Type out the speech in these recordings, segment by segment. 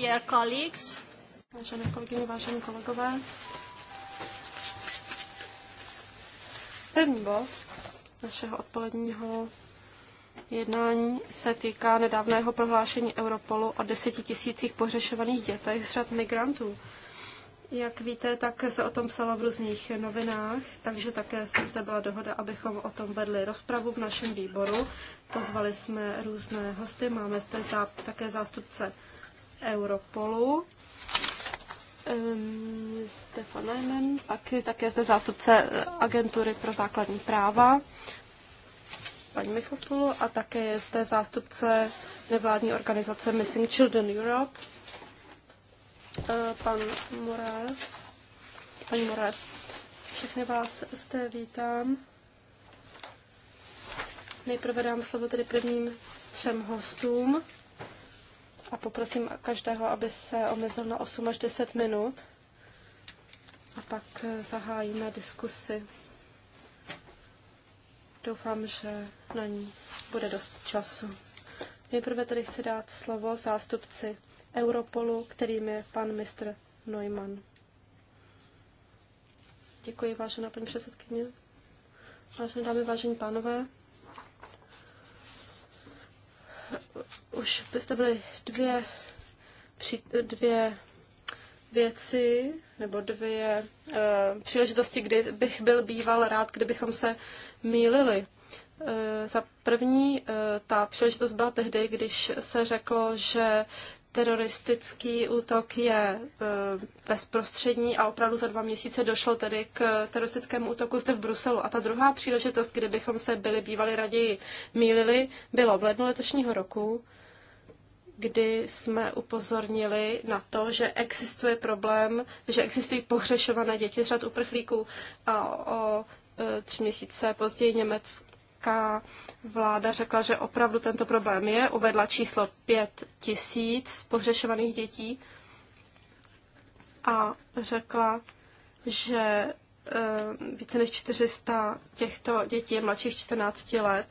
Dear colleagues. Vážené kolegyně, vážení kolegové. První bod našeho odpoledního jednání se týká nedávného prohlášení Europolu o deseti tisících pohřešovaných dětech z řad migrantů. Jak víte, tak se o tom psalo v různých novinách, takže také zde byla dohoda, abychom o tom vedli rozpravu v našem výboru. Pozvali jsme různé hosty, máme zde také zástupce Europolu. Ehm, Stefan Neumann, pak je také zde zástupce eh, agentury pro základní práva, paní Michotulu, a také je zde zástupce nevládní organizace Missing Children Europe, eh, pan Moraes, paní Moraes. Všechny vás zde vítám. Nejprve dám slovo tedy prvním třem hostům a poprosím každého, aby se omezil na 8 až 10 minut a pak eh, zahájíme diskusi. Doufám, že na ní bude dost času. Nejprve tedy chci dát slovo zástupci Europolu, kterým je pan mistr Neumann. Děkuji, vážená paní předsedkyně. Vážené dámy, vážení pánové, Už byste byly dvě, při, dvě věci nebo dvě uh, příležitosti, kdy bych byl býval rád, kdybychom se mýlili. Uh, za první uh, ta příležitost byla tehdy, když se řeklo, že teroristický útok je bezprostřední a opravdu za dva měsíce došlo tedy k teroristickému útoku zde v Bruselu. A ta druhá příležitost, kdybychom se byli bývali raději mýlili, bylo v lednu letošního roku, kdy jsme upozornili na to, že existuje problém, že existují pohřešované děti z řad uprchlíků a o e, tři měsíce později německá vláda řekla, že opravdu tento problém je. Uvedla číslo pět tisíc pohřešovaných dětí a řekla, že e, více než 400 těchto dětí je mladších 14 let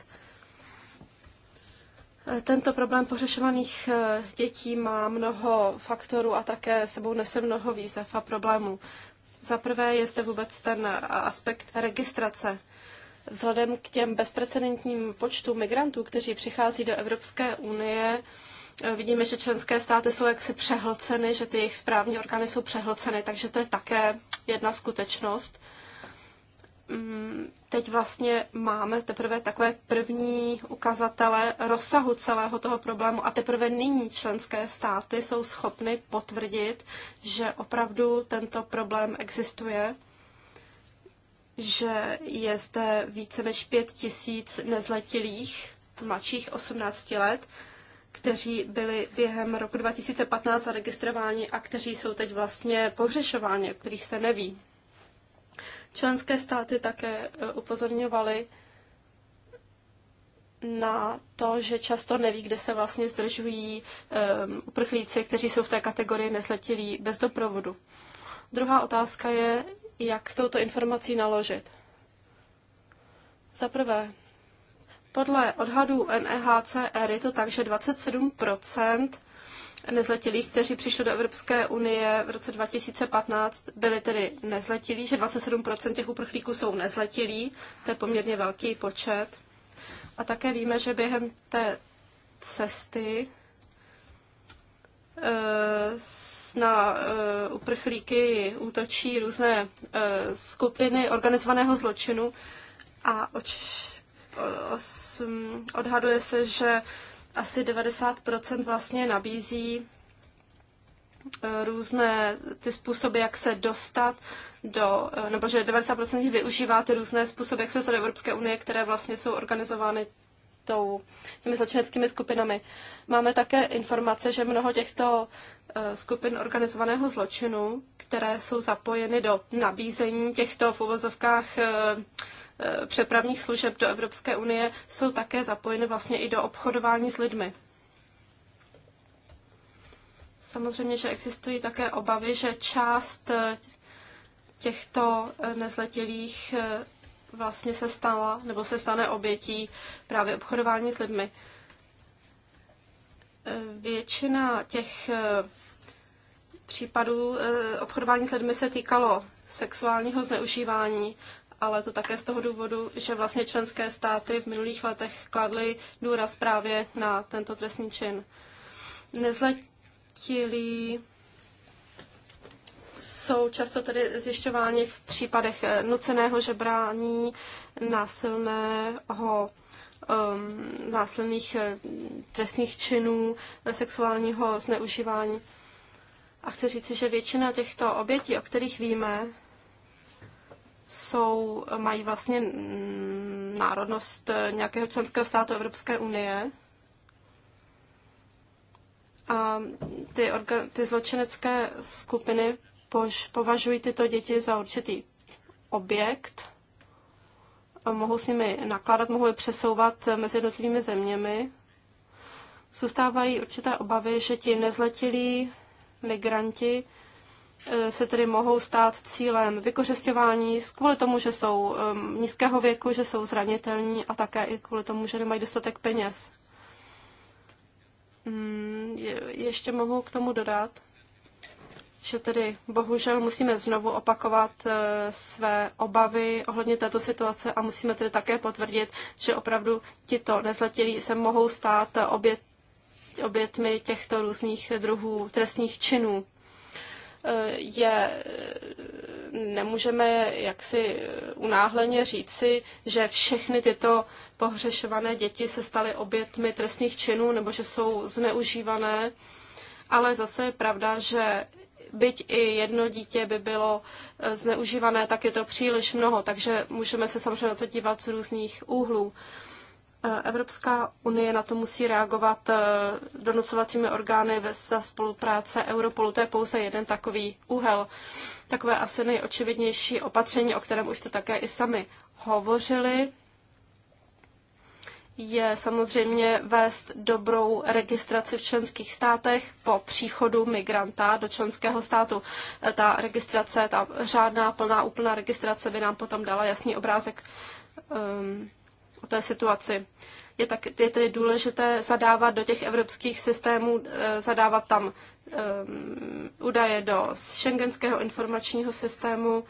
tento problém pořešovaných eh, dětí má mnoho faktorů a také sebou nese mnoho výzev a problémů. Za prvé je zde vůbec ten eh, aspekt registrace. Vzhledem k těm bezprecedentním počtu migrantů, kteří přichází do Evropské unie, eh, vidíme, že členské státy jsou jaksi přehlceny, že ty jejich správní orgány jsou přehlceny, takže to je také jedna skutečnost. Mm, teď vlastně máme teprve takové první ukazatele rozsahu celého toho problému a teprve nyní členské státy jsou schopny potvrdit, že opravdu tento problém existuje, že je zde více než pět tisíc nezletilých mladších 18 let, kteří byli během roku 2015 zaregistrováni a kteří jsou teď vlastně pohřešováni, o kterých se neví. Členské státy také e, upozorňovaly na to, že často neví, kde se vlastně zdržují um, uprchlíci, kteří jsou v té kategorii nezletilí bez doprovodu. Druhá otázka je, jak s touto informací naložit. Za prvé, podle odhadů NEHCR je to tak, že 27 nezletilých, kteří přišli do Evropské unie v roce 2015, byli tedy nezletilí, že 27% těch uprchlíků jsou nezletilí, to je poměrně velký počet. A také víme, že během té cesty eh, na eh, uprchlíky útočí různé eh, skupiny organizovaného zločinu a odhaduje se, že asi 90% vlastně nabízí eh, různé ty způsoby, jak se dostat do, eh, nebo že 90% využívá ty různé způsoby, jak se dostat do Evropské unie, které vlastně jsou organizovány tou, těmi zločineckými skupinami. Máme také informace, že mnoho těchto eh, skupin organizovaného zločinu, které jsou zapojeny do nabízení těchto v uvozovkách Eh, přepravních služeb do Evropské unie jsou také zapojeny vlastně i do obchodování s lidmi. Samozřejmě, že existují také obavy, že část eh, těchto eh, nezletilých vlastně se stala nebo se stane obětí právě obchodování s lidmi. Většina těch případů obchodování s lidmi se týkalo sexuálního zneužívání, ale to také z toho důvodu, že vlastně členské státy v minulých letech kladly důraz právě na tento trestný čin. Nezletilí jsou často tedy zjišťováni v případech eh, nuceného žebrání, násilného um, násilných eh, trestných činů, eh, sexuálního zneužívání. A chci říci, že většina těchto obětí, o kterých víme, jsou, mají vlastně mm, národnost eh, nějakého členského státu Evropské unie. A ty, organ, ty zločinecké skupiny pož, považují tyto děti za určitý objekt. A mohou s nimi nakládat, mohou je přesouvat eh, mezi jednotlivými zeměmi. Zůstávají určité obavy, že ti nezletilí migranti Eh, se tedy mohou stát cílem vykořišťování kvůli tomu, že jsou nízkého věku, že jsou zranitelní a také i kvůli tomu, že nemají dostatek peněz. Hmm, ještě mohu k tomu dodat, že tedy bohužel musíme znovu opakovat eh, své obavy ohledně této situace a musíme tedy také potvrdit, že opravdu tito nezletilí se mohou stát eh, obět, obětmi těchto různých druhů trestních činů je, nemůžeme jaksi unáhleně říci, že všechny tyto pohřešované děti se staly obětmi trestných činů nebo že jsou zneužívané, ale zase je pravda, že byť i jedno dítě by bylo eh, zneužívané, tak je to příliš mnoho, takže můžeme se samozřejmě na to dívat z různých úhlů. Eh, Evropská unie na to musí reagovat eh, donucovacími orgány za spolupráce Europolu. To je pouze jeden takový úhel. Takové asi nejočividnější opatření, o kterém už jste také i sami hovořili, je samozřejmě vést dobrou registraci v členských státech po příchodu migranta do členského státu. Eh, ta registrace, ta řádná, plná, úplná registrace by nám potom dala jasný obrázek um, o té situaci. Je, tak, je tedy důležité zadávat do těch evropských systémů, eh, zadávat tam um, údaje do Schengenského informačního systému,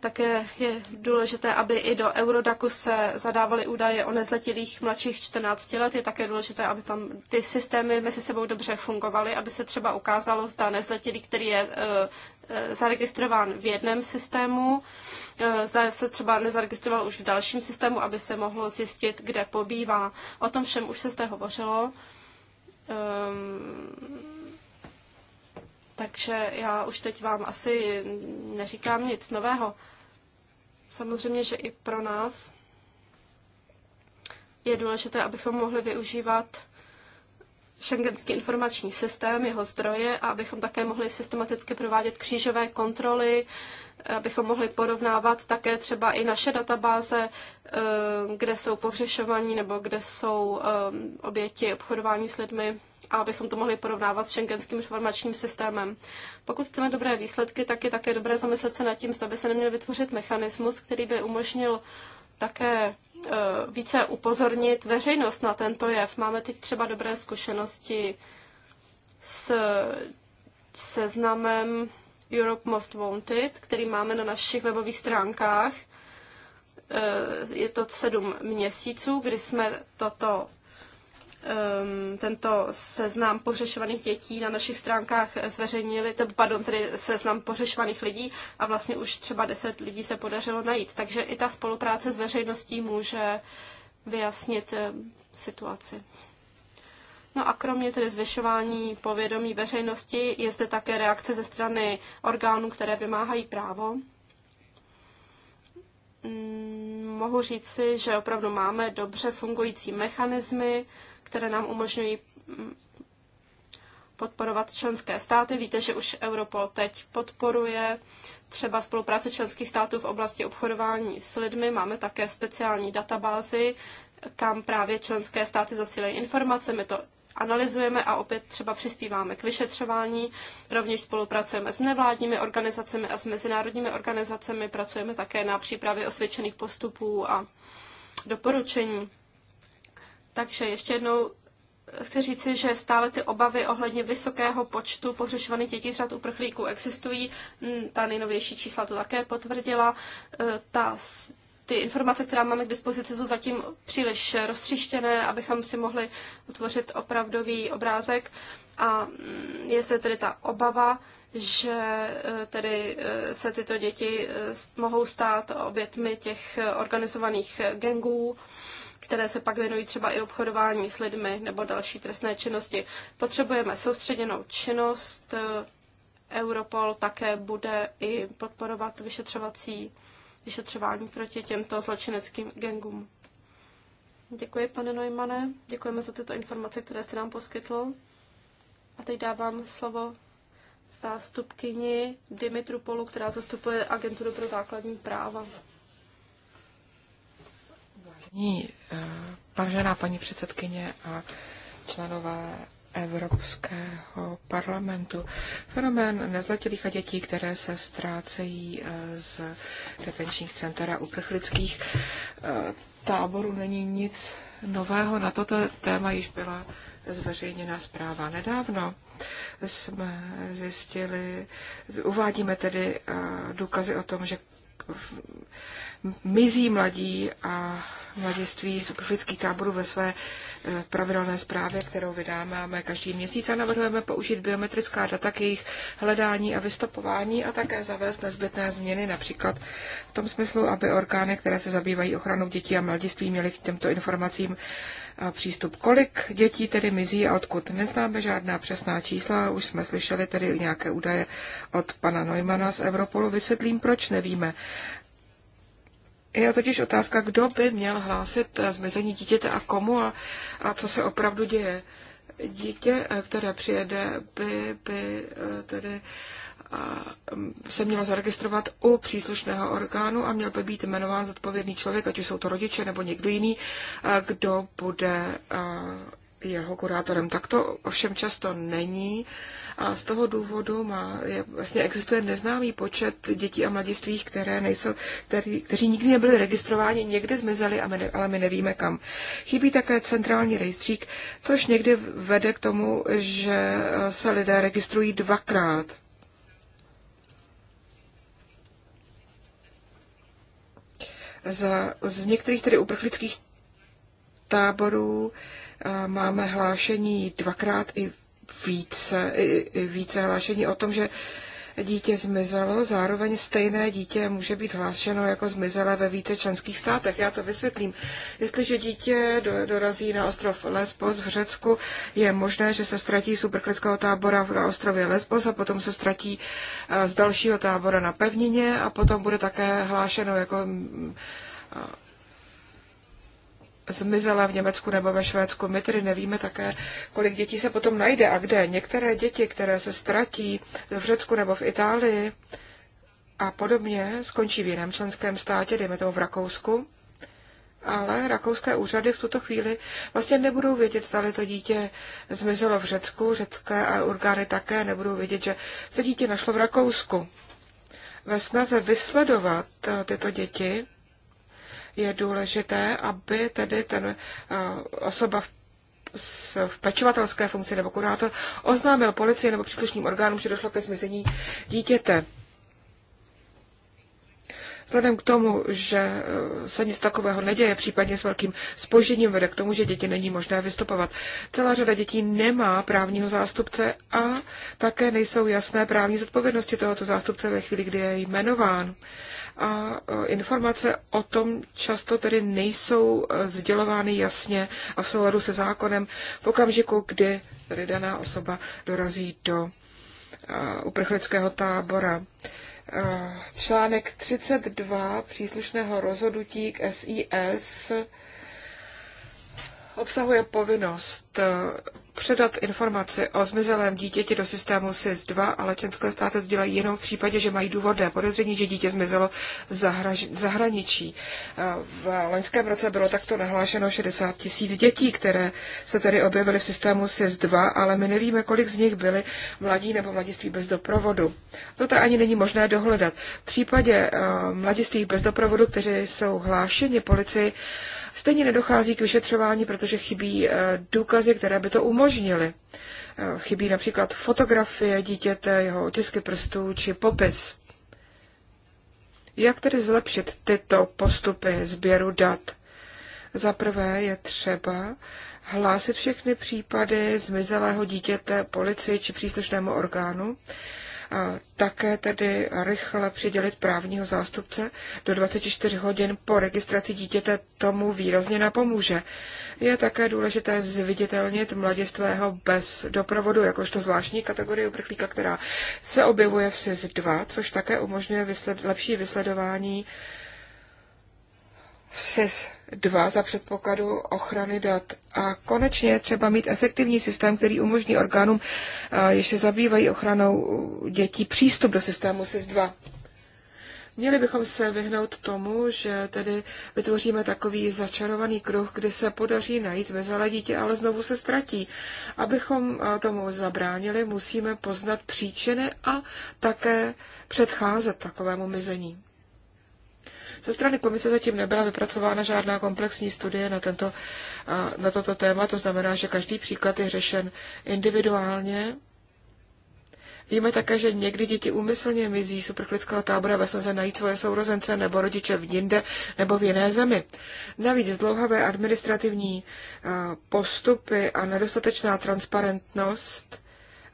také je důležité, aby i do Eurodaku se zadávaly údaje o nezletilých mladších 14 let. Je také důležité, aby tam ty systémy mezi sebou dobře fungovaly, aby se třeba ukázalo, zda nezletilý, který je e, e, zaregistrován v jednom systému, e, zda se třeba nezaregistroval už v dalším systému, aby se mohlo zjistit, kde pobývá. O tom všem už se zde hovořilo. Um, takže já už teď vám asi neříkám nic nového. Samozřejmě, že i pro nás je důležité, abychom mohli využívat šengenský informační systém, jeho zdroje a abychom také mohli systematicky provádět křížové kontroly, abychom mohli porovnávat také třeba i naše databáze, eh, kde jsou pohřešovaní nebo kde jsou eh, oběti obchodování s lidmi a abychom to mohli porovnávat s šengenským informačním systémem. Pokud chceme dobré výsledky, tak je také dobré zamyslet se nad tím, zda by se neměl vytvořit mechanismus, který by umožnil také eh, více upozornit veřejnost na tento jev. Máme teď třeba dobré zkušenosti s seznamem Europe Most Wanted, který máme na našich webových stránkách. Eh, je to sedm měsíců, kdy jsme toto, ehm, tento seznam pořešovaných dětí na našich stránkách zveřejnili, pardon, tedy seznam pořešovaných lidí a vlastně už třeba deset lidí se podařilo najít. Takže i ta spolupráce s veřejností může vyjasnit eh, situaci. No a kromě tedy zvyšování povědomí veřejnosti je zde také reakce ze strany orgánů, které vymáhají právo. Mm, mohu říci, že opravdu máme dobře fungující mechanismy, které nám umožňují mm, podporovat členské státy. Víte, že už Europol teď podporuje třeba spolupráce členských států v oblasti obchodování s lidmi. Máme také speciální databázy, kam právě členské státy zasílají informace. My to analyzujeme a opět třeba přispíváme k vyšetřování. Rovněž spolupracujeme s nevládními organizacemi a s mezinárodními organizacemi. Pracujeme také na přípravě osvědčených postupů a doporučení. Takže ještě jednou eh, chci říci, že stále ty obavy ohledně vysokého počtu pohřešovaných dětí z řad uprchlíků existují. Ta nejnovější čísla to také potvrdila. Eh, ta ty informace, která máme k dispozici, jsou zatím příliš roztřištěné, abychom si mohli utvořit opravdový obrázek. A mm, je zde tedy ta obava, že e, tedy e, se tyto děti e, mohou stát obětmi těch organizovaných gangů, které se pak věnují třeba i obchodování s lidmi nebo další trestné činnosti. Potřebujeme soustředěnou činnost. Europol také bude i podporovat vyšetřovací vyšetřování proti těmto zločineckým gangům. Děkuji, pane Neumane. Děkujeme za tyto informace, které jste nám poskytl. A teď dávám slovo zástupkyni Dimitru Polu, která zastupuje Agenturu pro základní práva. Eh, vážená paní předsedkyně a členové Evropského parlamentu. Fenomén nezletilých a dětí, které se ztrácejí eh, z detenčních center a uprchlických eh, táborů, není nic nového. Na toto téma již byla zveřejněná zpráva nedávno. Jsme zjistili, uvádíme tedy eh, důkazy o tom, že mizí mladí a mladiství z uprchlických táborů ve své Eh, pravidelné zprávě, kterou vydáváme každý měsíc a navrhujeme použít biometrická data k jejich hledání a vystupování a také zavést nezbytné změny, například v tom smyslu, aby orgány, které se zabývají ochranou dětí a mladiství, měly k těmto informacím eh, přístup. Kolik dětí tedy mizí a odkud? Neznáme žádná přesná čísla, už jsme slyšeli tedy nějaké údaje od pana Neumana z Europolu. Vysvětlím, proč nevíme je totiž otázka, kdo by měl hlásit eh, zmizení dítěte a komu a, a co se opravdu děje. Dítě, eh, které přijede, by, by eh, tedy se mělo zaregistrovat u příslušného orgánu a měl by být jmenován zodpovědný člověk, ať už jsou to rodiče nebo někdo jiný, kdo bude jeho kurátorem. Tak to ovšem často není a z toho důvodu má, je, vlastně existuje neznámý počet dětí a mladistvých, které nejsou, který, kteří nikdy nebyli registrováni, někde zmizeli, a my ne, ale my nevíme kam. Chybí také centrální rejstřík, což někdy vede k tomu, že eh, se lidé registrují dvakrát. za z některých tedy uprchlických táborů máme hlášení dvakrát i více, i, i více hlášení o tom, že dítě zmizelo, zároveň stejné dítě může být hlášeno jako zmizelé ve více členských státech. Já to vysvětlím. Jestliže dítě dorazí na ostrov Lesbos v Řecku, je možné, že se ztratí z uprchlického tábora na ostrově Lesbos a potom se ztratí eh, z dalšího tábora na pevnině a potom bude také hlášeno jako mm, zmizela v Německu nebo ve Švédsku. My tedy nevíme také, kolik dětí se potom najde a kde. Některé děti, které se ztratí v Řecku nebo v Itálii a podobně, skončí v jiném členském státě, dejme tomu v Rakousku, ale rakouské úřady v tuto chvíli vlastně nebudou vědět, zda to dítě zmizelo v Řecku, řecké a orgány také nebudou vědět, že se dítě našlo v Rakousku. Ve snaze vysledovat eh, tyto děti je důležité, aby tedy ten eh, osoba v v pečovatelské funkci nebo kurátor oznámil policii nebo příslušným orgánům, že došlo ke zmizení dítěte. Vzhledem k tomu, že e, se nic takového neděje, případně s velkým spožděním vede k tomu, že děti není možné vystupovat. Celá řada dětí nemá právního zástupce a také nejsou jasné právní zodpovědnosti tohoto zástupce ve chvíli, kdy je jmenován. A e, informace o tom často tedy nejsou e, sdělovány jasně a v souladu se zákonem v okamžiku, kdy tedy daná osoba dorazí do uprchlického tábora. Eh, článek 32 příslušného rozhodnutí k SIS obsahuje povinnost eh, předat informaci o zmizelém dítěti do systému SIS-2 ale členské státy to dělají jenom v případě, že mají důvodné podezření, že dítě zmizelo zahraničí. V loňském roce bylo takto nahlášeno 60 tisíc dětí, které se tedy objevily v systému SIS-2, ale my nevíme, kolik z nich byly mladí nebo mladiství bez doprovodu. Toto ani není možné dohledat. V případě eh, mladiství bez doprovodu, kteří jsou hlášeni policii, Stejně nedochází k vyšetřování, protože chybí eh, důkazy, které by to umožnily. Eh, chybí například fotografie dítěte, jeho otisky prstů či popis. Jak tedy zlepšit tyto postupy sběru dat? Za prvé je třeba hlásit všechny případy zmizelého dítěte policii či příslušnému orgánu také tedy rychle přidělit právního zástupce do 24 hodin po registraci dítěte tomu výrazně napomůže. Je také důležité zviditelnit mladistvého bez doprovodu, jakožto zvláštní kategorii uprchlíka, která se objevuje v SIS-2, což také umožňuje vysled, lepší vysledování SIS 2 za předpokladu ochrany dat. A konečně třeba mít efektivní systém, který umožní orgánům, eh, jež se zabývají ochranou dětí, přístup do systému SIS 2. Měli bychom se vyhnout tomu, že tedy vytvoříme takový začarovaný kruh, kdy se podaří najít zmizelé dítě, ale znovu se ztratí. Abychom eh, tomu zabránili, musíme poznat příčiny a také předcházet takovému mizení. Ze strany komise zatím nebyla vypracována žádná komplexní studie na, tento, na toto téma, to znamená, že každý příklad je řešen individuálně. Víme také, že někdy děti úmyslně mizí z uprchlického tábora ve snaze najít svoje sourozence nebo rodiče v jinde nebo v jiné zemi. Navíc zdlouhavé administrativní postupy a nedostatečná transparentnost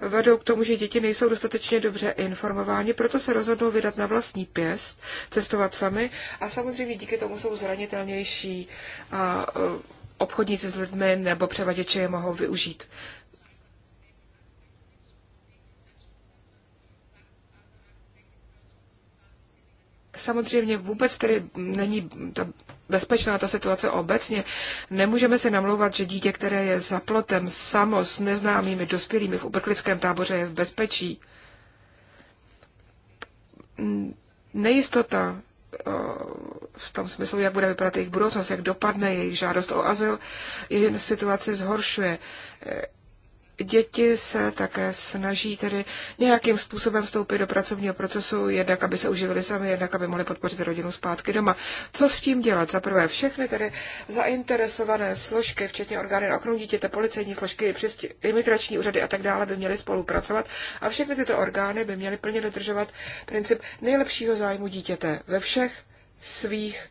vedou k tomu, že děti nejsou dostatečně dobře informováni, proto se rozhodnou vydat na vlastní pěst, cestovat sami a samozřejmě díky tomu jsou zranitelnější a e, obchodníci s lidmi nebo převaděči je mohou využít. Samozřejmě vůbec tedy není ta bezpečná ta situace obecně. Nemůžeme si namlouvat, že dítě, které je za plotem samo s neznámými dospělými v uprchlickém táboře, je v bezpečí. Nejistota eh, v tom smyslu, jak bude vypadat jejich budoucnost, jak dopadne jejich žádost o azyl, jejich situaci zhoršuje. Eh, děti se také snaží tedy nějakým způsobem vstoupit do pracovního procesu, jednak aby se uživili sami, jednak aby mohli podpořit rodinu zpátky doma. Co s tím dělat? Za prvé všechny tedy zainteresované složky, včetně orgány na ochranu dítěte, policejní složky, imigrační úřady a tak dále by měly spolupracovat a všechny tyto orgány by měly plně dodržovat princip nejlepšího zájmu dítěte ve všech svých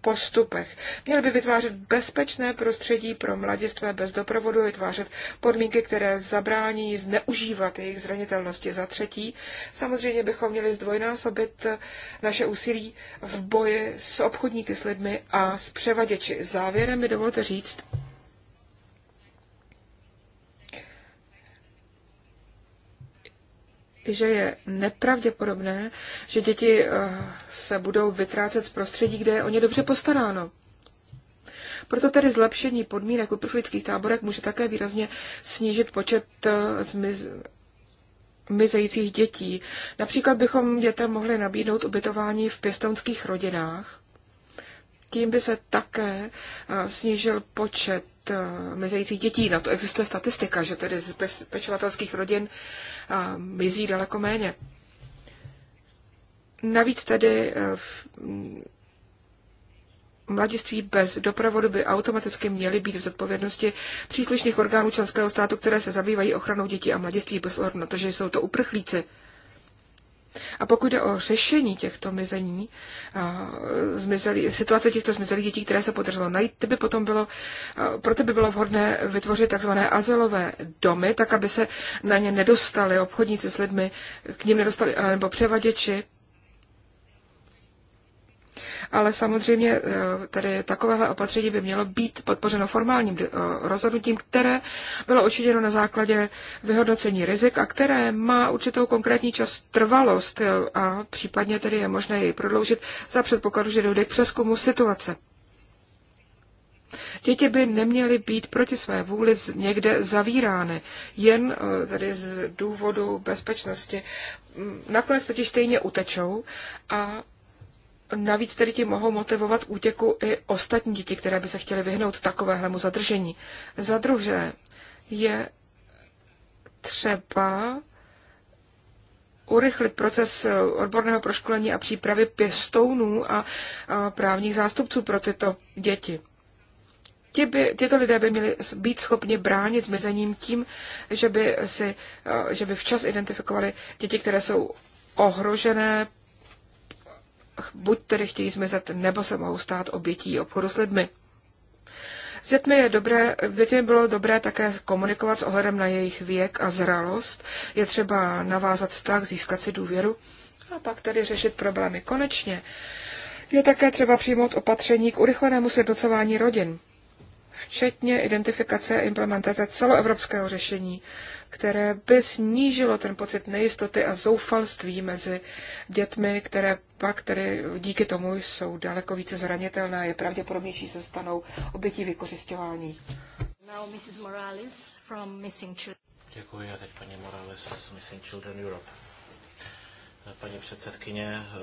postupech. Měl by vytvářet bezpečné prostředí pro mladistvé bez doprovodu, vytvářet podmínky, které zabrání zneužívat jejich zranitelnosti za třetí. Samozřejmě bychom měli zdvojnásobit naše úsilí v boji s obchodníky s lidmi a s převaděči. Závěrem mi dovolte říct, že je nepravděpodobné, že děti eh, se budou vytrácet z prostředí, kde je o ně dobře postaráno. Proto tedy zlepšení podmínek uprchlických táborek může také výrazně snížit počet eh, zmiz, mizejících dětí. Například bychom dětem mohli nabídnout ubytování v pěstounských rodinách, tím by se také eh, snížil počet eh, mizejících dětí. Na to existuje statistika, že tedy z pečovatelských rodin eh, mizí daleko méně. Navíc tedy mm, mladiství bez doprovodu by automaticky měly být v zodpovědnosti příslušných orgánů členského státu, které se zabývají ochranou dětí a mladiství bez ohledu na to, že jsou to uprchlíci. A pokud jde o řešení těchto mizení, zmizelí, situace těchto zmizelých dětí, které se podařilo najít, ty by potom bylo, proto by bylo vhodné vytvořit takzvané azylové domy, tak aby se na ně nedostali obchodníci s lidmi, k ním nedostali, nebo převaděči, ale samozřejmě eh, tady takovéhle opatření by mělo být podpořeno formálním eh, rozhodnutím, které bylo učiněno na základě vyhodnocení rizik a které má určitou konkrétní čas trvalost eh, a případně tedy je možné jej prodloužit za předpokladu, že dojde k přeskumu situace. Děti by neměly být proti své vůli někde zavírány, jen tedy z důvodu bezpečnosti. Nakonec totiž stejně utečou a Navíc tedy ti mohou motivovat útěku i ostatní děti, které by se chtěly vyhnout takovéhlemu zadržení. Za druhé je třeba urychlit proces odborného proškolení a přípravy pěstounů a, a právních zástupců pro tyto děti. Ti by, tyto lidé by měli být schopni bránit zmizením tím, že by, si, že by včas identifikovali děti, které jsou ohrožené, buď tedy chtějí zmizet, nebo se mohou stát obětí obchodu s lidmi. S dětmi, je dobré, dětmi bylo dobré také komunikovat s ohledem na jejich věk a zralost. Je třeba navázat vztah, získat si důvěru a pak tedy řešit problémy. Konečně je také třeba přijmout opatření k urychlenému sjednocování rodin včetně identifikace a implementace celoevropského řešení, které by snížilo ten pocit nejistoty a zoufalství mezi dětmi, které pak tedy díky tomu jsou daleko více zranitelné, je pravděpodobnější, že se stanou obětí vykořišťování. Děkuji a teď paní Morales z Missing Children Europe paní předsedkyně, eh,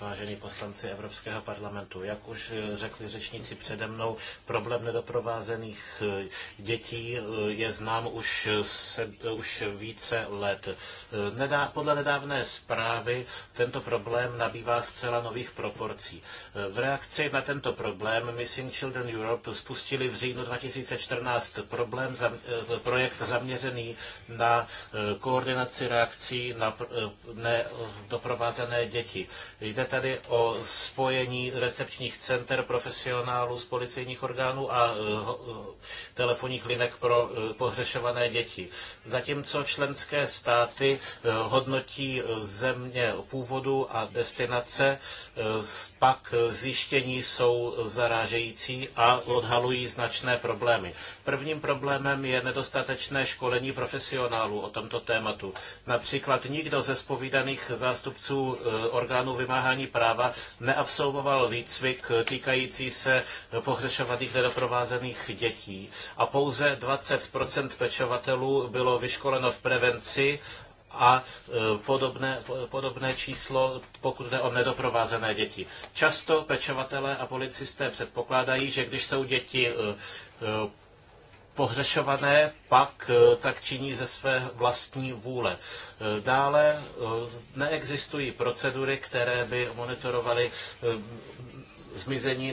vážení poslanci Evropského parlamentu. Jak už řekli řečníci přede mnou, problém nedoprovázených eh, dětí eh, je znám už, se, už více let. Nedá, podle nedávné zprávy tento problém nabývá zcela nových proporcí. V reakci na tento problém Missing Children Europe spustili v říjnu 2014 problém, projekt zaměřený na koordinaci reakcí na ne, doprovázené děti. Jde tady o spojení recepčních center profesionálů z policejních orgánů a eh, eh, telefonních linek pro eh, pohřešované děti. Zatímco členské státy hodnotí země původu a destinace, pak zjištění jsou zarážející a odhalují značné problémy. Prvním problémem je nedostatečné školení profesionálů o tomto tématu. Například nikdo ze spovídaných zástupců eh, orgánů vymáhání práva neabsolvoval výcvik eh, týkající se eh, pohřešovaných nedoprovázených dětí. A pouze 20% pečovatelů bylo vyškoleno v prevenci a podobné, podobné číslo, pokud jde o nedoprovázené děti. Často pečovatelé a policisté předpokládají, že když jsou děti pohřešované pak eh, tak činí ze své vlastní vůle. Eh, dále eh, neexistují procedury, které by monitorovaly zmizení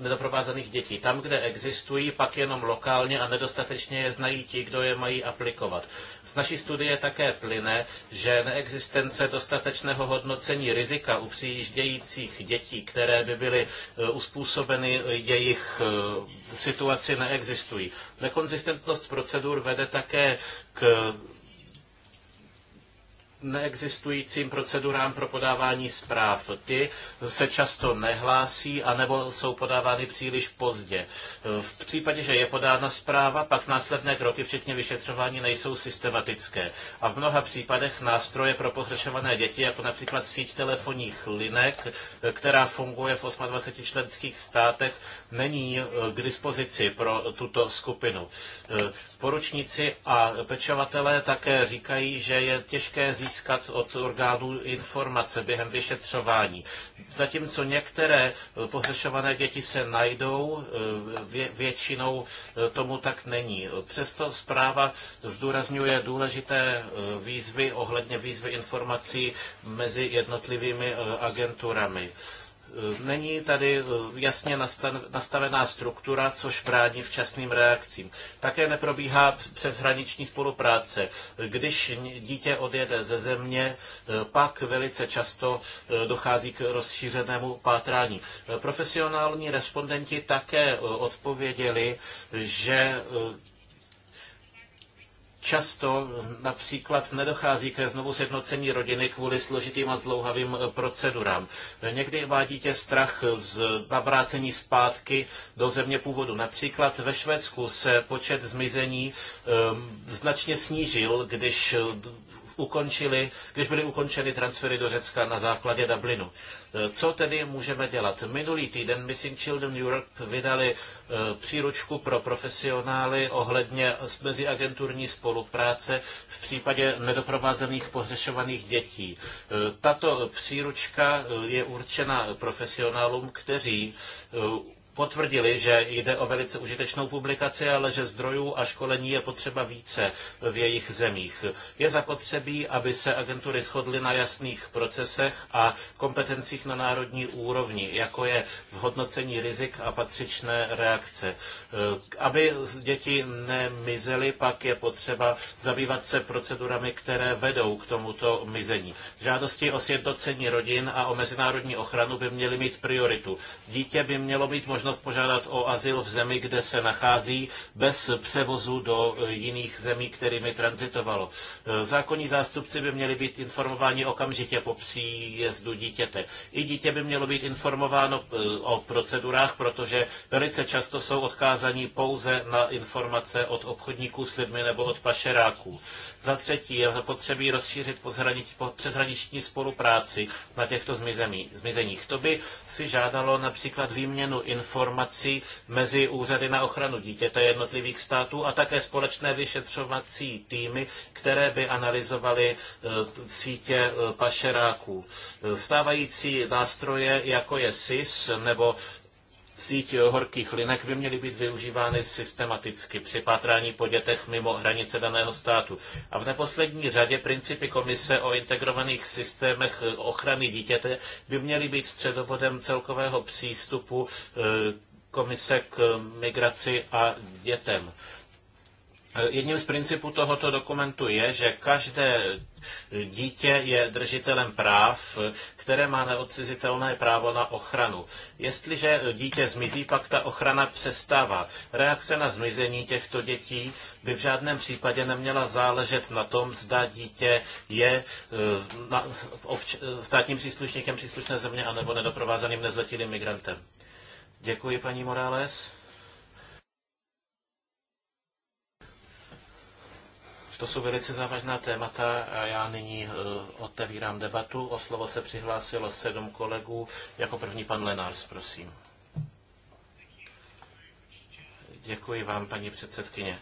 nedoprovázených dětí. Tam, kde existují, pak jenom lokálně a nedostatečně je znají ti, kdo je mají aplikovat. Z naší studie také plyne, že neexistence dostatečného hodnocení rizika u přijíždějících dětí, které by byly e, uspůsobeny e, jejich e, situaci, neexistují. Nekonzistentnost procedur vede také k neexistujícím procedurám pro podávání zpráv. Ty se často nehlásí anebo jsou podávány příliš pozdě. V případě, že je podána zpráva, pak následné kroky, včetně vyšetřování, nejsou systematické. A v mnoha případech nástroje pro pohřešované děti, jako například síť telefonních linek, která funguje v 28 členských státech, není eh, k dispozici pro tuto skupinu. Eh, poručníci a pečovatelé také říkají, že je těžké získat získat od orgánů informace během vyšetřování. Zatímco některé pohřešované děti se najdou, eh, vě, většinou eh, tomu tak není. Přesto zpráva zdůrazňuje důležité eh, výzvy ohledně výzvy informací mezi jednotlivými agenturami. Není tady eh, jasně nastavená struktura, což brání včasným reakcím. Také neprobíhá přeshraniční spolupráce. Když dítě odjede ze země, eh, pak velice často eh, dochází k rozšířenému pátrání. Profesionální respondenti také odpověděli, že Často například nedochází ke znovu sjednocení rodiny kvůli složitým a zdlouhavým eh, procedurám. Někdy má dítě strach z navrácení zpátky do země původu. Například ve Švédsku se počet zmizení ehm, značně snížil, když eh, ukončili, když byly ukončeny transfery do Řecka na základě Dublinu. E, co tedy můžeme dělat? Minulý týden Missing Children Europe vydali e, příručku pro profesionály ohledně meziagenturní spolupráce v případě nedoprovázených pohřešovaných dětí. E, tato příručka je určena profesionálům, kteří potvrdili, že jde o velice užitečnou publikaci, ale že zdrojů a školení je potřeba více v jejich zemích. Je zapotřebí, aby se agentury shodly na jasných procesech a kompetencích na národní úrovni, jako je hodnocení rizik a patřičné reakce. Eh, aby děti nemizely, pak je potřeba zabývat se procedurami, které vedou k tomuto mizení. Žádosti o sjednocení rodin a o mezinárodní ochranu by měly mít prioritu. Dítě by mělo mít možnost možnost požádat o azyl v zemi, kde se nachází, bez převozu do eh, jiných zemí, kterými transitovalo. Eh, zákonní zástupci by měli být informováni okamžitě po příjezdu dítěte. I dítě by mělo být informováno eh, o procedurách, protože velice často jsou odkázaní pouze na informace od obchodníků s lidmi nebo od pašeráků. Za třetí je zapotřebí rozšířit přeshraniční spolupráci na těchto zmizeních. To by si žádalo například výměnu informací informací mezi úřady na ochranu dítěte jednotlivých států a také společné vyšetřovací týmy, které by analyzovaly e, sítě e, pašeráků. E, stávající nástroje, jako je SIS nebo síť horkých linek by měly být využívány systematicky při pátrání po dětech mimo hranice daného státu. A v neposlední řadě principy komise o integrovaných systémech eh, ochrany dítěte by měly být středobodem celkového přístupu eh, komise k migraci a dětem. Jedním z principů tohoto dokumentu je, že každé dítě je držitelem práv, které má neodcizitelné právo na ochranu. Jestliže dítě zmizí, pak ta ochrana přestává. Reakce na zmizení těchto dětí by v žádném případě neměla záležet na tom, zda dítě je eh, eh, státním příslušníkem příslušné země anebo nedoprovázaným nezletilým migrantem. Děkuji, paní Morales. To jsou velice závažná témata a já nyní eh, otevírám debatu. O slovo se přihlásilo sedm kolegů. Jako první pan Lenárs, prosím. Děkuji vám, paní předsedkyně.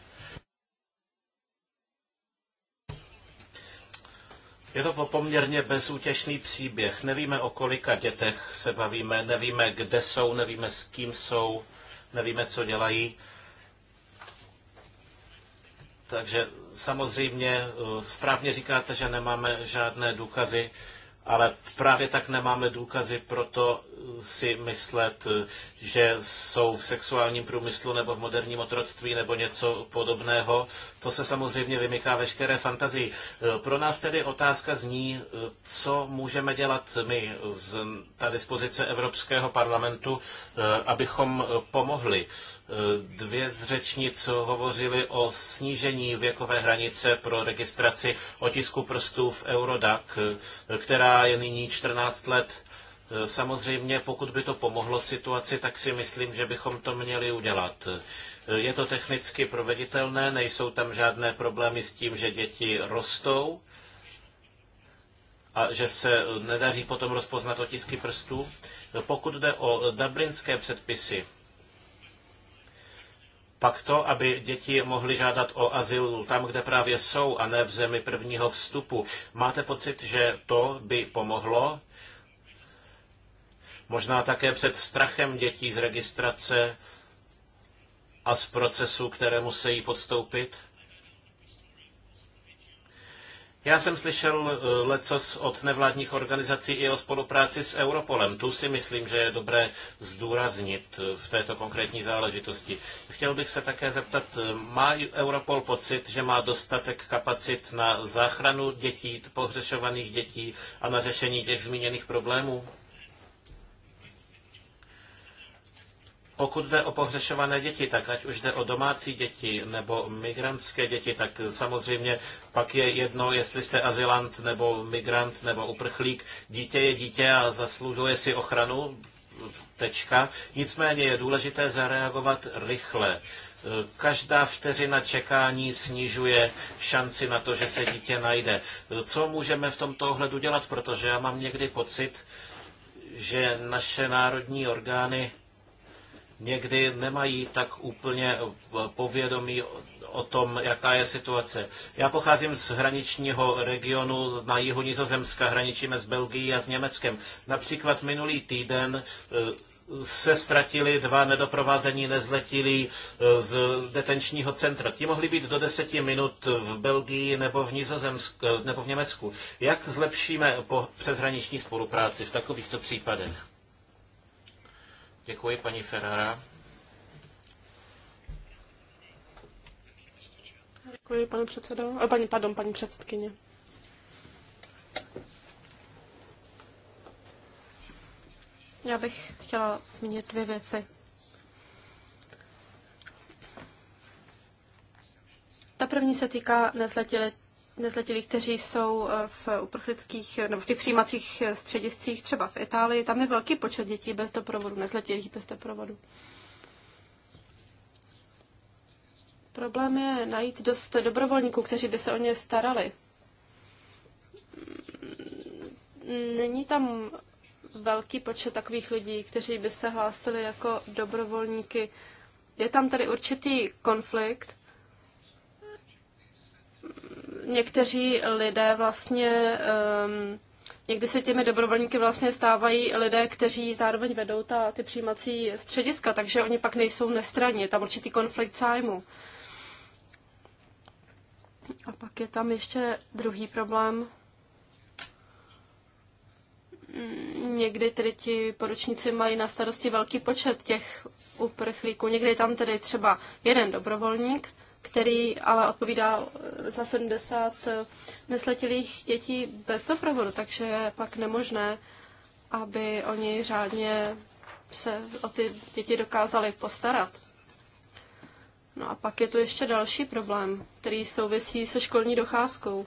Je to poměrně bezútěšný příběh. Nevíme, o kolika dětech se bavíme, nevíme, kde jsou, nevíme, s kým jsou, nevíme, co dělají. Takže Samozřejmě eh, správně říkáte, že nemáme žádné důkazy, ale právě tak nemáme důkazy pro to eh, si myslet, eh, že jsou v sexuálním průmyslu nebo v moderním otroctví nebo něco podobného. To se samozřejmě vymyká veškeré fantazii. Pro nás tedy otázka zní, co můžeme dělat my z tady z pozice Evropského parlamentu, abychom pomohli Eh, dvě z řečnic hovořili o snížení věkové hranice pro registraci otisku prstů v Eurodac, eh, která je nyní 14 let. Eh, samozřejmě, pokud by to pomohlo situaci, tak si myslím, že bychom to měli udělat. Je to technicky proveditelné, nejsou tam žádné problémy s tím, že děti rostou a že se nedaří potom rozpoznat otisky prstů. Pokud jde o dublinské předpisy, pak to, aby děti mohly žádat o azyl tam, kde právě jsou, a ne v zemi prvního vstupu. Máte pocit, že to by pomohlo? Možná také před strachem dětí z registrace a z procesu, které musí podstoupit? Já jsem slyšel eh, lecos od nevládních organizací i o spolupráci s Europolem. Tu si myslím, že je dobré zdůraznit eh, v této konkrétní záležitosti. Chtěl bych se také zeptat, eh, má Europol pocit, že má dostatek kapacit na záchranu dětí, pohřešovaných dětí a na řešení těch zmíněných problémů? Pokud jde o pohřešované děti, tak ať už jde o domácí děti nebo migrantské děti, tak samozřejmě pak je jedno, jestli jste azylant nebo migrant nebo uprchlík. Dítě je dítě a zasluhuje si ochranu. Tečka. Nicméně je důležité zareagovat rychle. Každá vteřina čekání snižuje šanci na to, že se dítě najde. Co můžeme v tomto ohledu dělat? Protože já mám někdy pocit, že naše národní orgány někdy nemají tak úplně eh, povědomí o tom, jaká je situace. Já pocházím z hraničního regionu na jihu Nizozemska, hraničíme s Belgií a s Německem. Například minulý týden eh, se ztratili dva nedoprovázení nezletilí eh, z detenčního centra. Ti mohli být do deseti minut v Belgii nebo v, Nizozemsku, nebo v Německu. Jak zlepšíme po přeshraniční spolupráci v takovýchto případech? Děkuji, paní Ferrara. Děkuji, pane předsedo. A eh, paní, pardon, paní předsedkyně. Já bych chtěla zmínit dvě věci. Ta první se týká nezletilých nezletilých, kteří jsou eh, v uprchlických eh, nebo v těch přijímacích eh, střediscích, třeba v Itálii. Tam je velký počet dětí bez doprovodu, nezletilých bez doprovodu. Problém je najít dost dobrovolníků, kteří by se o ně starali. Není tam velký počet takových lidí, kteří by se hlásili jako dobrovolníky. Je tam tady určitý konflikt, někteří lidé vlastně, um, někdy se těmi dobrovolníky vlastně stávají lidé, kteří zároveň vedou ta, ty přijímací střediska, takže oni pak nejsou nestraně, tam určitý konflikt zájmu. A pak je tam ještě druhý problém. Mm, někdy tedy ti poručníci mají na starosti velký počet těch uprchlíků. Někdy je tam tedy třeba jeden dobrovolník, který ale odpovídá za 70 eh, nesletilých dětí bez doprovodu, takže je pak nemožné, aby oni řádně se o ty děti dokázali postarat. No a pak je tu ještě další problém, který souvisí se školní docházkou.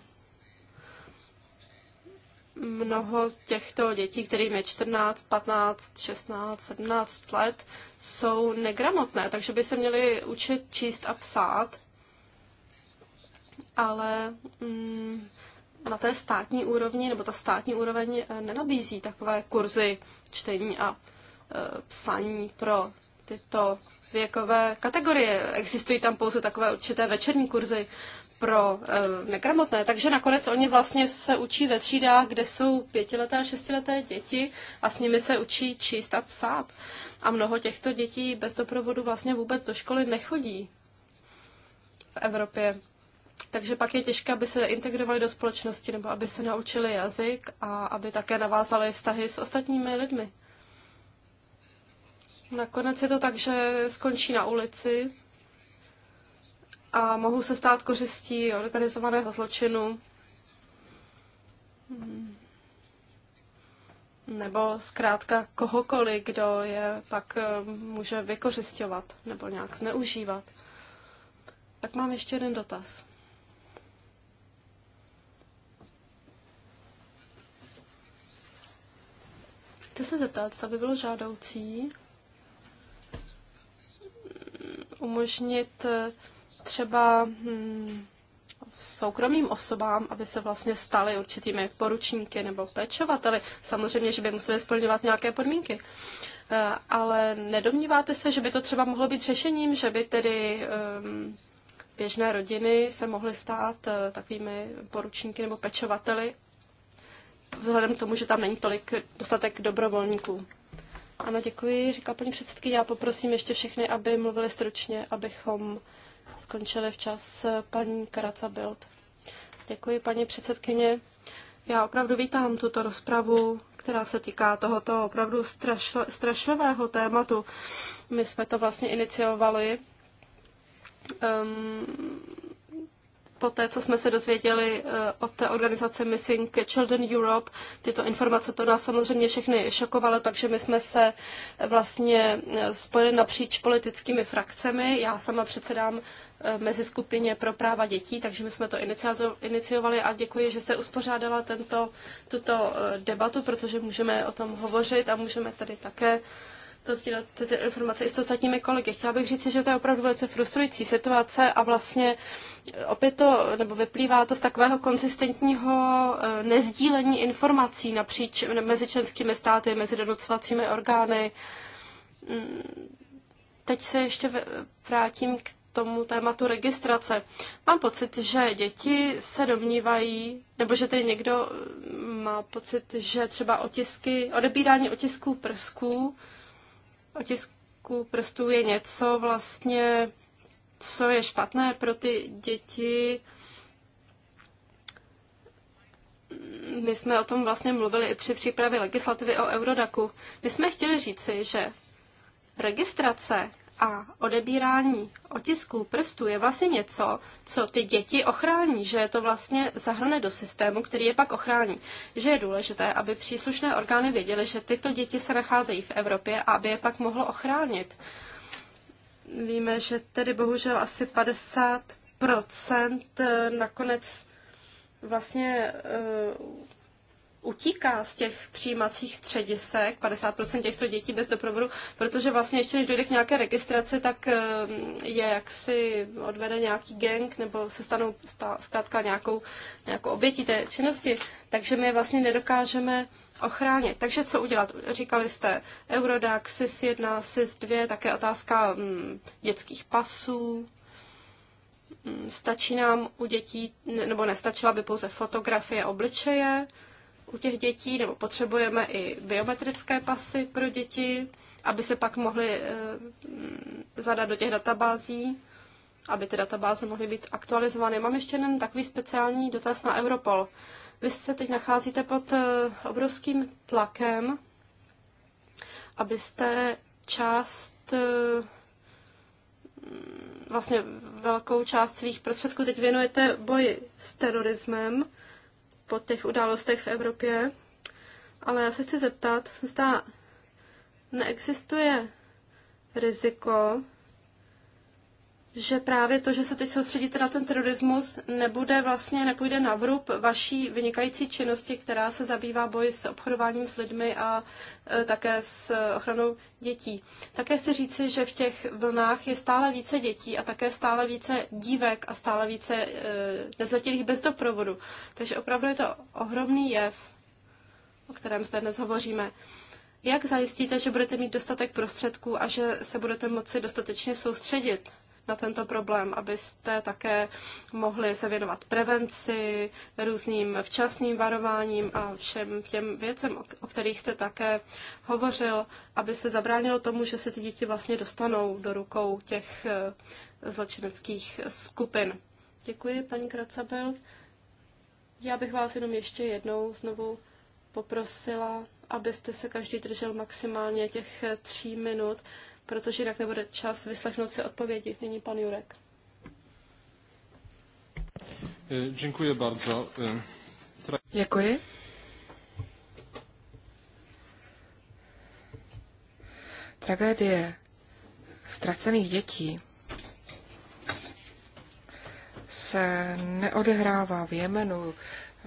Mnoho z těchto dětí, kterým je 14, 15, 16, 17 let, jsou negramotné, takže by se měly učit číst a psát, ale mm, na té státní úrovni, nebo ta státní úroveň eh, nenabízí takové kurzy čtení a e, psaní pro tyto věkové kategorie. Existují tam pouze takové určité večerní kurzy pro e, nekramotné. takže nakonec oni vlastně se učí ve třídách, kde jsou pětileté a šestileté děti a s nimi se učí číst a psát. A mnoho těchto dětí bez doprovodu vlastně vůbec do školy nechodí v Evropě. Takže pak je těžké, aby se integrovali do společnosti nebo aby se naučili jazyk a aby také navázali vztahy s ostatními lidmi. Nakonec je to tak, že skončí na ulici a mohou se stát kořistí organizovaného zločinu nebo zkrátka kohokoliv, kdo je pak eh, může vykořišťovat nebo nějak zneužívat. Tak mám ještě jeden dotaz. Chci se zeptat, zda by bylo žádoucí mm, umožnit eh, třeba hm, soukromým osobám, aby se vlastně staly určitými poručníky nebo pečovateli. Samozřejmě, že by museli splňovat nějaké podmínky. Eh, ale nedomníváte se, že by to třeba mohlo být řešením, že by tedy hm, běžné rodiny se mohly stát eh, takovými poručníky nebo pečovateli vzhledem k tomu, že tam není tolik dostatek dobrovolníků. Ano, děkuji, říká paní předsedky. Já poprosím ještě všechny, aby mluvili stručně, abychom skončili včas paní Karaca Bild. Děkuji, paní předsedkyně. Já opravdu vítám tuto rozpravu, která se týká tohoto opravdu strašl- strašlivého tématu. My jsme to vlastně iniciovali. Um, po té, co jsme se dozvěděli eh, od té organizace Missing Children Europe, tyto informace to nás samozřejmě všechny šokovalo, takže my jsme se vlastně eh, spojili napříč politickými frakcemi. Já sama předsedám eh, mezi skupině pro práva dětí, takže my jsme to iniciovali a děkuji, že jste uspořádala tento, tuto debatu, protože můžeme o tom hovořit a můžeme tady také to sdílet ty informace i s ostatními kolegy. Chtěla bych říct, že to je opravdu velice frustrující situace a vlastně opět to, nebo vyplývá to z takového konzistentního eh, nezdílení informací napříč mezi členskými státy, mezi donocovacími orgány. Mm, teď se ještě vrátím k tomu tématu registrace. Mám pocit, že děti se domnívají, nebo že tedy někdo mm, má pocit, že třeba otisky, odebírání otisků prsků otisku prstů je něco vlastně, co je špatné pro ty děti. My jsme o tom vlastně mluvili i při přípravě legislativy o Eurodaku. My jsme chtěli říci, že registrace a odebírání otisků prstů je vlastně něco, co ty děti ochrání, že je to vlastně zahrne do systému, který je pak ochrání. Že je důležité, aby příslušné orgány věděly, že tyto děti se nacházejí v Evropě a aby je pak mohlo ochránit. Víme, že tedy bohužel asi 50 nakonec vlastně eh, utíká z těch přijímacích středisek, 50% těchto dětí bez doprovodu, protože vlastně ještě než dojde k nějaké registraci, tak eh, je jaksi odvede nějaký gang nebo se stanou zkrátka nějakou, nějakou obětí té činnosti, takže my vlastně nedokážeme ochránit. Takže co udělat? Říkali jste Eurodac, SIS 1, SIS 2, také otázka mm, dětských pasů, mm, stačí nám u dětí, nebo nestačila by pouze fotografie obličeje, u těch dětí, nebo potřebujeme i biometrické pasy pro děti, aby se pak mohly eh, zadat do těch databází, aby ty databáze mohly být aktualizovány. Mám ještě jeden takový speciální dotaz na Europol. Vy se teď nacházíte pod eh, obrovským tlakem, abyste část eh, vlastně velkou část svých prostředků teď věnujete boji s terorismem po těch událostech v Evropě, ale já se chci zeptat, zda neexistuje riziko, že právě to, že se teď soustředíte na ten terorismus, nebude vlastně, nepůjde na vrub vaší vynikající činnosti, která se zabývá boji s obchodováním s lidmi a e, také s ochranou dětí. Také chci říci, že v těch vlnách je stále více dětí a také stále více dívek a stále více e, nezletilých bez doprovodu. Takže opravdu je to ohromný jev, o kterém zde dnes hovoříme. Jak zajistíte, že budete mít dostatek prostředků a že se budete moci dostatečně soustředit na tento problém, abyste také mohli se věnovat prevenci, různým včasným varováním a všem těm věcem, o kterých jste také hovořil, aby se zabránilo tomu, že se ty děti vlastně dostanou do rukou těch eh, zločineckých skupin. Děkuji, paní Kracabel. Já bych vás jenom ještě jednou znovu poprosila, abyste se každý držel maximálně těch eh, tří minut, protože jinak nebude čas vyslechnout si odpovědi. Nyní pan Jurek. Eh, děkuji bardzo. Eh, děkuji. Tragédie ztracených dětí se neodehrává v Jemenu,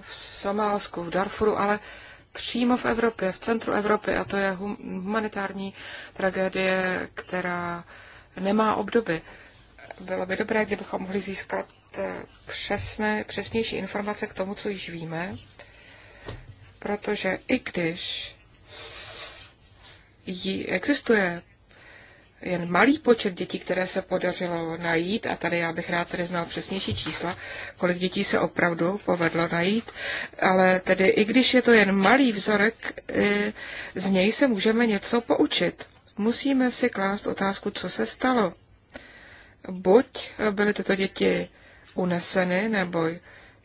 v Somálsku, v Darfuru, ale přímo v Evropě, v centru Evropy, a to je humanitární tragédie, která nemá obdoby. Bylo by dobré, kdybychom mohli získat eh, přesné, přesnější informace k tomu, co již víme, protože i když existuje jen malý počet dětí, které se podařilo najít, a tady já bych rád tedy znal přesnější čísla, kolik dětí se opravdu povedlo najít, ale tedy i když je to jen malý vzorek, eh, z něj se můžeme něco poučit. Musíme si klást otázku, co se stalo. Buď byly tyto děti uneseny, nebo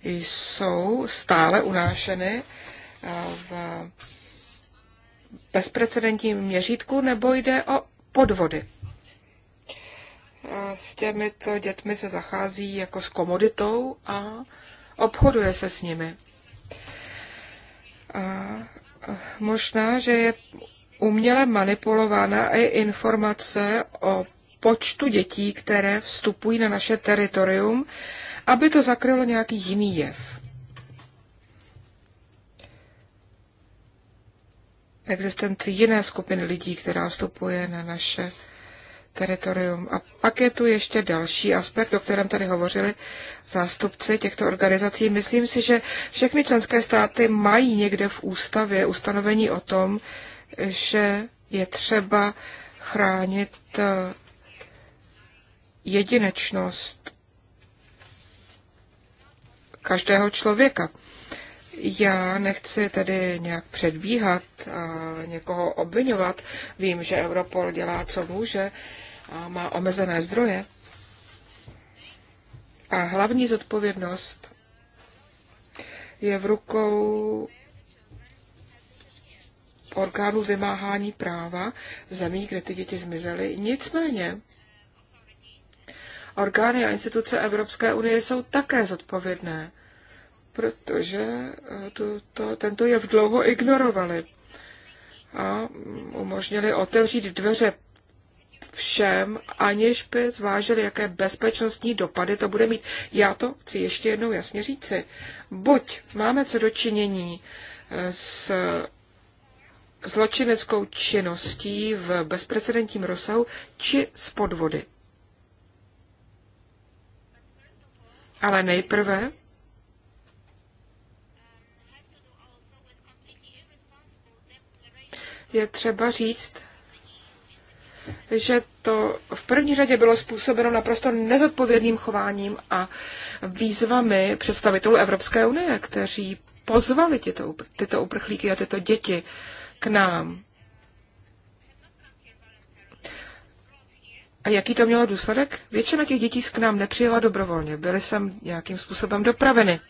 jsou stále unášeny eh, v bezprecedentním měřítku, nebo jde o podvody. S těmito dětmi se zachází jako s komoditou a obchoduje se s nimi. A možná, že je uměle manipulována i informace o počtu dětí, které vstupují na naše teritorium, aby to zakrylo nějaký jiný jev. existenci jiné skupiny lidí, která vstupuje na naše teritorium. A pak je tu ještě další aspekt, o kterém tady hovořili zástupci těchto organizací. Myslím si, že všechny členské státy mají někde v ústavě ustanovení o tom, že je třeba chránit eh, jedinečnost každého člověka. Já nechci tedy nějak předbíhat a někoho obvinovat. Vím, že Europol dělá, co může a má omezené zdroje. A hlavní zodpovědnost je v rukou orgánů vymáhání práva zemí, kde ty děti zmizely. Nicméně orgány a instituce Evropské unie jsou také zodpovědné protože eh, to, tento jev dlouho ignorovali a umožnili otevřít dveře všem, aniž by zvážili, jaké bezpečnostní dopady to bude mít. Já to chci ještě jednou jasně říci. Buď máme co dočinění eh, s zločineckou činností v bezprecedentním rozsahu, či s podvody. Ale nejprve je třeba říct, že to v první řadě bylo způsobeno naprosto nezodpovědným chováním a výzvami představitelů Evropské unie, kteří pozvali tyto, tyto uprchlíky a tyto děti k nám. A jaký to mělo důsledek? Většina těch dětí k nám nepřijela dobrovolně, byly sem nějakým způsobem dopraveny.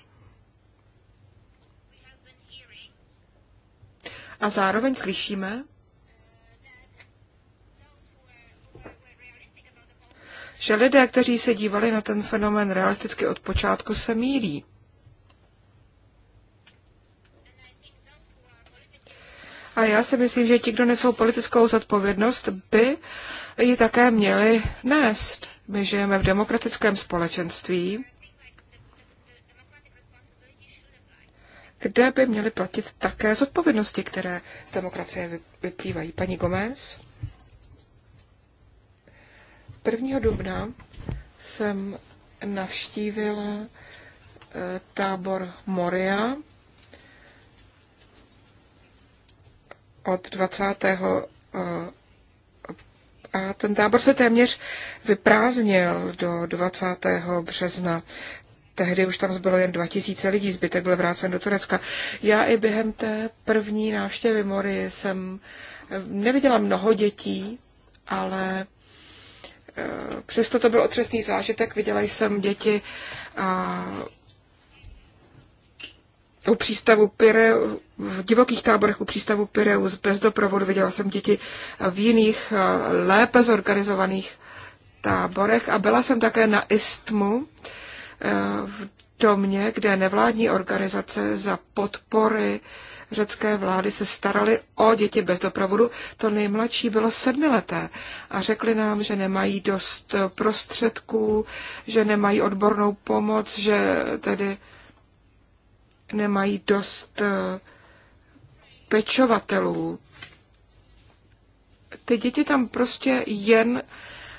A zároveň slyšíme, že lidé, kteří se dívali na ten fenomén realisticky od počátku, se mílí. A já si myslím, že ti, kdo nesou politickou zodpovědnost, by ji také měli nést. My žijeme v demokratickém společenství kde by měly platit také zodpovědnosti, které z demokracie vyplývají. Paní Gomez? 1. dubna jsem navštívila eh, tábor Moria od 20. Eh, a ten tábor se téměř vypráznil do 20. března tehdy už tam zbylo jen 2000 lidí, zbytek byl vrácen do Turecka. Já i během té první návštěvy Morie jsem eh, neviděla mnoho dětí, ale eh, přesto to byl otřesný zážitek. Viděla jsem děti a, u přístavu Pire, v divokých táborech u přístavu Pireus bez doprovodu. Viděla jsem děti v jiných eh, lépe zorganizovaných táborech a byla jsem také na Istmu, Eh, v domě, kde nevládní organizace za podpory řecké vlády se starali o děti bez doprovodu. To nejmladší bylo sedmileté a řekli nám, že nemají dost prostředků, že nemají odbornou pomoc, že tedy nemají dost eh, pečovatelů. Ty děti tam prostě jen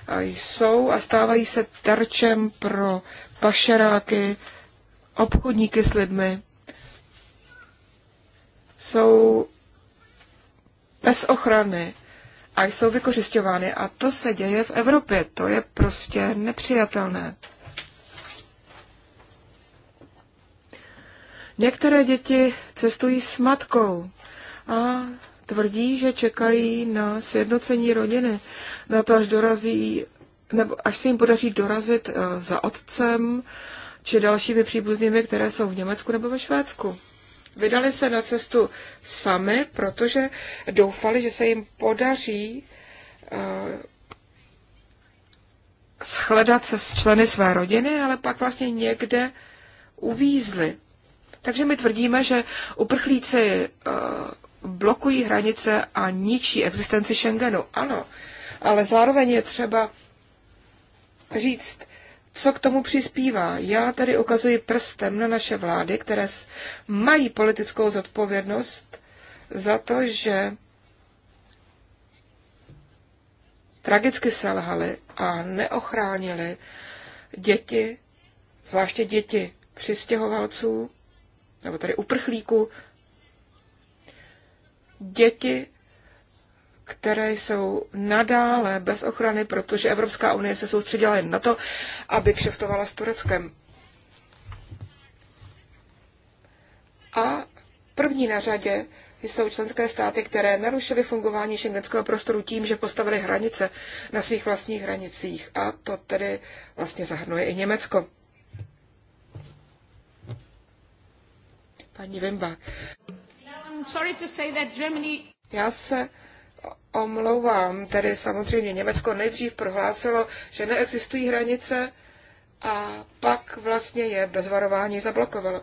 eh, jsou a stávají se terčem pro pašeráky, obchodníky s lidmi, jsou bez ochrany a jsou vykořišťovány. A to se děje v Evropě. To je prostě nepřijatelné. Některé děti cestují s matkou a tvrdí, že čekají na sjednocení rodiny, na to, až dorazí nebo až se jim podaří dorazit eh, za otcem či dalšími příbuznými, které jsou v Německu nebo ve Švédsku. Vydali se na cestu sami, protože doufali, že se jim podaří eh, shledat se s členy své rodiny, ale pak vlastně někde uvízli. Takže my tvrdíme, že uprchlíci eh, blokují hranice a ničí existenci Schengenu. Ano, ale zároveň je třeba říct, co k tomu přispívá. Já tady ukazuji prstem na naše vlády, které mají politickou zodpovědnost za to, že tragicky selhali a neochránili děti, zvláště děti přistěhovalců, nebo tady uprchlíků, děti které jsou nadále bez ochrany, protože Evropská unie se soustředila jen na to, aby kšeftovala s Tureckem. A první na řadě jsou členské státy, které narušily fungování šengenského prostoru tím, že postavily hranice na svých vlastních hranicích. A to tedy vlastně zahrnuje i Německo. Paní Wimba. Já se omlouvám. Tedy samozřejmě Německo nejdřív prohlásilo, že neexistují hranice a pak vlastně je bez varování zablokovalo.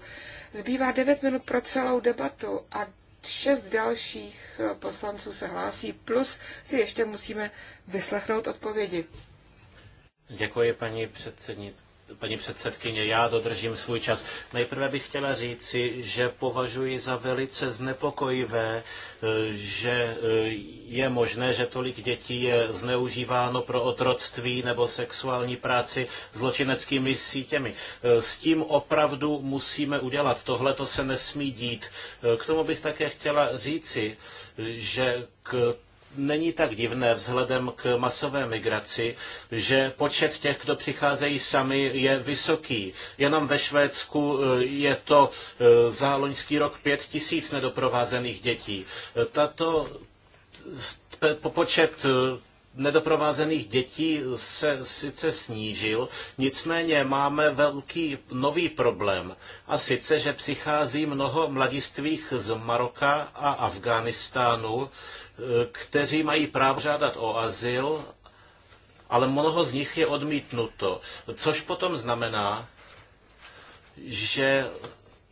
Zbývá 9 minut pro celou debatu a šest dalších eh, poslanců se hlásí, plus si ještě musíme vyslechnout odpovědi. Děkuji, paní předsedni, paní předsedkyně, já dodržím svůj čas. Nejprve bych chtěla říci, že považuji za velice znepokojivé, e, že e, je možné, že tolik dětí je zneužíváno pro otroctví nebo sexuální práci zločineckými sítěmi. E, s tím opravdu musíme udělat. Tohle to se nesmí dít. K tomu bych také chtěla říci, že k není tak divné vzhledem k masové migraci, že počet těch, kdo přicházejí sami, je vysoký. Jenom ve Švédsku eh, je to eh, za loňský rok pět tisíc nedoprovázených dětí. Eh, tato počet nedoprovázených dětí se sice snížil, nicméně máme velký nový problém. A sice, že přichází mnoho mladistvých z Maroka a Afghánistánu, e, kteří mají právo žádat o azyl, ale mnoho z nich je odmítnuto. Což potom znamená, že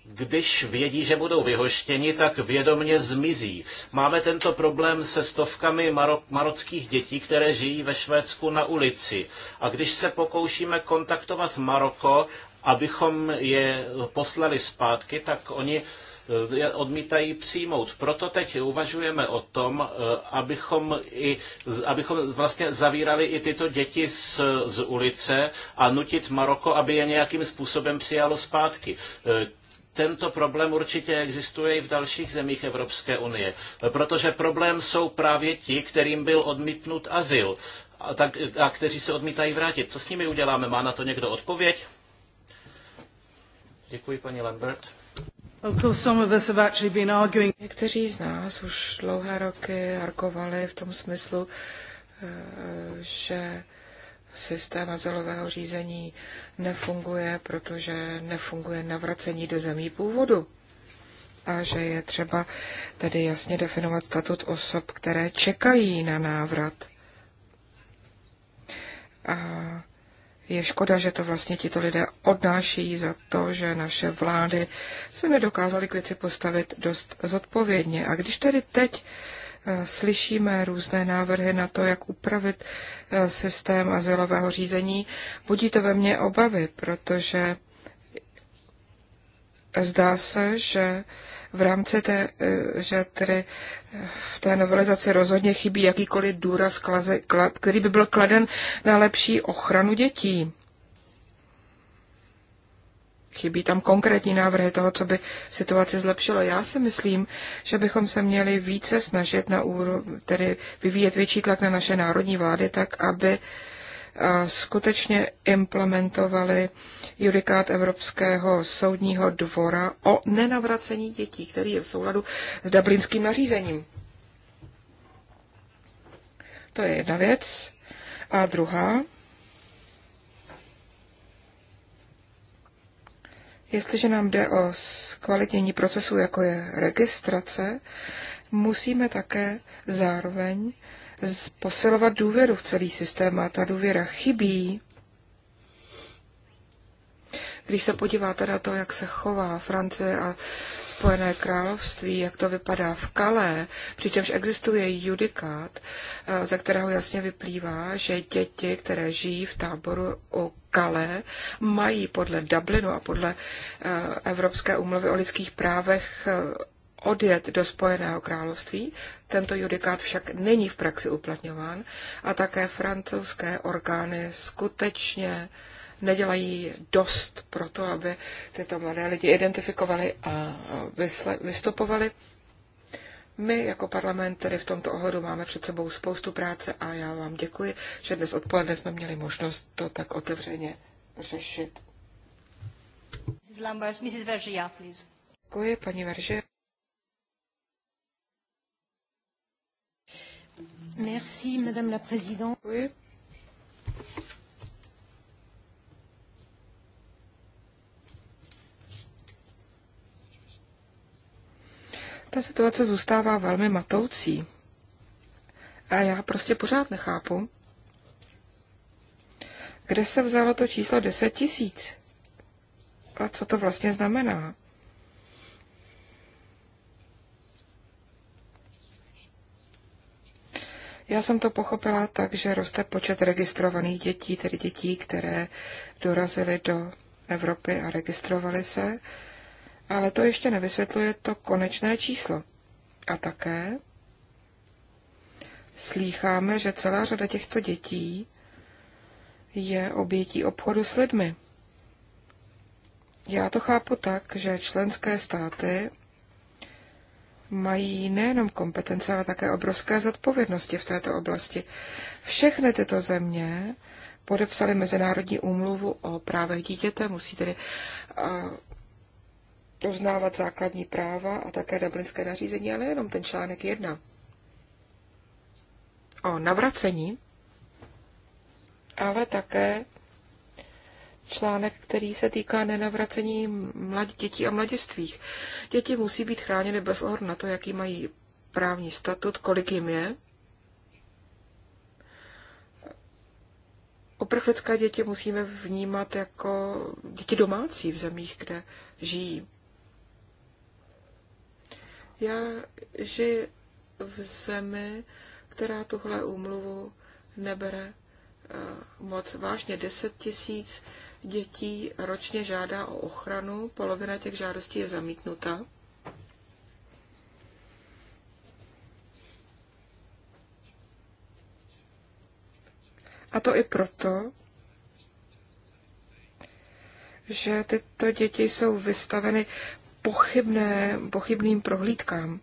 když vědí, že budou vyhoštěni, tak vědomně zmizí. Máme tento problém se stovkami marok, marockých dětí, které žijí ve Švédsku na ulici. A když se pokoušíme kontaktovat Maroko, abychom je poslali zpátky, tak oni eh, odmítají přijmout. Proto teď uvažujeme o tom, eh, abychom, i, abychom vlastně zavírali i tyto děti z, z ulice a nutit Maroko, aby je nějakým způsobem přijalo zpátky. Eh, tento problém určitě existuje i v dalších zemích Evropské unie, protože problém jsou právě ti, kterým byl odmítnut azyl a, tak, a kteří se odmítají vrátit. Co s nimi uděláme? Má na to někdo odpověď? Děkuji, paní Lambert. Někteří z nás už dlouhé roky argovali v tom smyslu, eh, že systém azylového řízení nefunguje, protože nefunguje navracení do zemí původu. A že je třeba tedy jasně definovat statut osob, které čekají na návrat. A je škoda, že to vlastně tito lidé odnáší za to, že naše vlády se nedokázaly k věci postavit dost zodpovědně. A když tedy teď Eh, slyšíme různé návrhy na to, jak upravit eh, systém azylového řízení, budí to ve mně obavy, protože zdá se, že v rámci té, eh, že tedy v té novelizaci rozhodně chybí jakýkoliv důraz, který by byl kladen na lepší ochranu dětí. Chybí tam konkrétní návrhy toho, co by situaci zlepšilo. Já si myslím, že bychom se měli více snažit na úro... tedy vyvíjet větší tlak na naše národní vlády, tak aby skutečně implementovali judikát Evropského soudního dvora o nenavracení dětí, který je v souladu s dublinským nařízením. To je jedna věc. A druhá, Jestliže nám jde o zkvalitnění procesu, jako je registrace, musíme také zároveň posilovat důvěru v celý systém a ta důvěra chybí když se podíváte na to, jak se chová Francie a Spojené království, jak to vypadá v Kalé, přičemž existuje judikát, eh, ze kterého jasně vyplývá, že děti, které žijí v táboru u Kalé, mají podle Dublinu a podle eh, Evropské úmluvy o lidských právech eh, odjet do Spojeného království. Tento judikát však není v praxi uplatňován a také francouzské orgány skutečně nedělají dost pro to, aby tyto mladé lidi identifikovali a vystupovali. My jako parlament tedy v tomto ohledu máme před sebou spoustu práce a já vám děkuji, že dnes odpoledne jsme měli možnost to tak otevřeně řešit. Mrs. Mrs. please. Děkuji, paní Verže. Merci, madame la présidente. Oui. Ta situace zůstává velmi matoucí. A já prostě pořád nechápu, kde se vzalo to číslo 10 tisíc. A co to vlastně znamená? Já jsem to pochopila tak, že roste počet registrovaných dětí, tedy dětí, které dorazily do Evropy a registrovaly se ale to ještě nevysvětluje to konečné číslo. A také slýcháme, že celá řada těchto dětí je obětí obchodu s lidmi. Já to chápu tak, že členské státy mají nejenom kompetence, ale také obrovské zodpovědnosti v této oblasti. Všechny tyto země podepsaly Mezinárodní úmluvu o právech dítěte, musí tedy uznávat základní práva a také dublinské nařízení, ale jenom ten článek 1. O navracení, ale také článek, který se týká nenavracení mladí, dětí a mladistvých. Děti musí být chráněny bez ohledu na to, jaký mají právní statut, kolik jim je. Oprchlické děti musíme vnímat jako děti domácí v zemích, kde žijí. Já žiji v zemi, která tuhle úmluvu nebere eh, moc vážně. 10 tisíc dětí ročně žádá o ochranu, polovina těch žádostí je zamítnuta. A to i proto, že tyto děti jsou vystaveny pochybné, pochybným prohlídkám.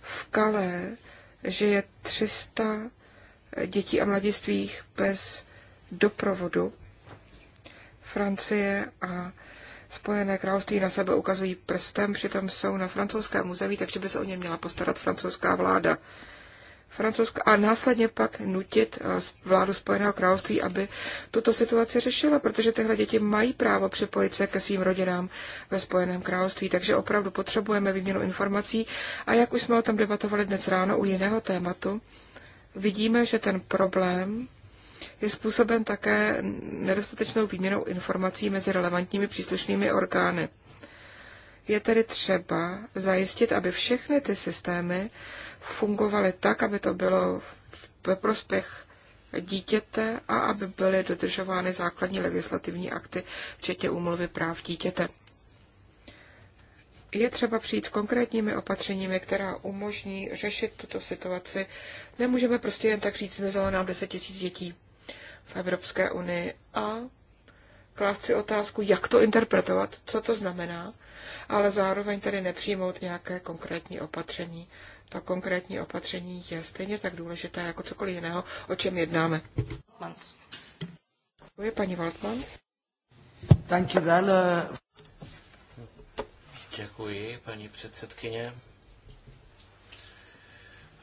V Kale, že je 300 dětí a mladistvých bez doprovodu. Francie a Spojené království na sebe ukazují prstem, přitom jsou na francouzském území, takže by se o ně měla postarat francouzská vláda. Francouzska a následně pak nutit eh, vládu Spojeného království, aby tuto situaci řešila, protože tyhle děti mají právo připojit se ke svým rodinám ve Spojeném království, takže opravdu potřebujeme výměnu informací a jak už jsme o tom debatovali dnes ráno u jiného tématu, vidíme, že ten problém je způsoben také nedostatečnou výměnou informací mezi relevantními příslušnými orgány. Je tedy třeba zajistit, aby všechny ty systémy fungovaly tak, aby to bylo ve prospěch dítěte a aby byly dodržovány základní legislativní akty, včetně úmluvy práv dítěte. Je třeba přijít s konkrétními opatřeními, která umožní řešit tuto situaci. Nemůžeme prostě jen tak říct, zmizelo nám 10 000 dětí v Evropské unii a klást si otázku, jak to interpretovat, co to znamená, ale zároveň tedy nepřijmout nějaké konkrétní opatření to konkrétní opatření je stejně tak důležité jako cokoliv jiného, o čem jednáme. Děkuji, paní Waldmans? Thank you uh, Děkuji, paní předsedkyně.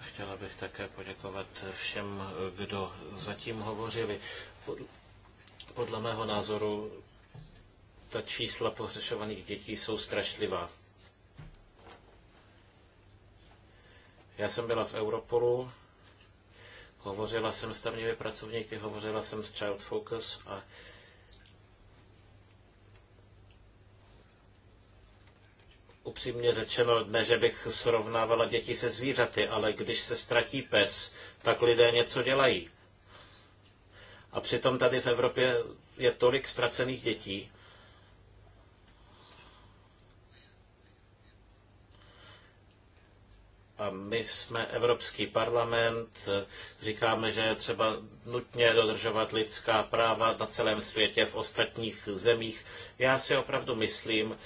Chtěla bych také poděkovat všem, kdo zatím hovořili. Podle mého názoru ta čísla pohřešovaných dětí jsou strašlivá. Já jsem byla v Europolu, hovořila jsem s tamními pracovníky, hovořila jsem s Child Focus a upřímně řečeno, ne, že bych srovnávala děti se zvířaty, ale když se ztratí pes, tak lidé něco dělají. A přitom tady v Evropě je tolik ztracených dětí, A my jsme Evropský parlament, říkáme, že je třeba nutně dodržovat lidská práva na celém světě, v ostatních zemích. Já si opravdu myslím,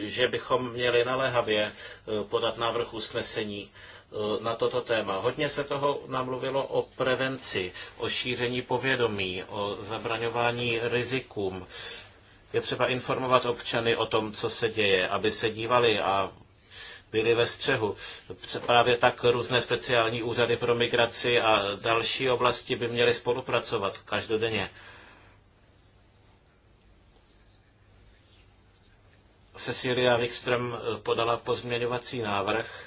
že bychom měli naléhavě eh, podat návrh usnesení eh, na toto téma. Hodně se toho namluvilo o prevenci, o šíření povědomí, o zabraňování rizikům. Je třeba informovat občany o tom, co se děje, aby se dívali a byli ve střehu. Právě tak různé speciální úřady pro migraci a další oblasti by měly spolupracovat každodenně. Cecilia Wikström eh, podala pozměňovací návrh,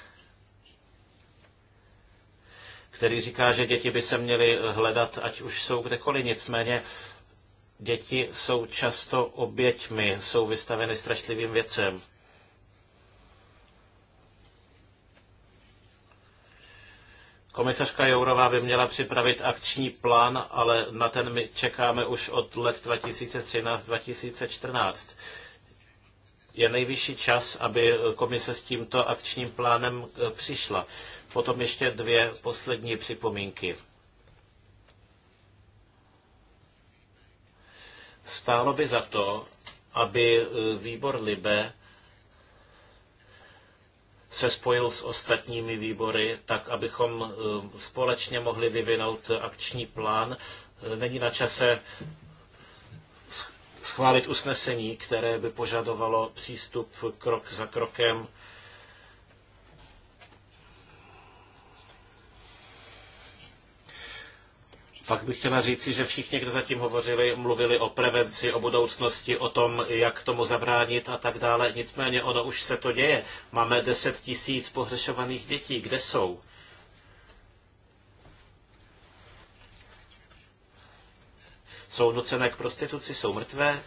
který říká, že děti by se měly hledat, ať už jsou kdekoliv. Nicméně děti jsou často oběťmi, jsou vystaveny strašlivým věcem. Komisařka Jourová by měla připravit akční plán, ale na ten my čekáme už od let 2013-2014. Je nejvyšší čas, aby komise s tímto akčním plánem eh, přišla. Potom ještě dvě poslední připomínky. Stálo by za to, aby eh, výbor Libe se spojil s ostatními výbory, tak abychom eh, společně mohli vyvinout akční plán. Eh, není na čase schválit usnesení, které by požadovalo přístup krok za krokem Pak bych chtěla říci, že všichni, kdo zatím hovořili, mluvili o prevenci, o budoucnosti, o tom, jak tomu zabránit a tak dále. Nicméně ono už se to děje. Máme 10 tisíc pohřešovaných dětí. Kde jsou? Jsou nucené k prostituci, jsou mrtvé.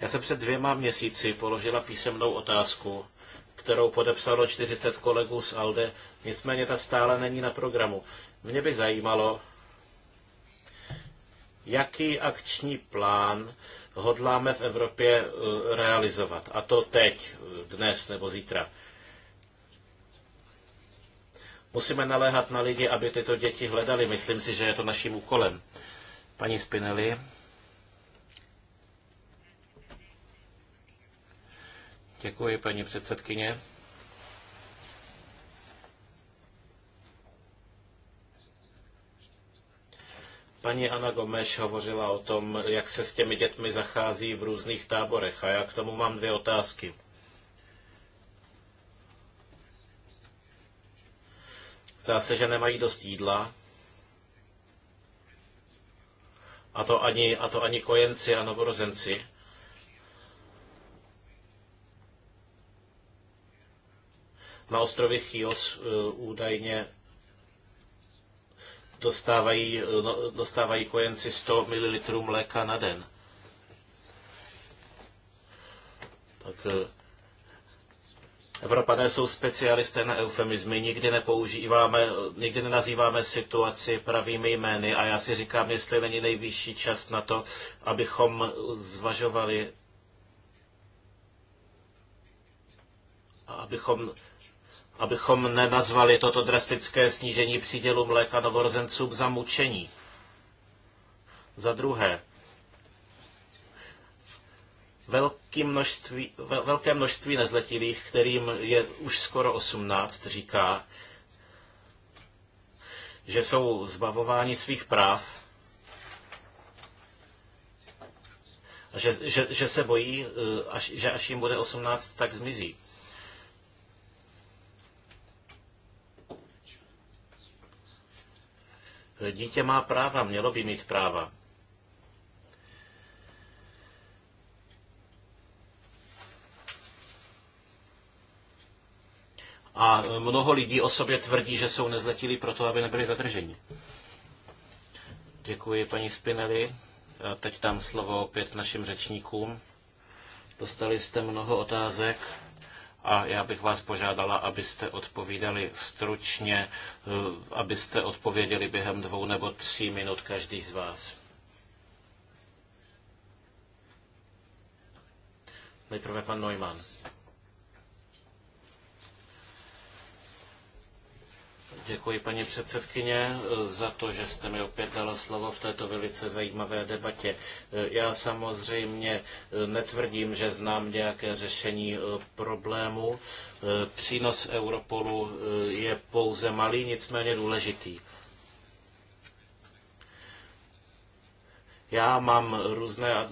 Já jsem před dvěma měsíci položila písemnou otázku kterou podepsalo 40 kolegů z ALDE, nicméně ta stále není na programu. Mě by zajímalo, jaký akční plán hodláme v Evropě eh, realizovat. A to teď, eh, dnes nebo zítra. Musíme naléhat na lidi, aby tyto děti hledali. Myslím si, že je to naším úkolem. Paní Spinelli. Děkuji, paní předsedkyně. Paní Ana Gomeš hovořila o tom, jak se s těmi dětmi zachází v různých táborech a já k tomu mám dvě otázky. Zdá se, že nemají dost jídla. A to ani, a to ani kojenci a novorozenci. na ostrově Chios eh, údajně dostávají, eh, no, dostávají kojenci 100 ml mléka na den. Tak eh, Evropané jsou specialisté na eufemizmy, nikdy nepoužíváme, nikdy nenazýváme situaci pravými jmény a já si říkám, jestli není nejvyšší čas na to, abychom zvažovali abychom abychom nenazvali toto drastické snížení přídělu mléka novorozencům za mučení. Za druhé, velké množství, velké množství nezletilých, kterým je už skoro 18, říká, že jsou zbavováni svých práv a že, že, že se bojí, e, až, že až jim bude 18, tak zmizí. Dítě má práva, mělo by mít práva. A mnoho lidí o sobě tvrdí, že jsou nezletilí proto, aby nebyli zadrženi. Děkuji paní Spinelli. Já teď dám slovo opět našim řečníkům. Dostali jste mnoho otázek a já bych vás požádala, abyste odpovídali stručně, eh, abyste odpověděli během dvou nebo tří minut každý z vás. Nejprve pan Neumann. Děkuji paní předsedkyně za to, že jste mi opět dala slovo v této velice zajímavé debatě. Já samozřejmě netvrdím, že znám nějaké řešení eh, problému. Eh, přínos Europolu eh, je pouze malý, nicméně důležitý. Já mám různé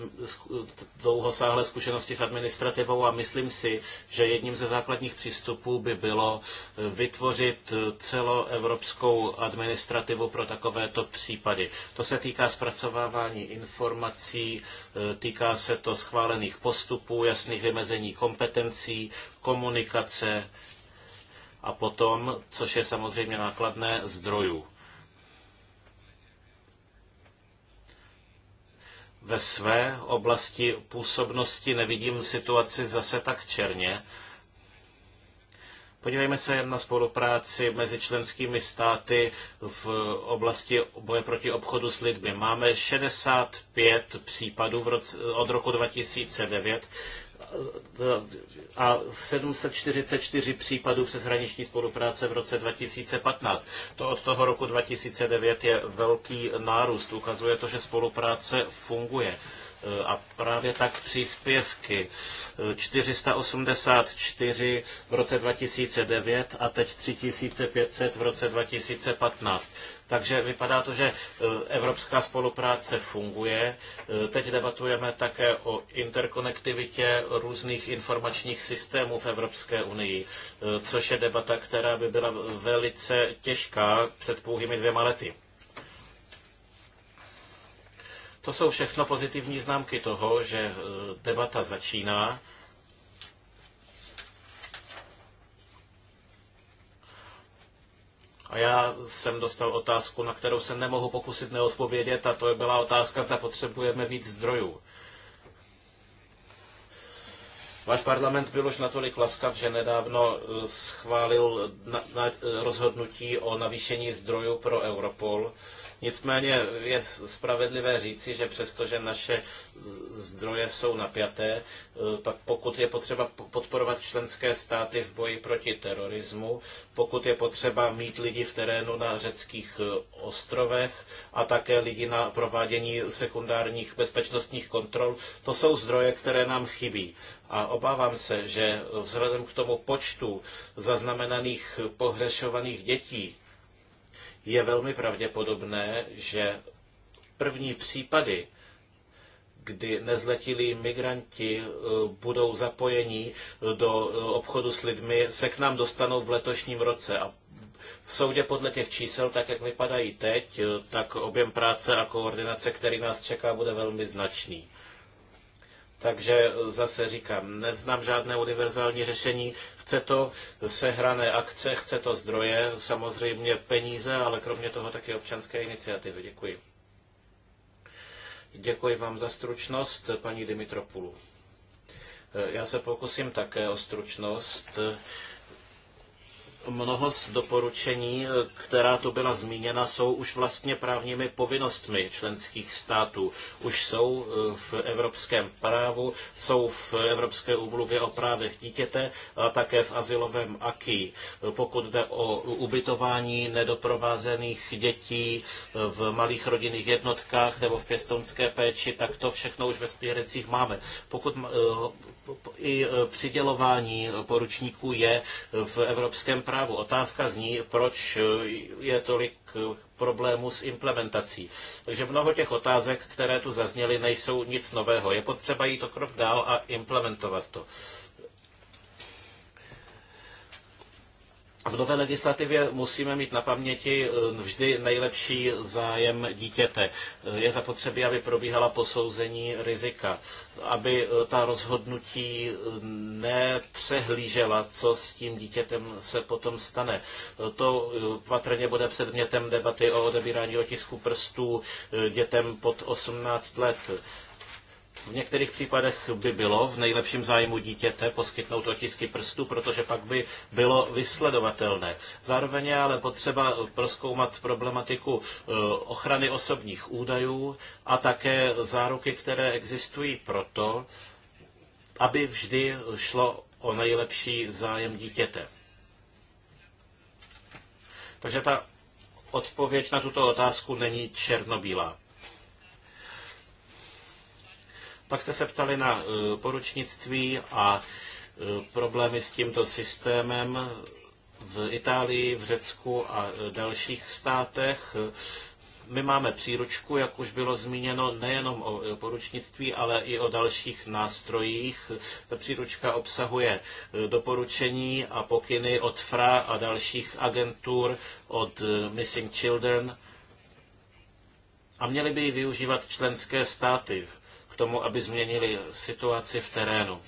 dlouhosáhlé zkušenosti s administrativou a myslím si, že jedním ze základních přístupů by bylo eh, vytvořit eh, celoevropskou administrativu pro takovéto případy. To se týká zpracovávání informací, eh, týká se to schválených postupů, jasných vymezení kompetencí, komunikace a potom, což je samozřejmě nákladné, zdrojů. ve své oblasti působnosti nevidím situaci zase tak černě. Podívejme se na spolupráci mezi členskými státy v oblasti boje proti obchodu s lidmi. Máme 65 případů v roce, od roku 2009, a 744 případů hraniční spolupráce v roce 2015. To od toho roku 2009 je velký nárůst. Ukazuje to, že spolupráce funguje. Eh, a právě tak příspěvky 484 eh, v roce 2009 a teď 3500 v roce 2015. Takže vypadá to, že eh, evropská spolupráce funguje. Teď debatujeme také o interkonektivitě různých informačních systémů v Evropské unii, což je debata, která by byla velice těžká před pouhými dvěma lety. To jsou všechno pozitivní známky toho, že eh, debata začíná. A já jsem dostal otázku, na kterou se nemohu pokusit neodpovědět, a to byla otázka, zda potřebujeme víc zdrojů. Váš parlament byl už natolik laskav, že nedávno eh, schválil na, na, eh, rozhodnutí o navýšení zdrojů pro Europol. Nicméně je spravedlivé říci, že přestože naše zdroje jsou napjaté, eh, pak pokud je potřeba podporovat členské státy v boji proti terorismu, pokud je potřeba mít lidi v terénu na řeckých eh, ostrovech a také lidi na provádění sekundárních bezpečnostních kontrol, to jsou zdroje, které nám chybí. A obávám se, že vzhledem k tomu počtu zaznamenaných pohřešovaných dětí, je velmi pravděpodobné, že první případy, kdy nezletilí migranti eh, budou zapojeni eh, do eh, obchodu s lidmi, se k nám dostanou v letošním roce. A v soudě podle těch čísel, tak jak vypadají teď, tak objem práce a koordinace, který nás čeká, bude velmi značný. Takže zase říkám, neznám žádné univerzální řešení, Chce to sehrané akce, chce to zdroje, samozřejmě peníze, ale kromě toho taky občanské iniciativy. Děkuji. Děkuji vám za stručnost, paní Dimitropulu. Já se pokusím také o stručnost mnoho z doporučení, eh, která tu byla zmíněna, jsou už vlastně právními povinnostmi členských států. Už jsou eh, v evropském právu, jsou v Evropské úmluvě o právech dítěte a také v asilovém AKI. Eh, pokud jde o ubytování nedoprovázených dětí v malých rodinných jednotkách nebo v pěstounské péči, tak to všechno už ve směrnicích máme. Pokud i e, přidělování e, poručníků je e, v evropském právu. Otázka zní, proč je tolik problémů s implementací. Takže mnoho těch otázek, které tu zazněly, nejsou nic nového. Je potřeba jít o krok dál a implementovat to. v nové legislativě musíme mít na paměti eh, vždy nejlepší zájem dítěte. Eh, je zapotřebí, aby probíhala posouzení rizika, aby eh, ta rozhodnutí nepřehlížela, co s tím dítětem se potom stane. To patrně bude předmětem debaty o odebírání otisku prstů dětem pod 18 let v některých případech by bylo v nejlepším zájmu dítěte poskytnout otisky prstů, protože pak by bylo vysledovatelné. Zároveň je ale potřeba proskoumat problematiku eh, ochrany osobních údajů a také záruky, které existují proto, aby vždy šlo o nejlepší zájem dítěte. Takže ta odpověď na tuto otázku není černobílá. Pak jste se ptali na eh, poručnictví a eh, problémy s tímto systémem v Itálii, v Řecku a eh, dalších státech. My máme příručku, jak už bylo zmíněno, nejenom o poručnictví, ale i o dalších nástrojích. Ta příručka obsahuje doporučení a pokyny od FRA a dalších agentur, od Missing Children. A měly by ji využívat členské státy k tomu, aby změnili situaci v terénu.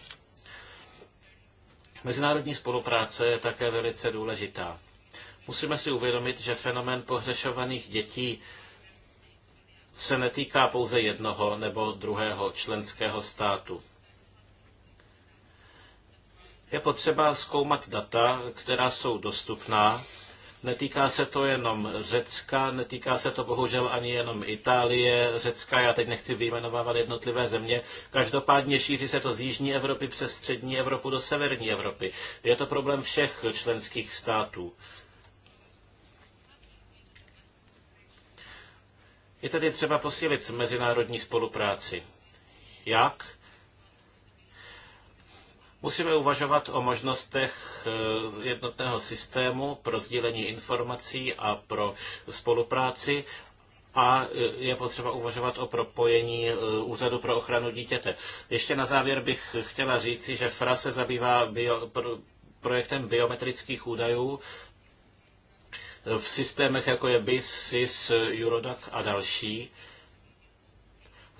Mezinárodní spolupráce je také velice důležitá. Musíme si uvědomit, že fenomén pohřešovaných dětí se netýká pouze jednoho nebo druhého členského státu. Je potřeba zkoumat data, která jsou dostupná Netýká se to jenom Řecka, netýká se to bohužel ani jenom Itálie, Řecka, já teď nechci vyjmenovávat jednotlivé země. Každopádně šíří se to z jižní Evropy přes střední Evropu do severní Evropy. Je to problém všech členských států. Je tedy třeba posílit mezinárodní spolupráci. Jak? Musíme uvažovat o možnostech eh, jednotného systému pro sdílení informací a pro spolupráci a eh, je potřeba uvažovat o propojení eh, Úřadu pro ochranu dítěte. Ještě na závěr bych chtěla říci, že FRA se zabývá bio, projektem biometrických údajů v systémech, jako je BIS, SIS, Eurodac a další.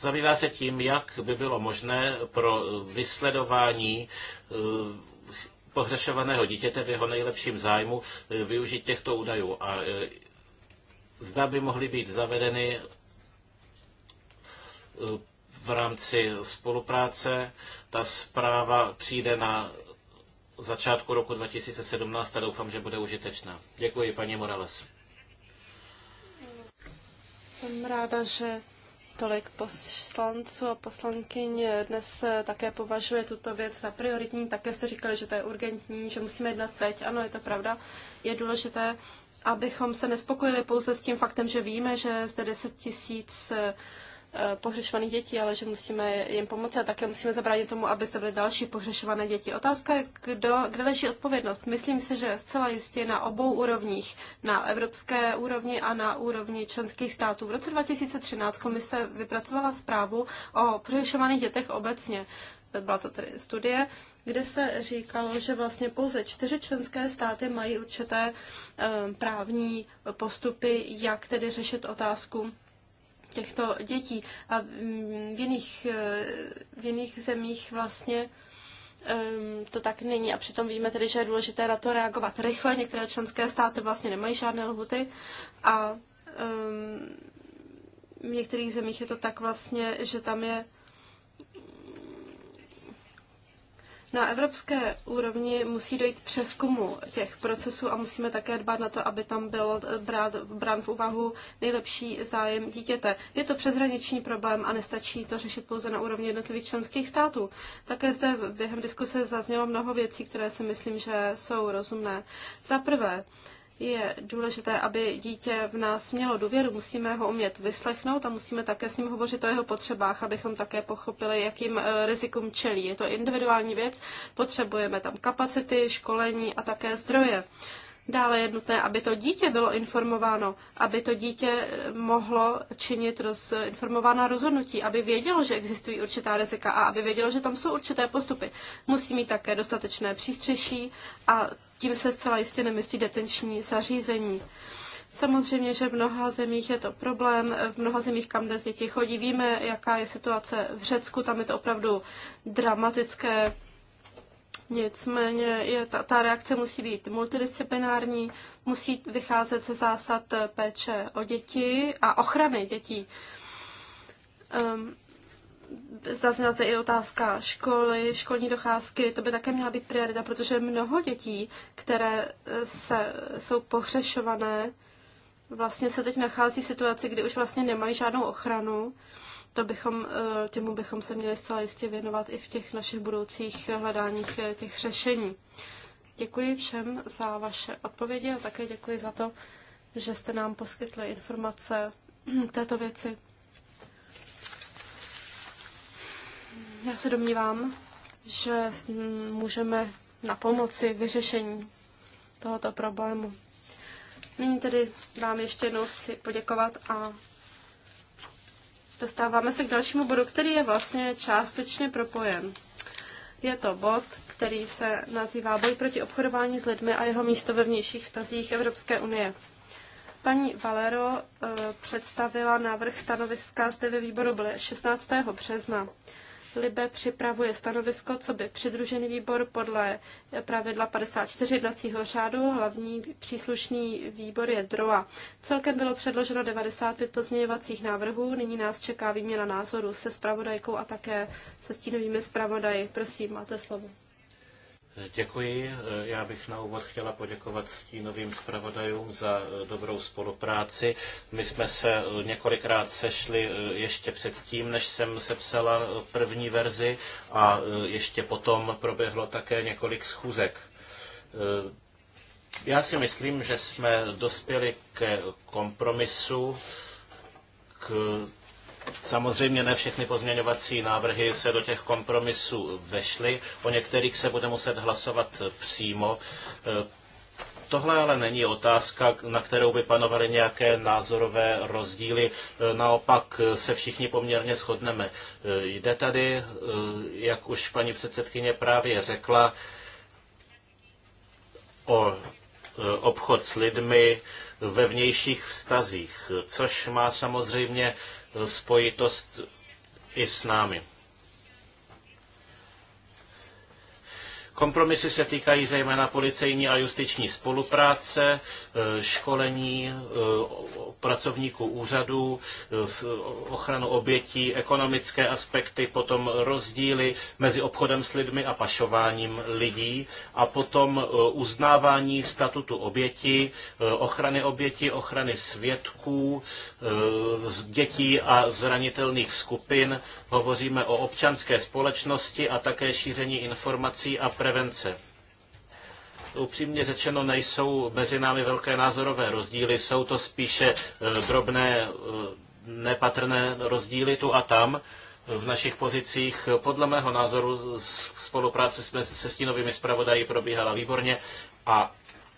Zabývá se tím, jak by bylo možné pro vysledování eh, pohřešovaného dítěte v jeho nejlepším zájmu eh, využít těchto údajů. A eh, zda by mohly být zavedeny v rámci spolupráce. Ta zpráva přijde na začátku roku 2017 a doufám, že bude užitečná. Děkuji, paní Morales. Jsem ráda, že Tolik poslanců a poslankyň dnes také považuje tuto věc za prioritní. Také jste říkali, že to je urgentní, že musíme jednat teď. Ano, je to pravda. Je důležité, abychom se nespokojili pouze s tím faktem, že víme, že zde 10 tisíc Eh, pohřešované děti, ale že musíme jim pomoci a také musíme zabránit tomu, aby se byly další pohřešované děti. Otázka je, kdo, kde leží odpovědnost. Myslím si, že zcela jistě na obou úrovních, na evropské úrovni a na úrovni členských států. V roce 2013 komise vypracovala zprávu o pohřešovaných dětech obecně. Byla to tedy studie, kde se říkalo, že vlastně pouze čtyři členské státy mají určité eh, právní postupy, jak tedy řešit otázku těchto dětí. A mm, v jiných, eh, v jiných zemích vlastně ehm, to tak není. A přitom víme tedy, že je důležité na to reagovat rychle. Některé členské státy vlastně nemají žádné lhuty a ehm, v některých zemích je to tak vlastně, že tam je Na evropské úrovni musí dojít přeskumu těch procesů a musíme také dbát na to, aby tam byl eh, brát, brán v úvahu nejlepší zájem dítěte. Je to přeshraniční problém a nestačí to řešit pouze na úrovni jednotlivých členských států. Také zde během diskuse zaznělo mnoho věcí, které si myslím, že jsou rozumné. Za prvé, je důležité, aby dítě v nás mělo důvěru, musíme ho umět vyslechnout a musíme také s ním hovořit o jeho potřebách, abychom také pochopili, jakým eh, rizikům čelí. Je to individuální věc, potřebujeme tam kapacity, školení a také zdroje. Dále je nutné, aby to dítě bylo informováno, aby to dítě mohlo činit roz, informovaná rozhodnutí, aby vědělo, že existují určitá rizika a aby vědělo, že tam jsou určité postupy. Musí mít také dostatečné přístřeší a tím se zcela jistě nemyslí detenční zařízení. Samozřejmě, že v mnoha zemích je to problém, v mnoha zemích, kam dnes děti chodí. Víme, jaká je situace v Řecku, tam je to opravdu dramatické. Nicméně je ta, ta reakce musí být multidisciplinární, musí vycházet ze zásad eh, péče o děti a ochrany dětí. Um, zazněla se i otázka školy, školní docházky, to by také měla být priorita, protože mnoho dětí, které eh, se, jsou pohřešované, vlastně se teď nachází v situaci, kdy už vlastně nemají žádnou ochranu to bychom, eh, těmu bychom se měli zcela jistě věnovat i v těch našich budoucích hledáních eh, těch řešení. Děkuji všem za vaše odpovědi a také děkuji za to, že jste nám poskytli informace k této věci. Já se domnívám, že můžeme na pomoci vyřešení tohoto problému. Nyní tedy vám ještě jednou chci poděkovat a Dostáváme se k dalšímu bodu, který je vlastně částečně propojen. Je to bod, který se nazývá Boj proti obchodování s lidmi a jeho místo ve vnějších vztazích Evropské unie. Paní Valero e, představila návrh stanoviska zde ve výboru 16. března. Libe připravuje stanovisko, co by přidružený výbor podle pravidla 54 jednacího řádu. Hlavní příslušný výbor je DROA. Celkem bylo předloženo 95 pozměňovacích návrhů. Nyní nás čeká výměna názoru se spravodajkou a také se stínovými zpravodaji. Prosím, máte slovo. Děkuji. Já bych na úvod chtěla poděkovat stínovým zpravodajům za eh, dobrou spolupráci. My jsme se eh, několikrát sešli eh, ještě předtím, než jsem sepsala první verzi a ještě potom proběhlo také několik schůzek. Já si myslím, že jsme dospěli ke kompromisu, k Samozřejmě ne všechny pozměňovací návrhy se do těch kompromisů vešly. O některých se bude muset hlasovat přímo. E, tohle ale není otázka, na kterou by panovaly nějaké názorové rozdíly. E, naopak se všichni poměrně shodneme. E, jde tady, jak už paní předsedkyně právě řekla, o obchod s lidmi ve vnějších vztazích, což má samozřejmě spojitost i s námi. Kompromisy se týkají zejména policejní a justiční spolupráce, e, školení e, pracovníků úřadů, e, ochranu obětí, ekonomické aspekty, potom rozdíly mezi obchodem s lidmi a pašováním lidí a potom uznávání statutu oběti, ochrany oběti, ochrany svědků, dětí a zranitelných skupin. Hovoříme o občanské společnosti a také šíření informací a prevence. Upřímně řečeno, nejsou mezi námi velké názorové rozdíly, jsou to spíše eh, drobné, eh, nepatrné rozdíly tu a tam v našich pozicích. Podle mého názoru spolupráce se stínovými zpravodají probíhala výborně a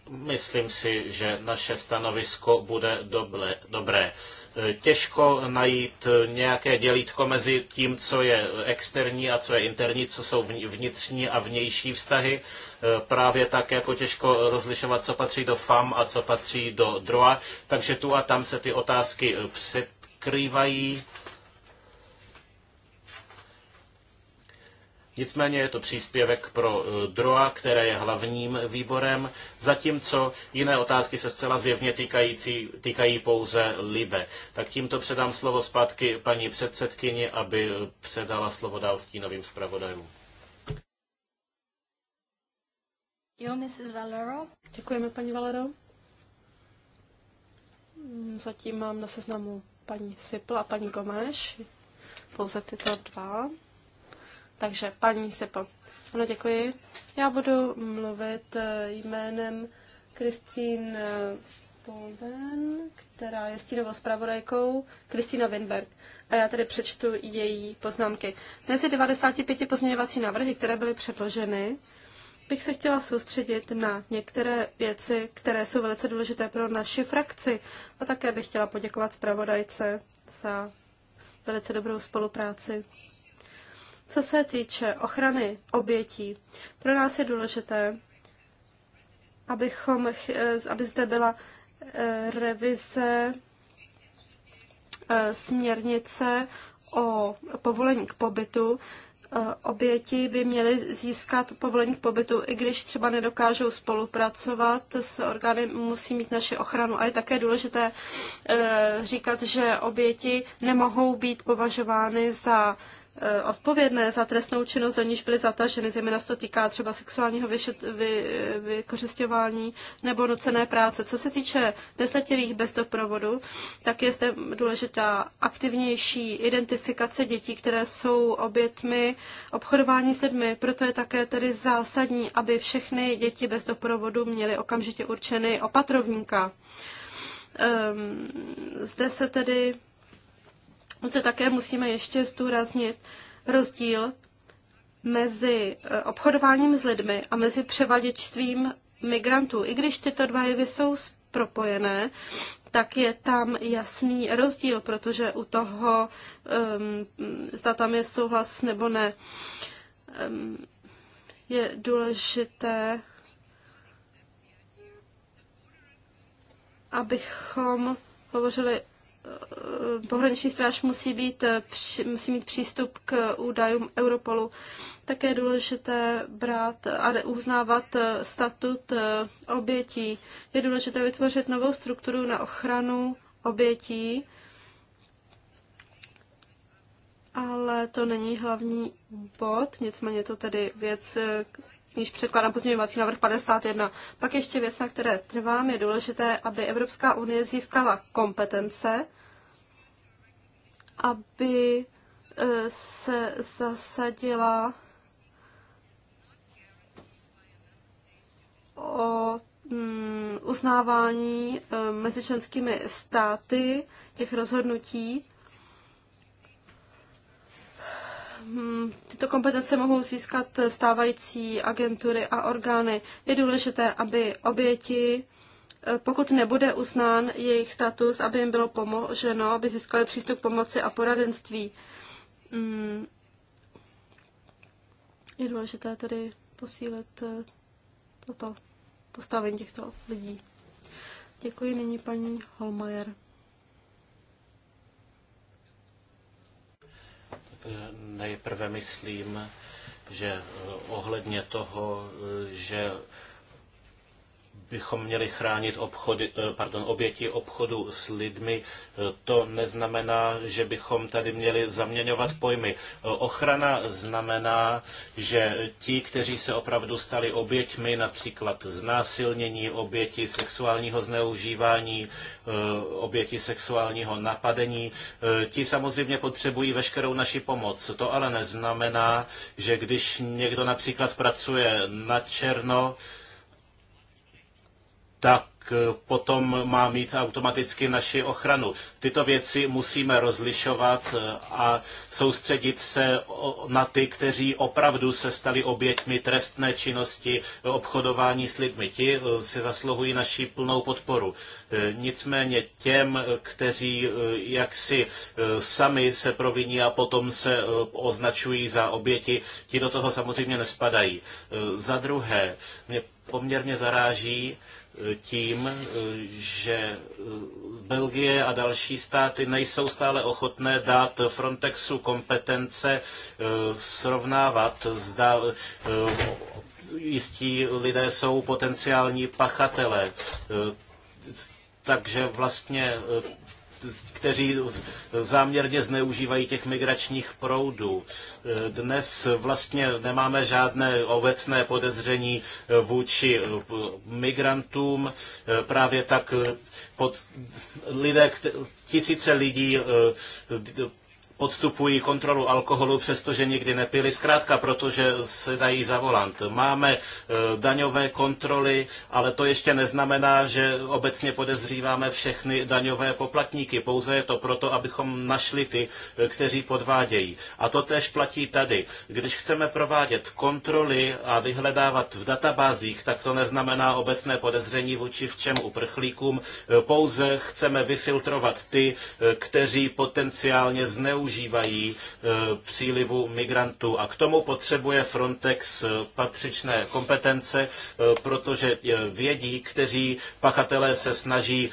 myslím si, že naše stanovisko bude doble, dobré. Eh, těžko najít eh, nějaké dělítko mezi tím, co je externí a co je interní, co jsou vnitřní a vnější vztahy. Eh, právě tak jako těžko rozlišovat, co patří do FAM a co patří do DROA. Takže tu a tam se ty otázky překrývají Nicméně je to příspěvek pro eh, DROA, které je hlavním výborem, zatímco jiné otázky se zcela zjevně týkající, týkají pouze LIBE. Tak tímto předám slovo zpátky paní předsedkyni, aby eh, předala slovo dál stínovým zpravodajům. Jo, Mrs. Valero. Děkujeme, paní Valero. Mm, zatím mám na seznamu paní Sipl a paní Gomeš, pouze tyto dva. Takže paní Sepo. Ano, děkuji. Já budu mluvit eh, jménem Kristín eh, Poven, která je stínovou zpravodajkou, Kristýna Winberg. A já tady přečtu její poznámky. Mezi 95 pozměňovací návrhy, které byly předloženy, bych se chtěla soustředit na některé věci, které jsou velice důležité pro naši frakci. A také bych chtěla poděkovat zpravodajce za velice dobrou spolupráci. Co se týče ochrany obětí, pro nás je důležité, abychom, eh, aby zde byla eh, revize eh, směrnice o povolení k pobytu. Oběti by měly získat povolení k pobytu, i když třeba nedokážou spolupracovat s orgány, musí mít naši ochranu. A je také důležité říkat, že oběti nemohou být považovány za Eh, odpovědné za trestnou činnost, do níž byly zataženy, zejména se to týká třeba sexuálního vyšet, vy, vykořišťování nebo nucené práce. Co se týče nezletilých bez doprovodu, tak je zde důležitá aktivnější identifikace dětí, které jsou obětmi obchodování s lidmi. Proto je také tedy zásadní, aby všechny děti bez doprovodu měly okamžitě určeny opatrovníka. Um, zde se tedy zde také musíme ještě zdůraznit rozdíl mezi eh, obchodováním s lidmi a mezi převaděčstvím migrantů. I když tyto dva jevy jsou propojené, tak je tam jasný rozdíl, protože u toho, um, zda tam je souhlas nebo ne, um, je důležité, abychom hovořili Eh, pohraniční stráž musí, být, eh, musí mít přístup k údajům Europolu. Také je důležité brát a uznávat eh, statut obětí. Je důležité vytvořit novou strukturu na ochranu obětí, ale to není hlavní bod, nicméně to tedy věc, když předkládám pozměňovací návrh 51. Pak ještě věc, na které trvám, je důležité, aby Evropská unie získala kompetence aby eh, se zasadila o mm, uznávání eh, mezi členskými státy těch rozhodnutí. Hmm, tyto kompetence mohou získat stávající agentury a orgány. Je důležité, aby oběti pokud nebude uznán jejich status, aby jim bylo pomoženo, aby získali přístup k pomoci a poradenství. Hmm. Je důležité tedy posílit eh, toto postavení těchto lidí. Děkuji nyní paní Holmajer. Nejprve myslím, že eh, ohledně toho, eh, že bychom měli chránit obchody, eh, pardon, oběti obchodu s lidmi, eh, to neznamená, že bychom tady měli zaměňovat pojmy. Eh, ochrana znamená, že ti, kteří se opravdu stali oběťmi, například znásilnění, oběti sexuálního zneužívání, oběti sexuálního napadení, ti samozřejmě potřebují veškerou naši pomoc. To ale neznamená, že když někdo například pracuje na černo, tak eh, potom má mít automaticky naši ochranu. Tyto věci musíme rozlišovat eh, a soustředit se na ty, kteří opravdu se stali oběťmi trestné činnosti eh, obchodování s lidmi. Ti si zasluhují naši plnou podporu. Nicméně těm, kteří jaksi sami se proviní a potom se označují za oběti, ti do toho samozřejmě nespadají. Za druhé, mě poměrně zaráží, tím, že Belgie a další státy nejsou stále ochotné dát Frontexu kompetence eh, srovnávat, zda eh, jistí lidé jsou potenciální pachatele. Eh, takže vlastně kteří záměrně zneužívají těch migračních proudů. Dnes vlastně nemáme žádné obecné podezření vůči migrantům. Právě tak pod lidé, tisíce lidí podstupují kontrolu alkoholu, přestože nikdy nepili, zkrátka protože se dají za volant. Máme e, daňové kontroly, ale to ještě neznamená, že obecně podezříváme všechny daňové poplatníky. Pouze je to proto, abychom našli ty, e, kteří podvádějí. A to tež platí tady. Když chceme provádět kontroly a vyhledávat v databázích, tak to neznamená obecné podezření vůči všem uprchlíkům. E, pouze chceme vyfiltrovat ty, kteří potenciálně zneužívají využívají e, přílivu migrantů. A k tomu potřebuje Frontex e, patřičné kompetence, e, protože vědí, kteří pachatelé se snaží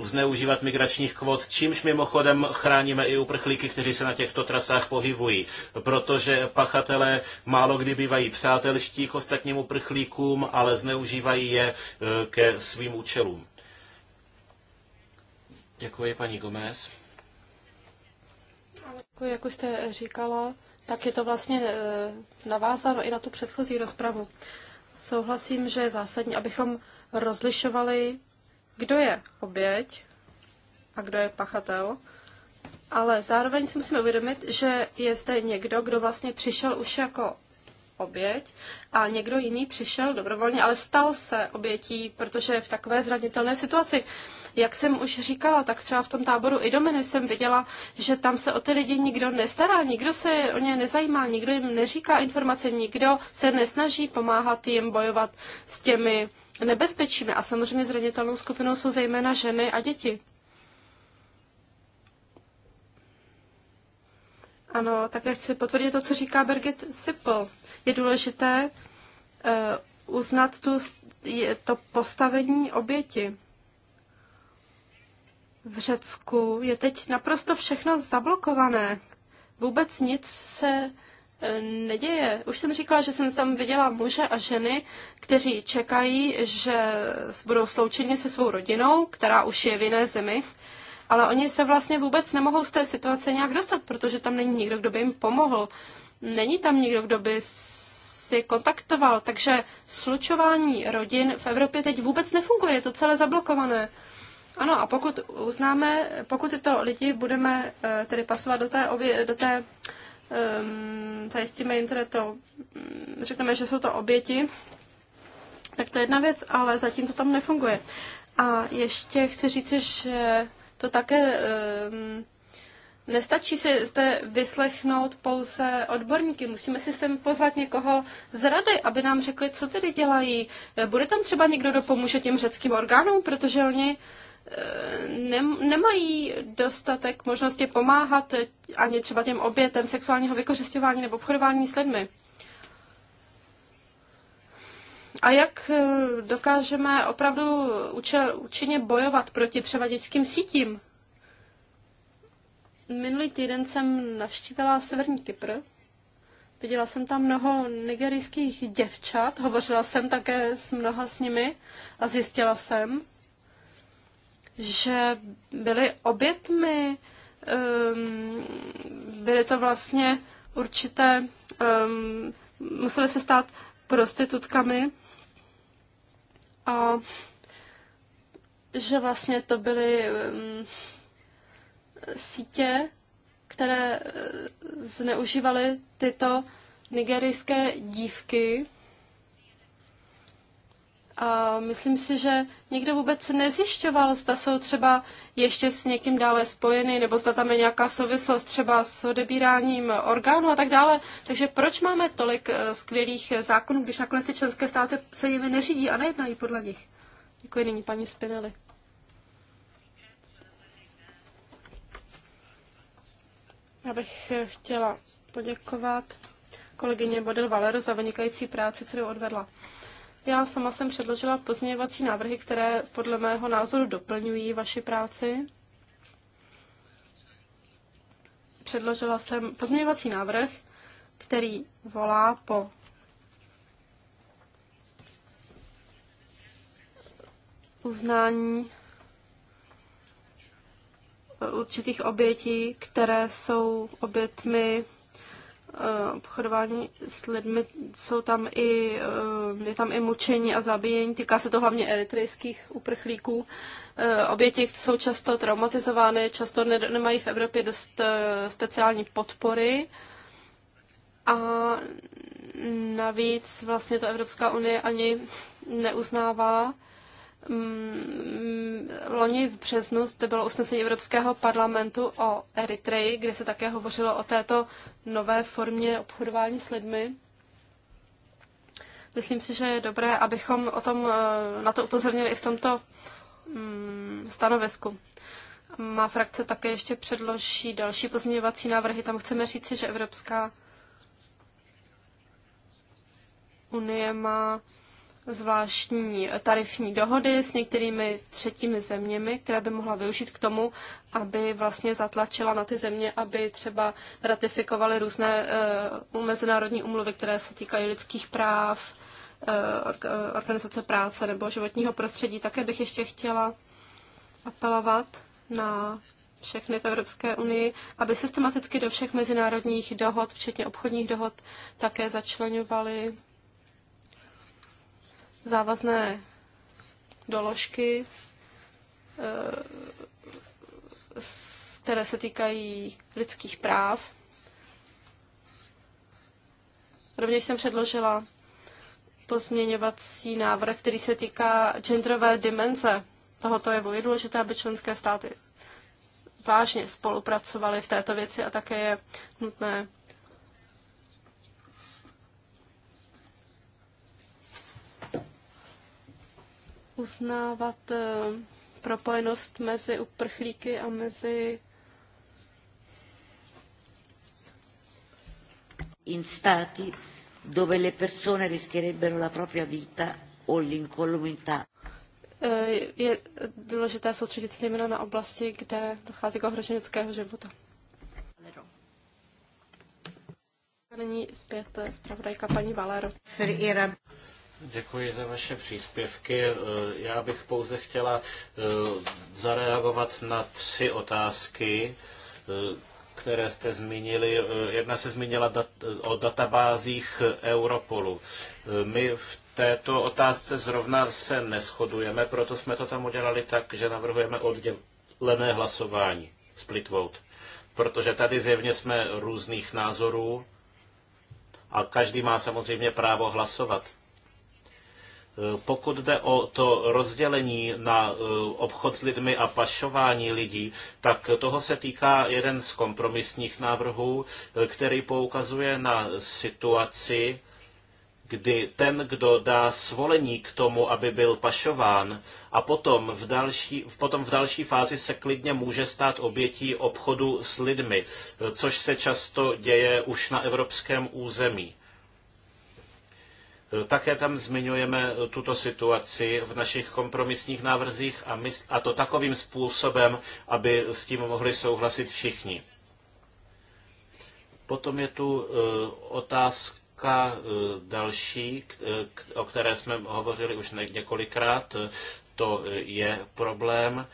zneužívat migračních kvot, čímž mimochodem chráníme i uprchlíky, kteří se na těchto trasách pohybují, protože pachatelé málo kdy bývají přátelští k ostatním uprchlíkům, ale zneužívají je ke svým účelům. Děkuji, paní Gomez. Jak už jste říkala, tak je to vlastně e, navázáno i na tu předchozí rozpravu. Souhlasím, že je zásadní, abychom rozlišovali, kdo je oběť a kdo je pachatel, ale zároveň si musíme uvědomit, že je zde někdo, kdo vlastně přišel už jako oběť a někdo jiný přišel dobrovolně, ale stal se obětí, protože je v takové zranitelné situaci. Jak jsem už říkala, tak třeba v tom táboru domeny jsem viděla, že tam se o ty lidi nikdo nestará, nikdo se o ně nezajímá, nikdo jim neříká informace, nikdo se nesnaží pomáhat jim bojovat s těmi nebezpečími. A samozřejmě zranitelnou skupinou jsou zejména ženy a děti. Ano, také chci potvrdit to, co říká Birgit Sipple. Je důležité uh, uznat tu, to postavení oběti. V Řecku je teď naprosto všechno zablokované. Vůbec nic se eh, neděje. Už jsem říkala, že jsem tam viděla muže a ženy, kteří čekají, že budou sloučeni se svou rodinou, která už je v jiné zemi ale oni se vlastně vůbec nemohou z té situace nějak dostat, protože tam není nikdo, kdo by jim pomohl. Není tam nikdo, kdo by si kontaktoval, takže slučování rodin v Evropě teď vůbec nefunguje, je to celé zablokované. Ano, a pokud uznáme, pokud tyto lidi budeme eh, tedy pasovat do té, obě, do té um, ehm, zajistíme jim teda to, mm, řekneme, že jsou to oběti, tak to je jedna věc, ale zatím to tam nefunguje. A ještě chci říct, že to také ehm, Nestačí si zde vyslechnout pouze odborníky, musíme si sem pozvat někoho z rady, aby nám řekli, co tedy dělají. Bude tam třeba někdo, kdo pomůže těm řeckým orgánům, protože oni eh, nemají dostatek možnosti pomáhat ani třeba těm obětem sexuálního vykořišťování nebo obchodování s lidmi a jak eh, dokážeme opravdu účinně bojovat proti převaděčským sítím? Minulý týden jsem navštívila Severní Kypr. Viděla jsem tam mnoho nigerijských děvčat, hovořila jsem také s mnoha s nimi a zjistila jsem, že byly obětmi, um, byly to vlastně určité, um, musely se stát prostitutkami a že vlastně to byly um, sítě, které eh, zneužívaly tyto nigerijské dívky a myslím si, že nikdo vůbec nezjišťoval, zda jsou třeba ještě s někým dále spojeny, nebo zda tam je nějaká souvislost třeba s odebíráním orgánů a tak dále. Takže proč máme tolik eh, skvělých zákonů, když nakonec ty členské státy se jimi neřídí a nejednají podle nich? Děkuji nyní paní Spinelli. Já bych eh, chtěla poděkovat kolegyně Bodil Valero za vynikající práci, kterou odvedla. Já sama jsem předložila pozměňovací návrhy, které podle mého názoru doplňují vaši práci. Předložila jsem pozměňovací návrh, který volá po uznání určitých obětí, které jsou obětmi Eh, obchodování s lidmi, jsou tam i, eh, je tam i mučení a zabíjení, týká se to hlavně eritrejských uprchlíků. Eh, Oběti jsou často traumatizovány, často nemají v Evropě dost speciální podpory a navíc vlastně to Evropská unie ani neuznává Mm, loni v březnu zde bylo usnesení Evropského parlamentu o Eritreji, kde se také hovořilo o této nové formě obchodování s lidmi. Myslím si, že je dobré, abychom o tom, eh, na to upozornili i v tomto mm, stanovisku. Má frakce také ještě předloží další pozměňovací návrhy. Tam chceme říci, že Evropská unie má zvláštní tarifní dohody s některými třetími zeměmi, které by mohla využít k tomu, aby vlastně zatlačila na ty země, aby třeba ratifikovaly různé uh, mezinárodní umluvy, které se týkají lidských práv, uh, organizace práce nebo životního prostředí. Také bych ještě chtěla apelovat na všechny v Evropské unii, aby systematicky do všech mezinárodních dohod, včetně obchodních dohod, také začlenovaly závazné doložky, eh, které se týkají lidských práv. Rovněž jsem předložila pozměňovací návrh, který se týká genderové dimenze tohoto jevu. Je důležité, aby členské státy vážně spolupracovaly v této věci a také je nutné uznávat eh, propojenost mezi uprchlíky a mezi in stati dove le persone rischierebbero la propria vita o l'incolumità. Eh, je důležité soustředit se jména na oblasti, kde dochází k ohrožení lidského života. A nyní zpět eh, zpravodajka paní Valero. Děkuji za vaše příspěvky. Eh, já bych pouze chtěla eh, zareagovat na tři otázky, eh, které jste zmínili. Jedna se zmínila o databázích Europolu. My v této otázce zrovna se neschodujeme, proto jsme to tam udělali tak, že navrhujeme oddělené hlasování, split vote. Protože tady zjevně jsme různých názorů a každý má samozřejmě právo hlasovat. Pokud jde o to rozdělení na e, obchod s lidmi a pašování lidí, tak toho se týká jeden z kompromisních návrhů, e, který poukazuje na situaci, kdy ten, kdo dá svolení k tomu, aby byl pašován, a potom v další, potom v další fázi se klidně může stát obětí obchodu s lidmi, e, což se často děje už na evropském území. Také tam zmiňujeme tuto situaci v našich kompromisních návrzích a, a to takovým způsobem, aby s tím mohli souhlasit všichni. Potom je tu eh, otázka eh, další, eh, o které jsme hovořili už několikrát, to je problém,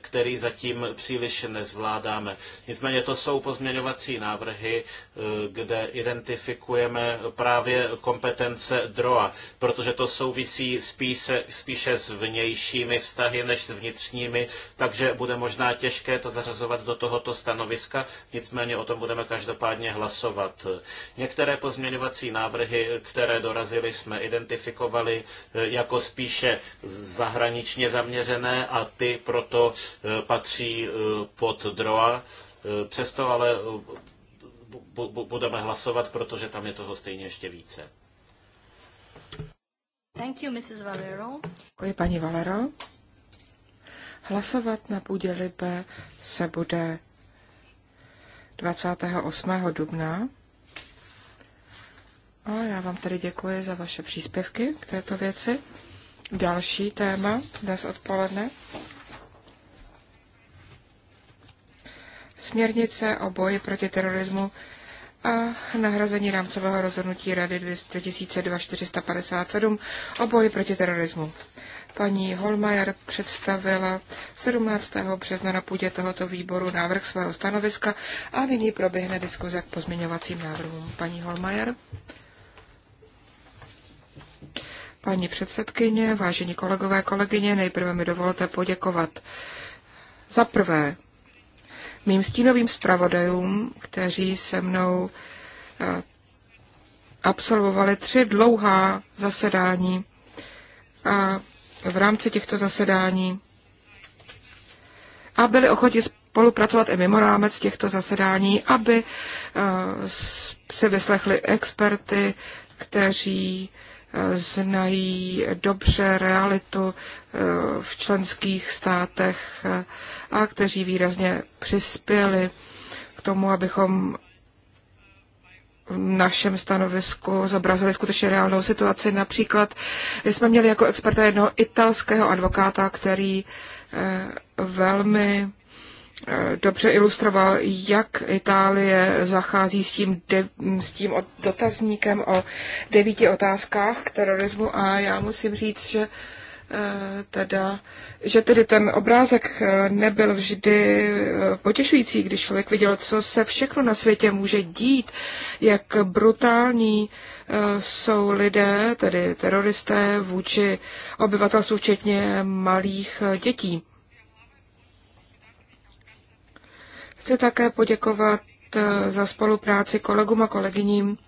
který zatím příliš nezvládáme. Nicméně to jsou pozměňovací návrhy, eh, kde identifikujeme právě kompetence DROA, protože to souvisí spíše, spíše s vnějšími vztahy než s vnitřními, takže bude možná těžké to zařazovat do tohoto stanoviska, nicméně o tom budeme každopádně hlasovat. Některé pozměňovací návrhy, které dorazily, jsme identifikovali eh, jako spíše zahraniční hraničně zaměřené a ty proto e, patří e, pod DROA. E, přesto ale budeme hlasovat, protože tam je toho stejně ještě více. Thank you, Mrs. Valero. Děkuji, paní Valero. Hlasovat na půdě Libe se bude 28. dubna. A já vám tedy děkuji za vaše příspěvky k této věci další téma dnes odpoledne. Směrnice o boji proti terorismu a nahrazení rámcového rozhodnutí Rady 2002-457 o boji proti terorismu. Paní Holmajer představila 17. března na půdě tohoto výboru návrh svého stanoviska a nyní proběhne diskuze k pozměňovacím návrhům. Paní Holmajer. Paní předsedkyně, vážení kolegové, kolegyně, nejprve mi dovolte poděkovat za prvé mým stínovým zpravodajům, kteří se mnou eh, absolvovali tři dlouhá zasedání a v rámci těchto zasedání a byli ochotni spolupracovat i mimo rámec těchto zasedání, aby eh, se vyslechli experty, kteří znají dobře realitu eh, v členských státech eh, a kteří výrazně přispěli k tomu, abychom v našem stanovisku zobrazili skutečně reálnou situaci. Například my jsme měli jako experta jednoho italského advokáta, který eh, velmi Eh, dobře ilustroval, jak Itálie zachází s tím, de, s tím od, dotazníkem o devíti otázkách k terorismu a já musím říct, že eh, teda, že tedy ten obrázek eh, nebyl vždy potěšující, když člověk viděl, co se všechno na světě může dít, jak brutální jsou lidé, tedy teroristé, vůči obyvatelstvu, včetně malých dětí. Chci také poděkovat eh, za spolupráci kolegům a kolegyním,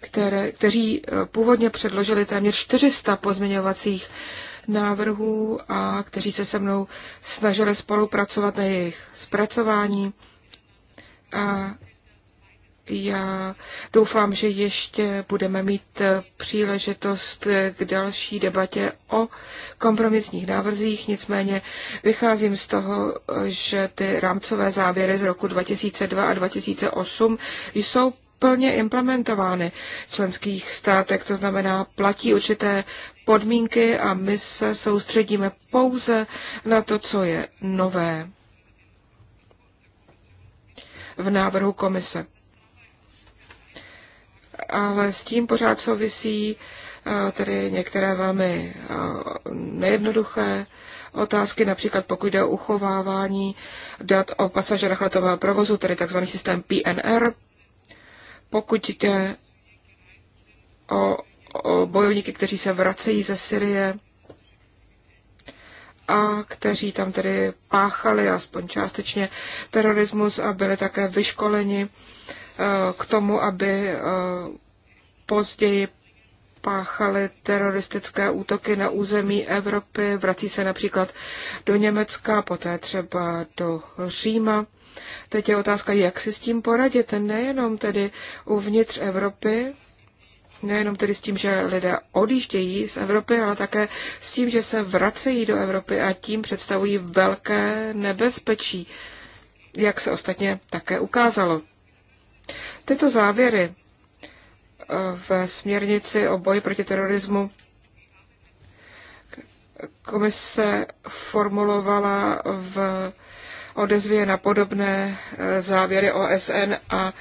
které, kteří eh, původně předložili téměř 400 pozměňovacích návrhů a kteří se se mnou snažili spolupracovat na jejich zpracování. A já doufám, že ještě budeme mít eh, příležitost eh, k další debatě o kompromisních návrzích, nicméně vycházím z toho, eh, že ty rámcové závěry z roku 2002 a 2008 jsou plně implementovány v členských státech, to znamená platí určité podmínky a my se soustředíme pouze na to, co je nové v návrhu komise ale s tím pořád souvisí eh, tedy některé velmi eh, nejednoduché otázky, například pokud jde o uchovávání dat o pasažerech letového provozu, tedy tzv. systém PNR, pokud jde o, o bojovníky, kteří se vracejí ze Syrie a kteří tam tedy páchali aspoň částečně terorismus a byli také vyškoleni eh, k tomu, aby později páchali teroristické útoky na území Evropy, vrací se například do Německa, poté třeba do Říma. Teď je otázka, jak si s tím poradit, nejenom tedy uvnitř Evropy, nejenom tedy s tím, že lidé odjíždějí z Evropy, ale také s tím, že se vracejí do Evropy a tím představují velké nebezpečí, jak se ostatně také ukázalo. Tyto závěry v směrnici o boji proti terorismu komise formulovala v odezvě na podobné eh, závěry OSN a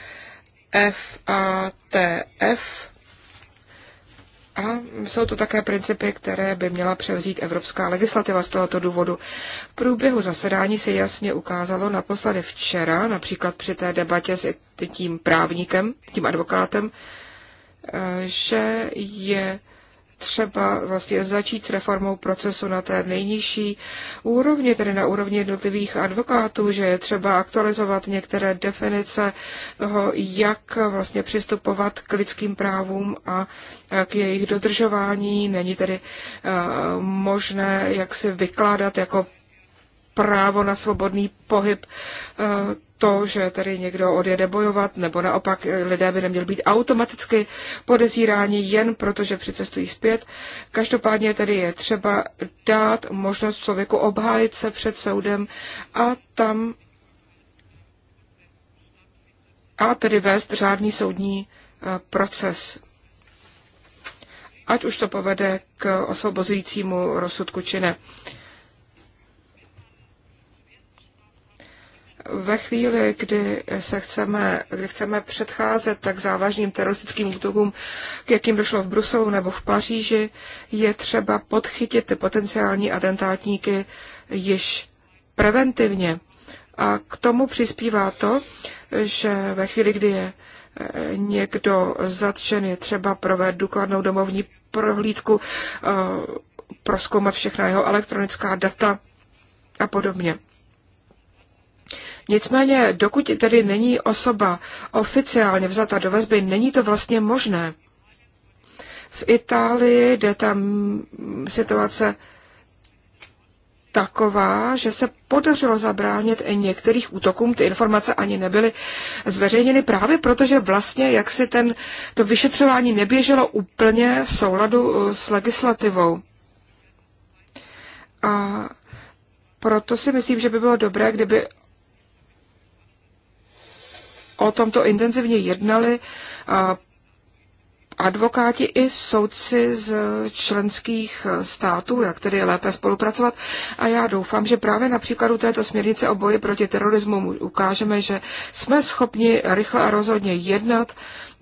FATF. A jsou to také principy, které by měla převzít evropská legislativa z tohoto důvodu. V průběhu zasedání se jasně ukázalo naposledy včera, například při té debatě s tím právníkem, tím advokátem, že je třeba vlastně začít s reformou procesu na té nejnižší úrovni, tedy na úrovni jednotlivých advokátů, že je třeba aktualizovat některé definice toho, jak vlastně přistupovat k lidským právům a k jejich dodržování. Není tedy eh, možné, jak si vykládat jako právo na svobodný pohyb eh, to, že tady někdo odjede bojovat, nebo naopak eh, lidé by neměli být automaticky podezíráni jen proto, že přicestují zpět. Každopádně tedy je třeba dát možnost člověku obhájit se před soudem a tam a tedy vést řádný soudní eh, proces. Ať už to povede k osvobozujícímu rozsudku či ne. ve chvíli, kdy se chceme, kdy chceme předcházet tak závažným teroristickým útokům, k jakým došlo v Bruselu nebo v Paříži, je třeba podchytit ty potenciální atentátníky již preventivně. A k tomu přispívá to, že ve chvíli, kdy je eh, někdo zatčen, je třeba provést důkladnou domovní prohlídku, eh, proskoumat všechna jeho elektronická data a podobně. Nicméně, dokud tedy není osoba oficiálně vzata do vazby, není to vlastně možné. V Itálii jde tam situace taková, že se podařilo zabránit i některých útokům, ty informace ani nebyly zveřejněny právě protože vlastně jak si ten, to vyšetřování neběželo úplně v souladu uh, s legislativou. A proto si myslím, že by bylo dobré, kdyby o tomto intenzivně jednali advokáti i soudci z členských států, jak tedy lépe spolupracovat. A já doufám, že právě na příkladu této směrnice o boji proti terorismu ukážeme, že jsme schopni rychle a rozhodně jednat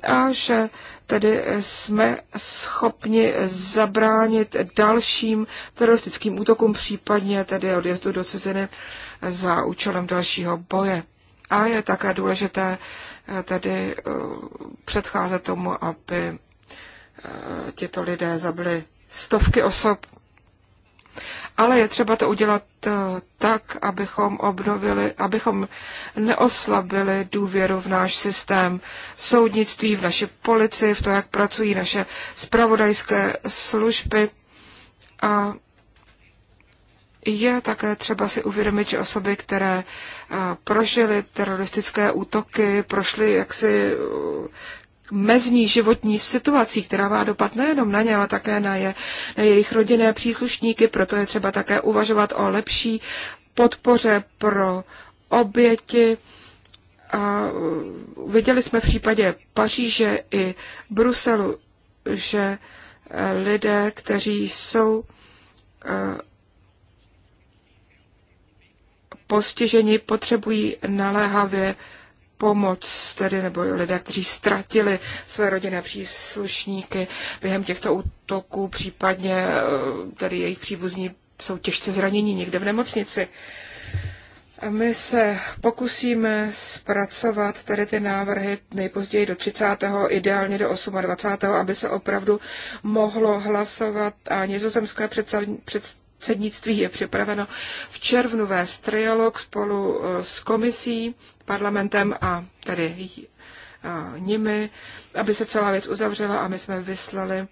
a že tedy jsme schopni zabránit dalším teroristickým útokům, případně tedy odjezdu do ciziny za účelem dalšího boje. A je také důležité eh, tedy eh, předcházet tomu, aby eh, tito lidé zabili stovky osob. Ale je třeba to udělat tak, abychom obnovili, abychom neoslabili důvěru v náš systém soudnictví, v naše policii, v to, jak pracují naše spravodajské služby. A je také třeba si uvědomit, že osoby, které prožili teroristické útoky, prošli jaksi uh, mezní životní situací, která má dopad nejenom na ně, ale také na, je, na jejich rodinné příslušníky, proto je třeba také uvažovat o lepší podpoře pro oběti. A uh, viděli jsme v případě Paříže i Bruselu, že eh, lidé, kteří jsou eh, Postižení potřebují naléhavě pomoc, tedy nebo lidé, kteří ztratili své rodinné příslušníky během těchto útoků, případně eh, tedy jejich příbuzní jsou těžce zranění někde v nemocnici. My se pokusíme zpracovat tady ty návrhy nejpozději do 30. ideálně do 28. aby se opravdu mohlo hlasovat a nizozemské představ, předsednictví je připraveno v červnu vést trialog spolu eh, s komisí, parlamentem a tedy eh, nimi, aby se celá věc uzavřela a my jsme vyslali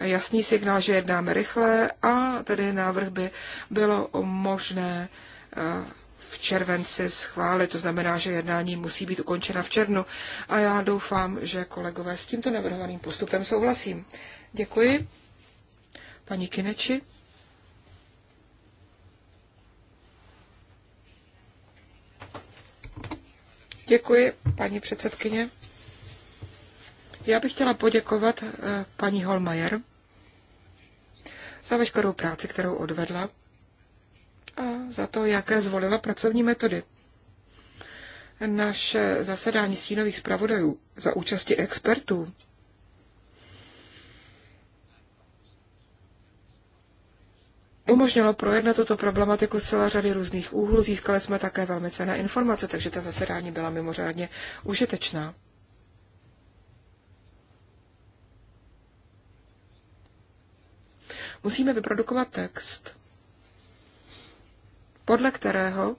jasný signál, že jednáme rychle a tedy návrh by bylo možné eh, v červenci schválit. To znamená, že jednání musí být ukončena v červnu a já doufám, že kolegové s tímto navrhovaným postupem souhlasím. Děkuji. Paní Kineči. Děkuji, paní předsedkyně. Já bych chtěla poděkovat eh, paní Holmajer za veškerou práci, kterou odvedla a za to, jaké zvolila pracovní metody. Naše zasedání stínových zpravodajů za účasti expertů umožnilo projednat tuto problematiku z celé řady různých úhlů. Získali jsme také velmi cené informace, takže ta zasedání byla mimořádně užitečná. Musíme vyprodukovat text, podle kterého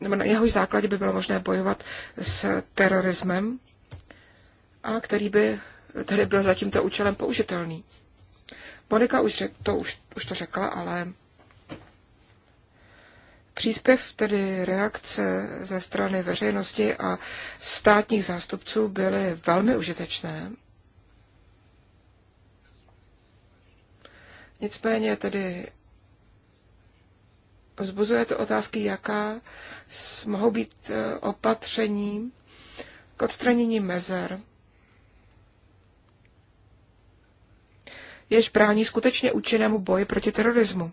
nebo na jehož základě by bylo možné bojovat s terorismem a který by tedy byl za tímto účelem použitelný. Monika už, řek, to, už, už to řekla, ale Příspěv, tedy reakce ze strany veřejnosti a státních zástupců byly velmi užitečné. Nicméně tedy vzbuzuje to otázky, jaká mohou být eh, opatření k odstranění mezer jež brání skutečně účinnému boji proti terorismu.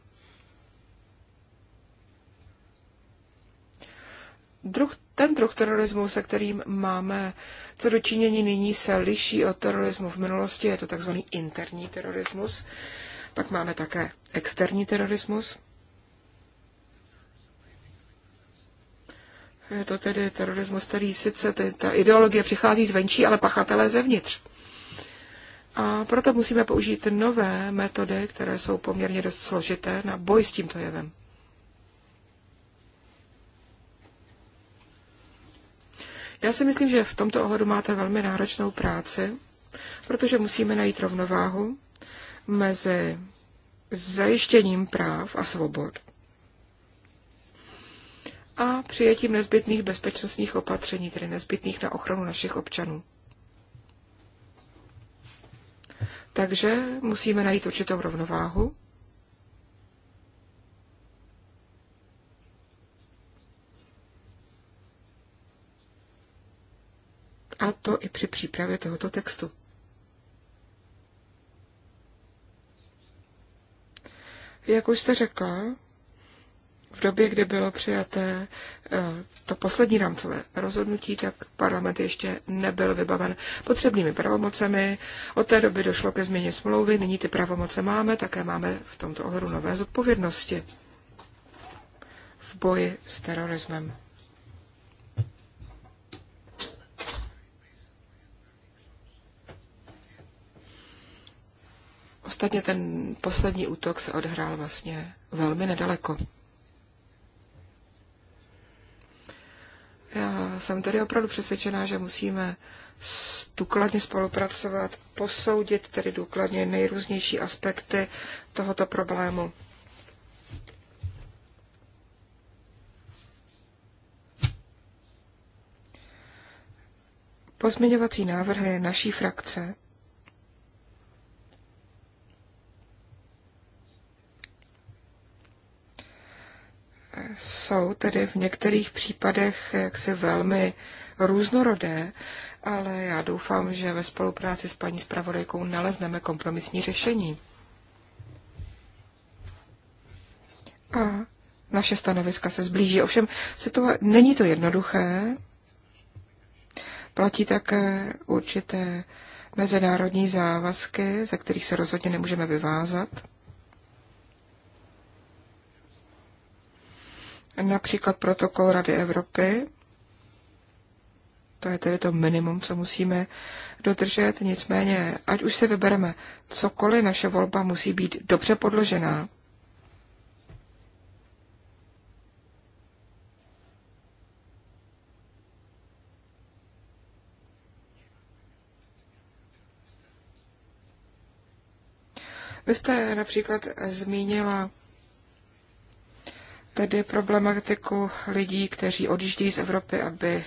Druh, ten druh terorismu, se kterým máme co dočinění nyní, se liší od terorismu v minulosti. Je to takzvaný interní terorismus. Pak máme také externí terorismus. Je to tedy terorismus, který sice ta ideologie přichází zvenčí, ale pachatelé zevnitř. A proto musíme použít nové metody, které jsou poměrně dost složité na boj s tímto jevem. Já si myslím, že v tomto ohledu máte velmi náročnou práci, protože musíme najít rovnováhu mezi zajištěním práv a svobod a přijetím nezbytných bezpečnostních opatření, tedy nezbytných na ochranu našich občanů. Takže musíme najít určitou rovnováhu. A to i při přípravě tohoto textu. Jak už jste řekla, v době, kdy bylo přijaté eh, to poslední rámcové rozhodnutí, tak parlament ještě nebyl vybaven potřebnými pravomocemi. Od té doby došlo ke změně smlouvy, nyní ty pravomoce máme, také máme v tomto ohledu nové zodpovědnosti v boji s terorismem. Ostatně ten poslední útok se odhrál vlastně velmi nedaleko. Já jsem tedy opravdu přesvědčená, že musíme důkladně spolupracovat, posoudit tedy důkladně nejrůznější aspekty tohoto problému. Pozměňovací návrhy naší frakce jsou tedy v některých případech jaksi velmi různorodé, ale já doufám, že ve spolupráci s paní zpravodajkou nalezneme kompromisní řešení. A naše stanoviska se zblíží. Ovšem, situa- není to jednoduché. Platí také určité mezinárodní závazky, ze kterých se rozhodně nemůžeme vyvázat. například protokol Rady Evropy, to je tedy to minimum, co musíme dodržet, nicméně, ať už si vybereme cokoliv, naše volba musí být dobře podložená. Vy jste například zmínila tedy problematiku lidí, kteří odjíždí z Evropy, aby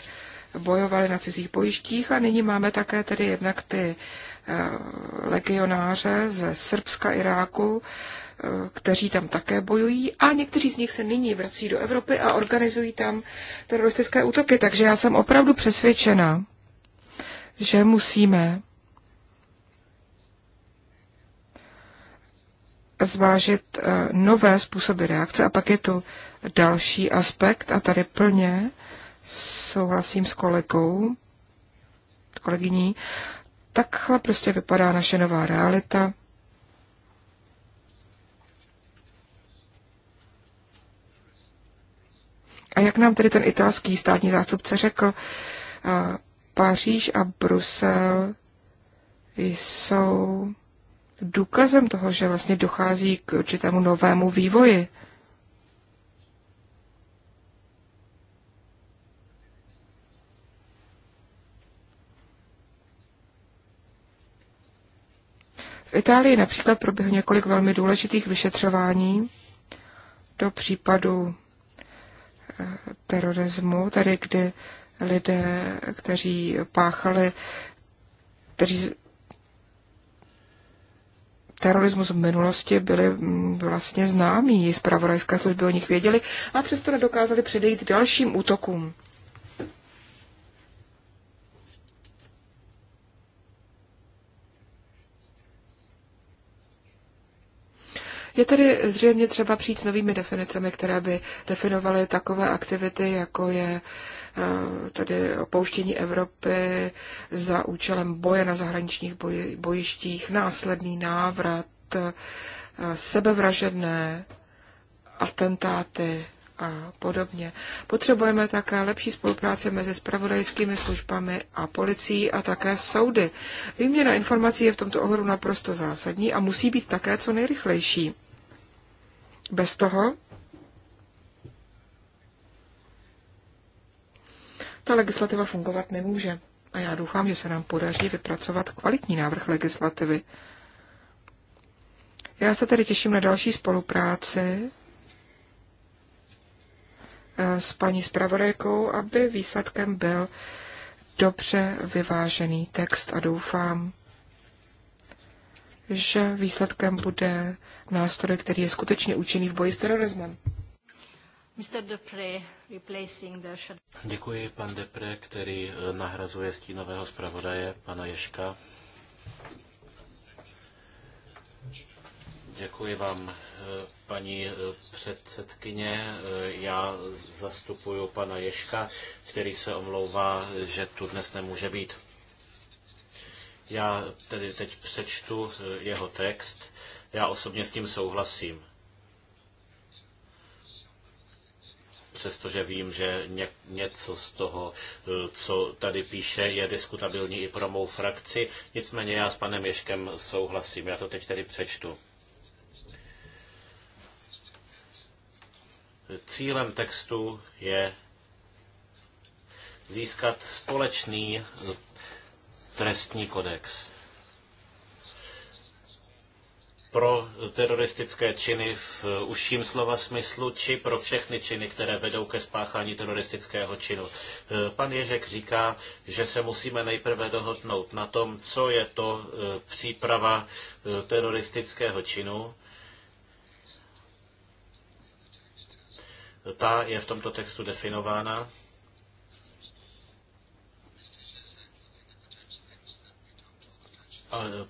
bojovali na cizích bojištích. A nyní máme také tedy jednak ty eh, legionáře ze Srbska, Iráku, eh, kteří tam také bojují a někteří z nich se nyní vrací do Evropy a organizují tam teroristické útoky. Takže já jsem opravdu přesvědčena, že musíme zvážit eh, nové způsoby reakce. A pak je tu další aspekt, a tady plně souhlasím s kolegou, kolegyní, takhle prostě vypadá naše nová realita. A jak nám tedy ten italský státní zástupce řekl, eh, Paříž a Brusel jsou důkazem toho, že vlastně dochází k určitému novému vývoji. V Itálii například proběhlo několik velmi důležitých vyšetřování do případu eh, terorismu, tady kdy lidé, kteří páchali, kteří terorismus v minulosti byli mm, vlastně známí, zpravodajské služby o nich věděli a přesto nedokázali předejít dalším útokům. Je tedy zřejmě třeba přijít s novými definicemi, které by definovaly takové aktivity, jako je uh, Eh, tedy opouštění Evropy za účelem boje na zahraničních boji, bojištích, následný návrat, eh, sebevražedné atentáty a podobně. Potřebujeme také lepší spolupráce mezi spravodajskými službami a policií a také soudy. Výměna informací je v tomto ohledu naprosto zásadní a musí být také co nejrychlejší. Bez toho ta legislativa fungovat nemůže. A já doufám, že se nám podaří vypracovat kvalitní návrh legislativy. Já se tedy těším na další spolupráci eh, s paní zpravodajkou, aby výsledkem byl dobře vyvážený text a doufám, že výsledkem bude nástroj, který je skutečně účinný v boji s terorismem. Mr. Děkuji, pan Depre, který eh, nahrazuje stínového zpravodaje, pana Ješka. Děkuji vám, eh, paní eh, předsedkyně. Já zastupuju pana Ješka, který se omlouvá, že tu dnes nemůže být. Já tedy teď přečtu jeho text. Já osobně s tím souhlasím. přestože vím, že ně, něco z toho, eh, co tady píše, je diskutabilní i pro mou frakci. Nicméně já s panem Ješkem souhlasím. Já to teď tady přečtu. Cílem textu je získat společný trestní kodex pro teroristické činy v užším slova smyslu, či pro všechny činy, které vedou ke spáchání teroristického činu. E, pan Ježek říká, že se musíme nejprve dohodnout na tom, co je to e, příprava e, teroristického činu. Ta je v tomto textu definována.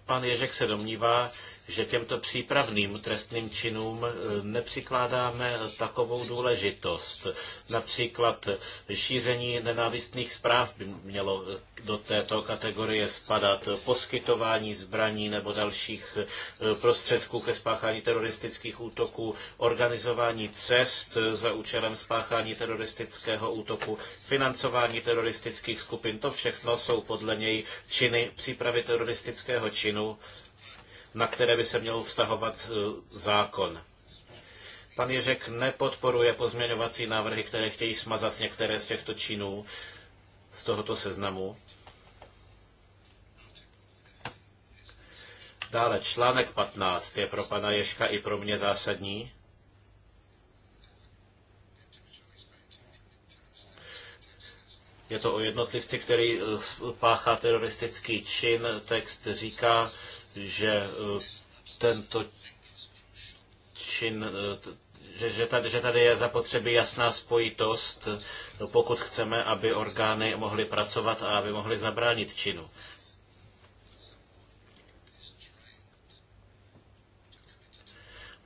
Pan Ježek se domnívá, že těmto přípravným trestným činům eh, nepřikládáme takovou důležitost. Například šíření nenávistných zpráv by mělo eh, do této kategorie spadat, poskytování zbraní nebo dalších eh, prostředků ke spáchání teroristických útoků, organizování cest za účelem spáchání teroristického útoku, financování teroristických skupin. To všechno jsou podle něj činy přípravy teroristického činu na které by se měl vztahovat e, zákon. Pan Ježek nepodporuje pozměňovací návrhy, které chtějí smazat některé z těchto činů z tohoto seznamu. Dále článek 15 je pro pana Ježka i pro mě zásadní. Je to o jednotlivci, který e, páchá teroristický čin. Text říká, že eh, tento čin, eh, že, že, tady, že tady je zapotřebí jasná spojitost, eh, pokud chceme, aby orgány mohly pracovat a aby mohly zabránit činu.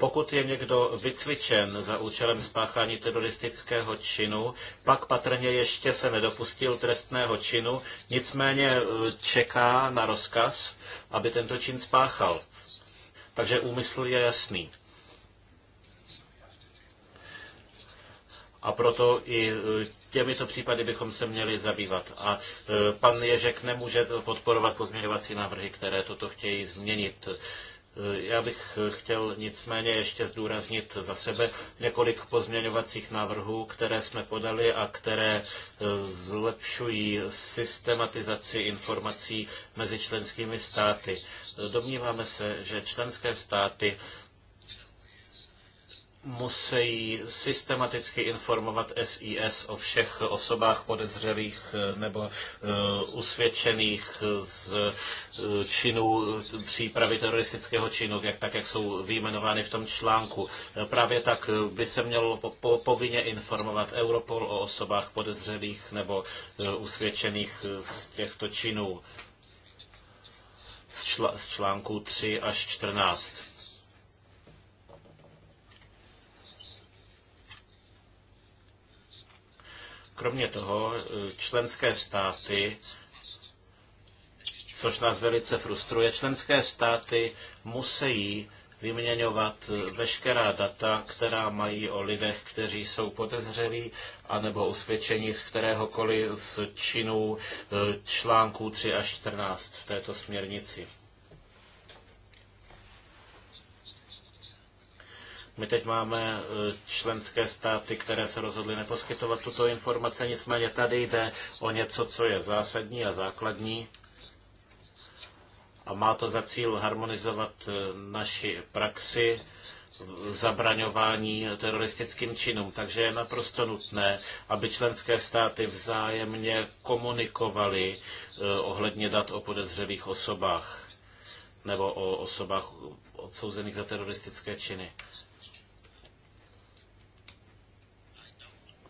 Pokud je někdo vycvičen za účelem spáchání teroristického činu, pak patrně ještě se nedopustil trestného činu, nicméně e, čeká na rozkaz, aby tento čin spáchal. Takže úmysl je jasný. A proto i e, těmito případy bychom se měli zabývat. A e, pan Ježek nemůže podporovat pozměňovací návrhy, které toto chtějí změnit. Já bych eh, chtěl nicméně ještě zdůraznit za sebe několik pozměňovacích návrhů, které jsme podali a které eh, zlepšují systematizaci informací mezi členskými státy. Eh, domníváme se, že členské státy musí systematicky informovat SIS o všech osobách podezřelých eh, nebo eh, usvědčených z eh, činů přípravy teroristického činu, jak tak, jak jsou vyjmenovány v tom článku. Právě tak by se mělo po, po, povinně informovat Europol o osobách podezřelých nebo usvědčených z těchto činů z, čl, z článků 3 až 14. Kromě toho eh, členské státy, což nás velice frustruje, členské státy musí vyměňovat eh, veškerá data, která mají o lidech, kteří jsou podezřelí, anebo usvědčení z kteréhokoliv z činů eh, článků 3 až 14 v této směrnici. My teď máme e, členské státy, které se rozhodly neposkytovat tuto informaci, nicméně tady jde o něco, co je zásadní a základní a má to za cíl harmonizovat e, naši praxi zabraňování teroristickým činům. Takže je naprosto nutné, aby členské státy vzájemně komunikovaly e, ohledně dat o podezřelých osobách nebo o osobách odsouzených za teroristické činy.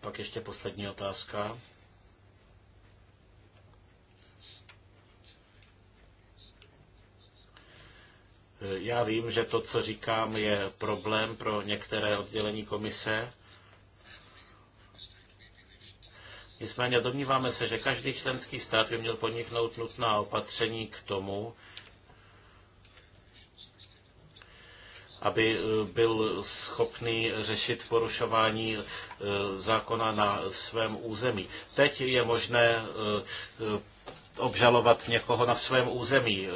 pak ještě poslední otázka. Já vím, že to, co říkám, je problém pro některé oddělení komise. Nicméně domníváme se, že každý členský stát by měl podniknout nutná opatření k tomu, aby eh, byl schopný řešit porušování eh, zákona na svém území. Teď je možné eh, obžalovat někoho na svém území,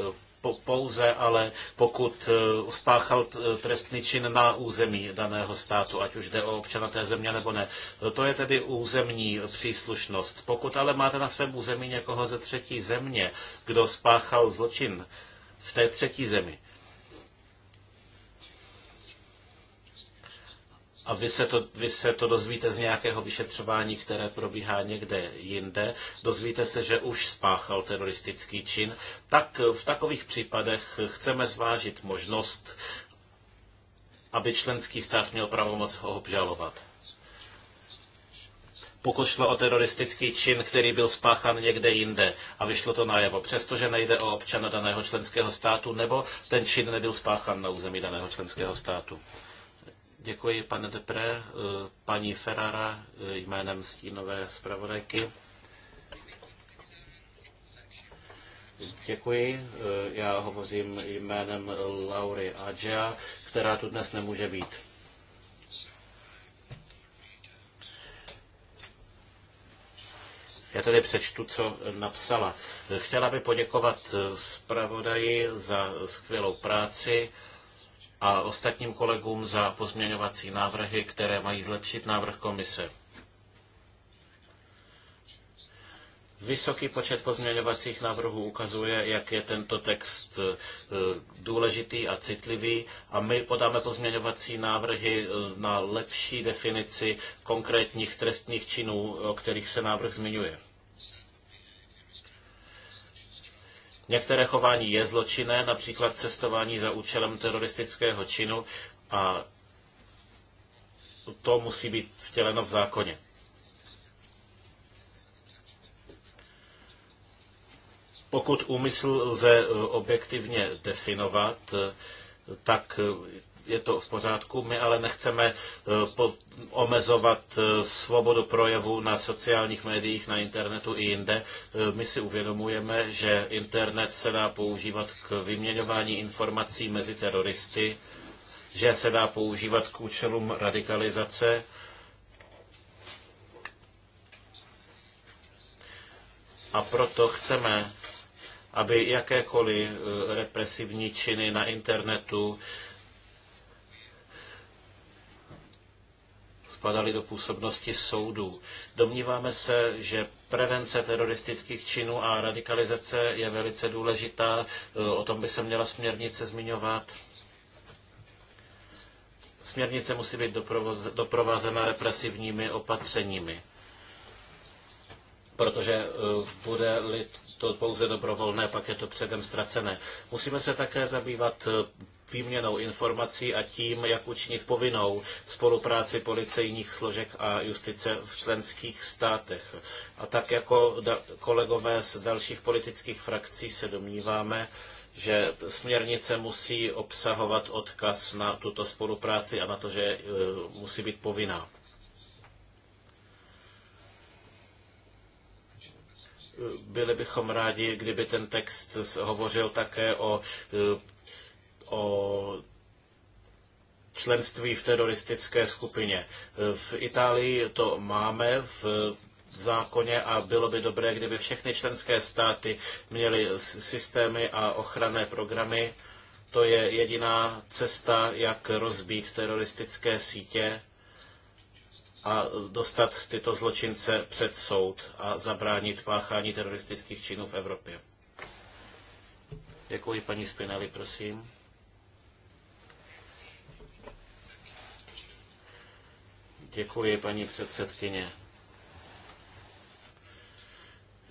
pouze ale pokud spáchal trestný čin na území daného státu, ať už jde o občana té země nebo ne. To je tedy územní příslušnost. Pokud ale máte na svém území někoho ze třetí země, kdo spáchal zločin v té třetí zemi, a vy se, to, vy se to dozvíte z nějakého vyšetřování, které probíhá někde jinde, dozvíte se, že už spáchal teroristický čin, tak v takových případech chceme zvážit možnost, aby členský stát měl pravomoc ho obžalovat. Pokud šlo o teroristický čin, který byl spáchán někde jinde a vyšlo to najevo, přestože nejde o občana daného členského státu, nebo ten čin nebyl spáchán na území daného členského státu. Děkuji, pane Depre. Eh, paní Ferrara eh, jménem stínové zpravodajky. Děkuji. Eh, já hovořím jménem Laury Adžia, která tu dnes nemůže být. Já tedy přečtu, co napsala. Chtěla by poděkovat zpravodaji za skvělou práci a ostatním kolegům za pozměňovací návrhy, které mají zlepšit návrh komise. Vysoký počet pozměňovacích návrhů ukazuje, jak je tento text e, důležitý a citlivý a my podáme pozměňovací návrhy e, na lepší definici konkrétních trestných činů, o kterých se návrh zmiňuje. Některé chování je zločinné, například cestování za účelem teroristického činu a to musí být vtěleno v zákoně. Pokud úmysl lze e, objektivně definovat, e, tak je to v pořádku. My ale nechceme eh, omezovat eh, svobodu projevu na sociálních médiích, na internetu i jinde. Eh, my si uvědomujeme, že internet se dá používat k vyměňování informací mezi teroristy, že se dá používat k účelům radikalizace, a proto chceme, aby jakékoliv represivní činy na internetu spadaly do působnosti soudů. Domníváme se, že prevence teroristických činů a radikalizace je velice důležitá. O tom by se měla směrnice zmiňovat. Směrnice musí být doprovázena represivními opatřeními, protože e, bude-li to pouze dobrovolné, pak je to předem ztracené. Musíme se také zabývat e, výměnou informací a tím, jak učinit povinnou spolupráci policejních složek a justice v členských státech. A tak jako kolegové z dalších politických frakcí se domníváme, že směrnice musí obsahovat odkaz na tuto spolupráci a na to, že e, musí být povinná. Byli bychom rádi, kdyby ten text hovořil také o e, o členství v teroristické skupině. V Itálii to máme v zákoně a bylo by dobré, kdyby všechny členské státy měly systémy a ochranné programy. To je jediná cesta, jak rozbít teroristické sítě a dostat tyto zločince před soud a zabránit páchání teroristických činů v Evropě. Děkuji paní Spinelli, prosím. Děkuji, paní předsedkyně.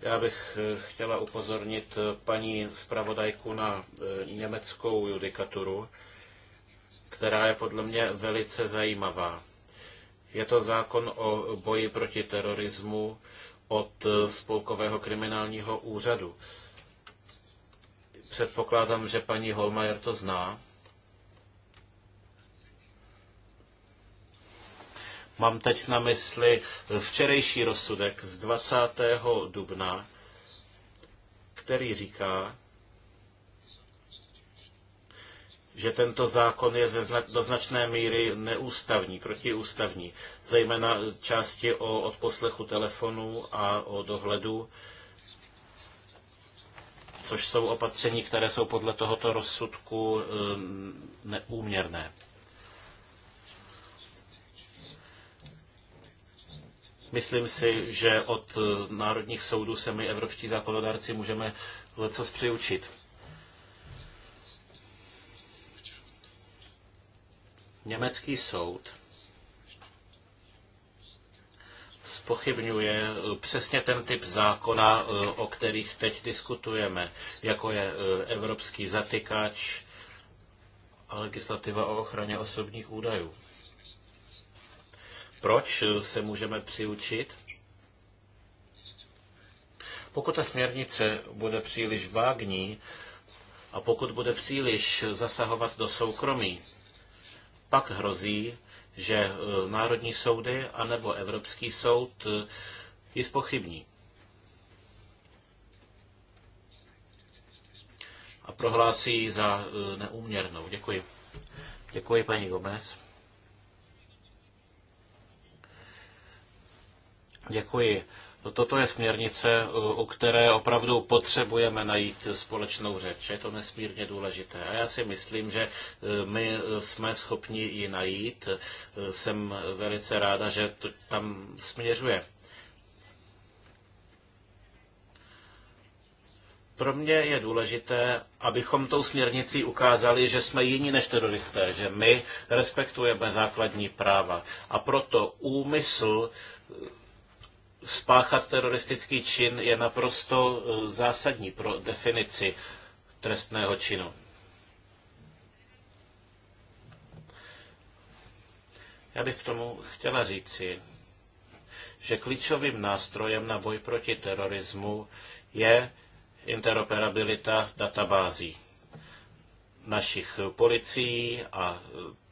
Já bych eh, chtěla upozornit eh, paní zpravodajku na eh, německou judikaturu, která je podle mě velice zajímavá. Je to zákon o boji proti terorismu od Spolkového kriminálního úřadu. Předpokládám, že paní Holmajer to zná. Mám teď na mysli včerejší rozsudek z 20. dubna, který říká, že tento zákon je do značné míry neústavní, protiústavní, zejména části o odposlechu telefonu a o dohledu, což jsou opatření, které jsou podle tohoto rozsudku eh, neúměrné. Myslím si, že od eh, národních soudů se my, evropští zákonodárci, můžeme leco přiučit. Německý soud spochybňuje eh, přesně ten typ zákona, eh, o kterých teď diskutujeme, jako je evropský zatykač a legislativa o ochraně osobních údajů. Proč se můžeme přiučit? Pokud ta směrnice bude příliš vágní a pokud bude příliš zasahovat do soukromí, pak hrozí, že e, národní soudy anebo Evropský soud e, ji spochybní. A prohlásí za e, neúměrnou. Děkuji. Děkuji, paní Gomez. Děkuji. No, toto je směrnice, u které opravdu potřebujeme najít společnou řeč. Je to nesmírně důležité. A já si myslím, že e, my jsme schopni ji najít. E, jsem velice ráda, že to tam směřuje. Pro mě je důležité, abychom tou směrnicí ukázali, že jsme jiní než teroristé, že my respektujeme základní práva. A proto úmysl spáchat teroristický čin je naprosto e, zásadní pro definici trestného činu. Já bych k tomu chtěla říci, že klíčovým nástrojem na boj proti terorismu je interoperabilita databází našich policií a e,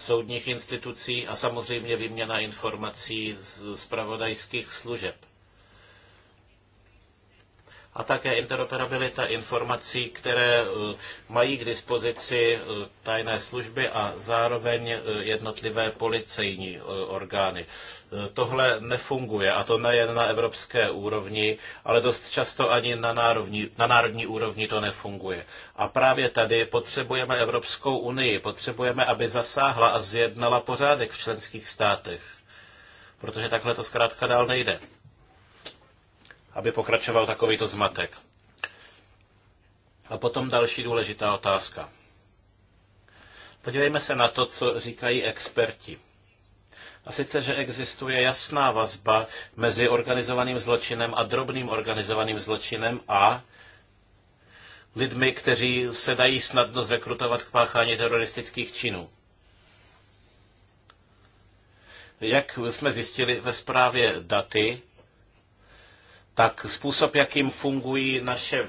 soudních institucí a samozřejmě výměna informací z zpravodajských služeb a také interoperabilita informací, které eh, mají k dispozici eh, tajné služby a zároveň eh, jednotlivé policejní orgány. Tohle nefunguje a to nejen na evropské úrovni, ale dost často ani na národní, na národní úrovni to nefunguje. A právě tady potřebujeme Evropskou unii, potřebujeme, aby zasáhla a zjednala pořádek v členských státech. Protože takhle to zkrátka dál nejde aby pokračoval takovýto zmatek. A potom další důležitá otázka. Podívejme se na to, co říkají experti. A sice, že existuje jasná vazba mezi organizovaným zločinem a drobným organizovaným zločinem a lidmi, kteří se dají snadno zrekrutovat k páchání teroristických činů. Jak jsme zjistili ve zprávě daty, tak způsob, jakým fungují naše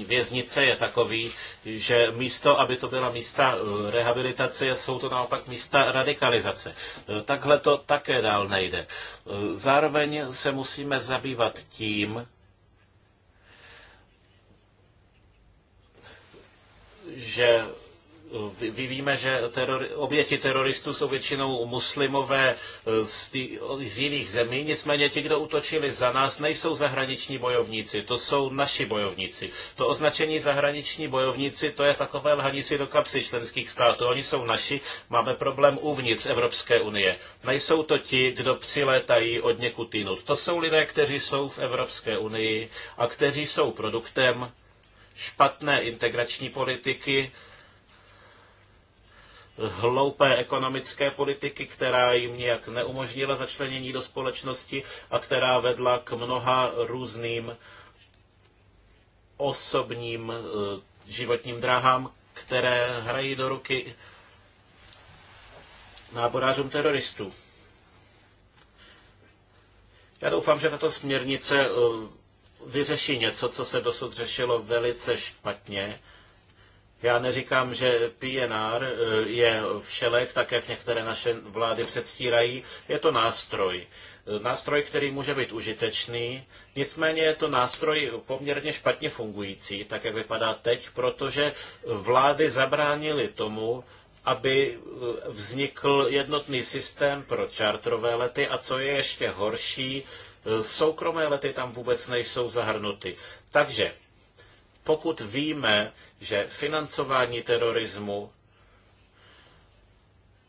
věznice, je takový, že místo, aby to byla místa eh, rehabilitace, jsou to naopak místa radikalizace. Eh, takhle to také dál nejde. Eh, zároveň se musíme zabývat tím, že Víme, že teror, oběti teroristů jsou většinou muslimové eh, z, tý, z jiných zemí, nicméně ti, kdo útočili za nás, nejsou zahraniční bojovníci, to jsou naši bojovníci. To označení zahraniční bojovníci, to je takové lhaní si do kapsy členských států. Oni jsou naši, máme problém uvnitř Evropské unie. Nejsou to ti, kdo přilétají od někud jinut. To jsou lidé, kteří jsou v Evropské unii a kteří jsou produktem špatné integrační politiky, hloupé ekonomické politiky, která jim nějak neumožnila začlenění do společnosti a která vedla k mnoha různým osobním eh, životním dráhám, které hrají do ruky náborářům teroristů. Já doufám, že tato směrnice eh, vyřeší něco, co se dosud řešilo velice špatně já neříkám, že PNR eh, je všelek, tak jak některé naše vlády předstírají. Je to nástroj. Eh, nástroj, který může být užitečný, nicméně je to nástroj poměrně špatně fungující, tak jak vypadá teď, protože vlády zabránily tomu, aby eh, vznikl jednotný systém pro čártrové lety a co je ještě horší, soukromé lety tam vůbec nejsou zahrnuty. Takže pokud víme, že financování terorismu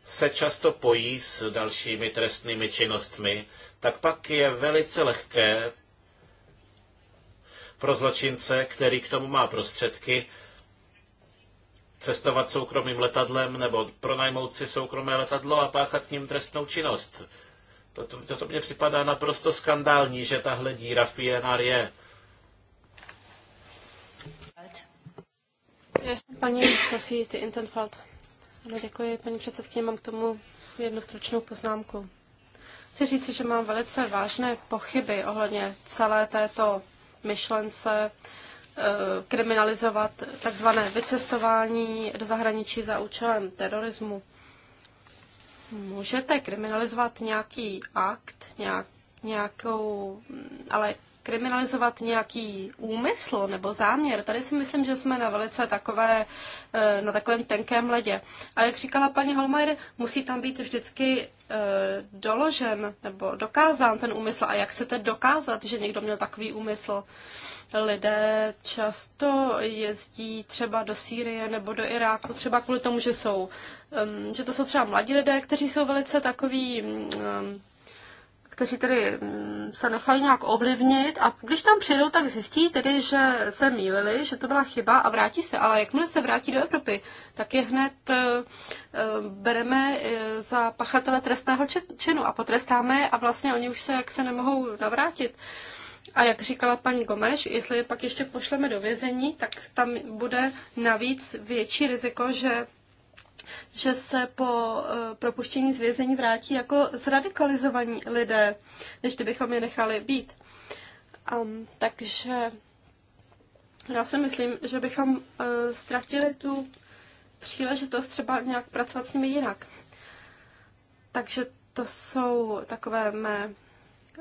se často pojí s dalšími trestnými činnostmi, tak pak je velice lehké pro zločince, který k tomu má prostředky, cestovat soukromým letadlem nebo pronajmout si soukromé letadlo a páchat s ním trestnou činnost. Toto, toto mně připadá naprosto skandální, že tahle díra v PNR je. Paní Sofie, ty Ano, děkuji, paní předsedkyně, mám k tomu jednu stručnou poznámku. Chci říct, že mám velice vážné pochyby ohledně celé této myšlence eh, kriminalizovat takzvané vycestování do zahraničí za účelem terorismu. Můžete kriminalizovat nějaký akt, nějak, nějakou, ale kriminalizovat nějaký úmysl nebo záměr. Tady si myslím, že jsme na velice takové, eh, na takovém tenkém ledě. A jak říkala paní Holmajer, musí tam být vždycky eh, doložen nebo dokázán ten úmysl. A jak chcete dokázat, že někdo měl takový úmysl? lidé často jezdí třeba do Sýrie nebo do Iráku, třeba kvůli tomu, že jsou, ehm, že to jsou třeba mladí lidé, kteří jsou velice takový ehm, kteří tedy mm, se nechají nějak ovlivnit a když tam přijdou, tak zjistí tedy, že se mýlili, že to byla chyba a vrátí se. Ale jakmile se vrátí do Evropy, tak je hned eh, eh, bereme eh, za pachatele trestného činu a potrestáme a vlastně oni už se jak se nemohou navrátit. A jak říkala paní Gomeš, jestli je pak ještě pošleme do vězení, tak tam bude navíc větší riziko, že že se po eh, propuštění z vězení vrátí jako zradikalizovaní lidé, než kdybychom je nechali být. Um, takže já si myslím, že bychom uh, ztratili tu příležitost třeba nějak pracovat s nimi jinak. Takže to jsou takové mé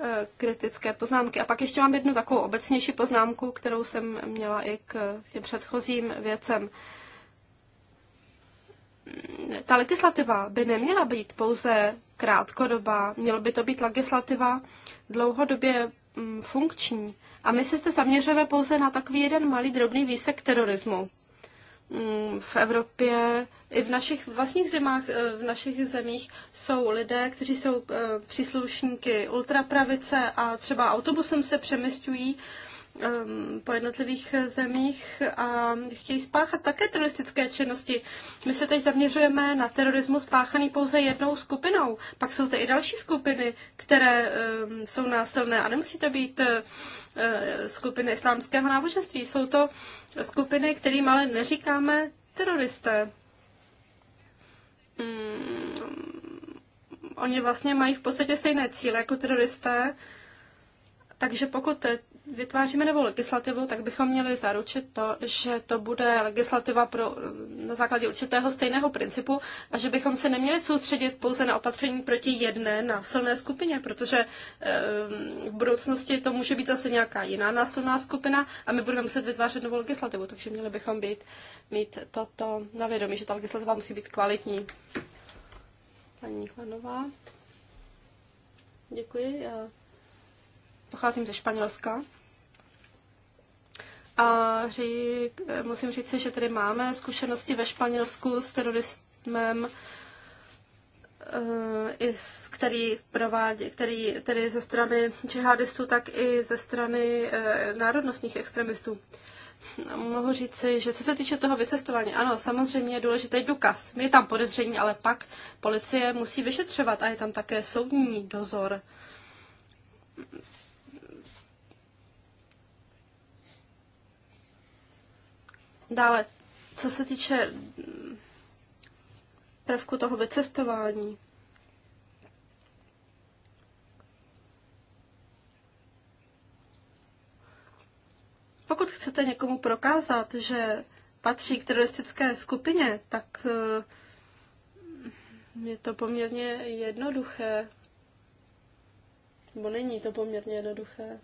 eh, kritické poznámky. A pak ještě mám jednu takovou obecnější poznámku, kterou jsem měla i k, k těm předchozím věcem. Uh, ta legislativa by neměla být pouze krátkodobá, měla by to být legislativa dlouhodobě mm, funkční. A my se zde zaměřujeme pouze na takový jeden malý drobný výsek terorismu. Mm, v Evropě i v našich vlastních zemách, eh, v našich zemích jsou lidé, kteří jsou eh, příslušníky ultrapravice a třeba autobusem se přemysťují Ehm, po jednotlivých eh, zemích a chtějí spáchat také teroristické činnosti. My se teď zaměřujeme na terorismus spáchaný pouze jednou skupinou. Pak jsou to i další skupiny, které ehm, jsou násilné a nemusí to být eh, eh, skupiny islámského náboženství. Jsou to skupiny, kterým ale neříkáme teroristé. Hm, oni vlastně mají v podstatě stejné cíle jako teroristé, takže pokud vytváříme novou legislativu, tak bychom měli zaručit to, že to bude legislativa pro, na základě určitého stejného principu a že bychom se neměli soustředit pouze na opatření proti jedné násilné skupině, protože eh, v budoucnosti to může být zase nějaká jiná násilná skupina a my budeme muset vytvářet novou legislativu, takže měli bychom být, mít toto na vědomí, že ta legislativa musí být kvalitní. Paní Klanová. Děkuji. Já pocházím ze Španělska. A řík, musím říct, že tady máme zkušenosti ve Španělsku s terorismem, eh, i který, provádě, který tedy ze strany džihadistů, tak i ze strany eh, národnostních extremistů. Mohu říci, že co se týče toho vycestování, ano, samozřejmě je důležitý důkaz. Je tam podezření, ale pak policie musí vyšetřovat a je tam také soudní dozor Dále, co se týče prvku toho vycestování, pokud chcete někomu prokázat, že patří k teroristické skupině, tak eh, je to poměrně jednoduché. Nebo není to poměrně jednoduché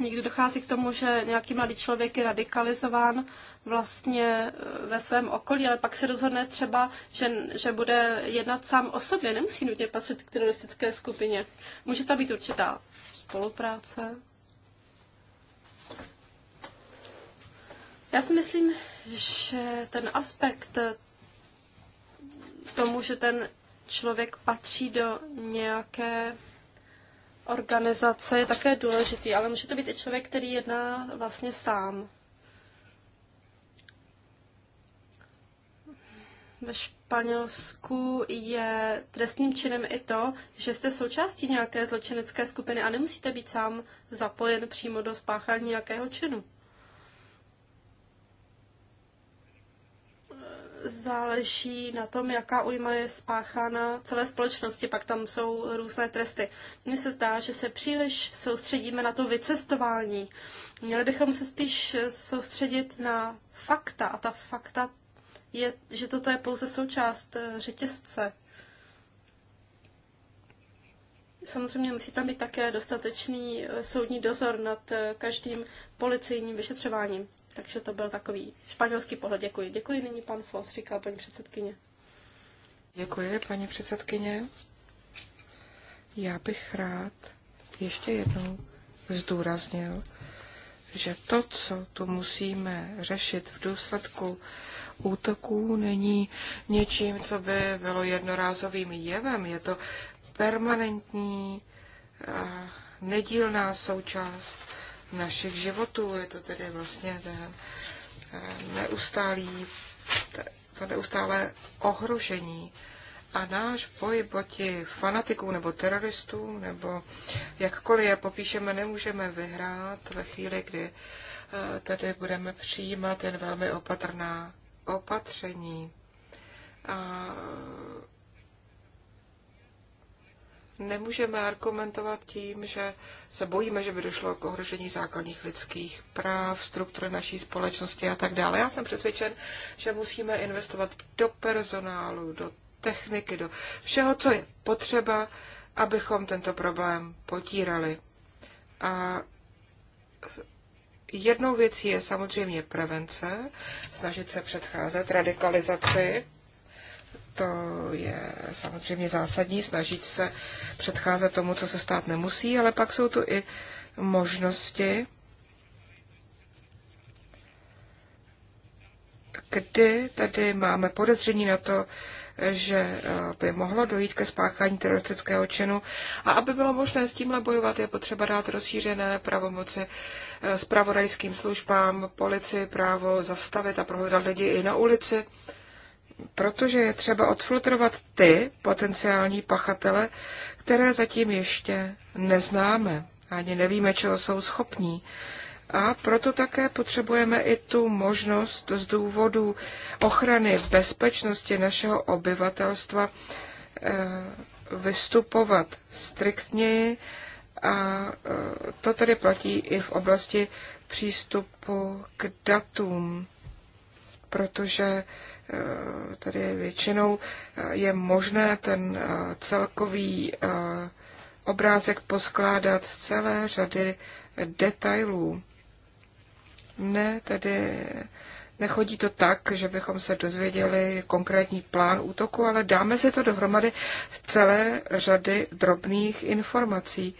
někdy dochází k tomu, že nějaký mladý člověk je radikalizován vlastně eh, ve svém okolí, ale pak se rozhodne třeba, že, že bude jednat sám o sobě, nemusí nutně patřit k teroristické skupině. Může tam být určitá spolupráce. Já si myslím, že ten aspekt tomu, že ten člověk patří do nějaké organizace je také důležitý, ale může to být i člověk, který jedná vlastně sám. Ve Španělsku je trestným činem i to, že jste součástí nějaké zločinecké skupiny a nemusíte být sám zapojen přímo do spáchání nějakého činu. záleží na tom, jaká újma je spáchána celé společnosti, pak tam jsou různé tresty. Mně se zdá, že se příliš soustředíme na to vycestování. Měli bychom se spíš soustředit na fakta a ta fakta je, že toto je pouze součást eh, řetězce. Samozřejmě musí tam být také dostatečný eh, soudní dozor nad eh, každým policejním vyšetřováním. Takže to byl takový španělský pohled. Děkuji. Děkuji nyní pan Fos, říká paní předsedkyně. Děkuji, paní předsedkyně. Já bych rád ještě jednou zdůraznil, že to, co tu musíme řešit v důsledku útoků, není něčím, co by bylo jednorázovým jevem. Je to permanentní, nedílná součást našich životů. Je to tedy vlastně neustálý, to neustálé ohrožení. A náš boj proti fanatikům nebo teroristům, nebo jakkoliv je popíšeme, nemůžeme vyhrát ve chvíli, kdy eh, tedy budeme přijímat jen velmi opatrná opatření. A nemůžeme argumentovat tím, že se bojíme, že by došlo k ohrožení základních lidských práv, struktury naší společnosti a tak dále. Já jsem přesvědčen, že musíme investovat do personálu, do techniky, do všeho, co je potřeba, abychom tento problém potírali. A jednou věcí je samozřejmě prevence, snažit se předcházet radikalizaci to je samozřejmě zásadní, snažit se předcházet tomu, co se stát nemusí, ale pak jsou tu i možnosti, kdy tady máme podezření na to, že eh, by mohlo dojít ke spáchání teroristického činu. A aby bylo možné s tímhle bojovat, je potřeba dát rozšířené pravomoci spravodajským eh, službám, policii právo zastavit a prohledat lidi i na ulici protože je třeba odfiltrovat ty potenciální pachatele, které zatím ještě neznáme, ani nevíme, čeho jsou schopní. A proto také potřebujeme i tu možnost z důvodu ochrany bezpečnosti našeho obyvatelstva eh, vystupovat striktněji a eh, to tedy platí i v oblasti přístupu k datům protože eh, tady většinou eh, je možné ten eh, celkový obrázek poskládat z celé řady detailů. Ne, tedy nechodí to tak, že bychom se dozvěděli konkrétní plán útoku, ale dáme si to dohromady v celé řady drobných informací.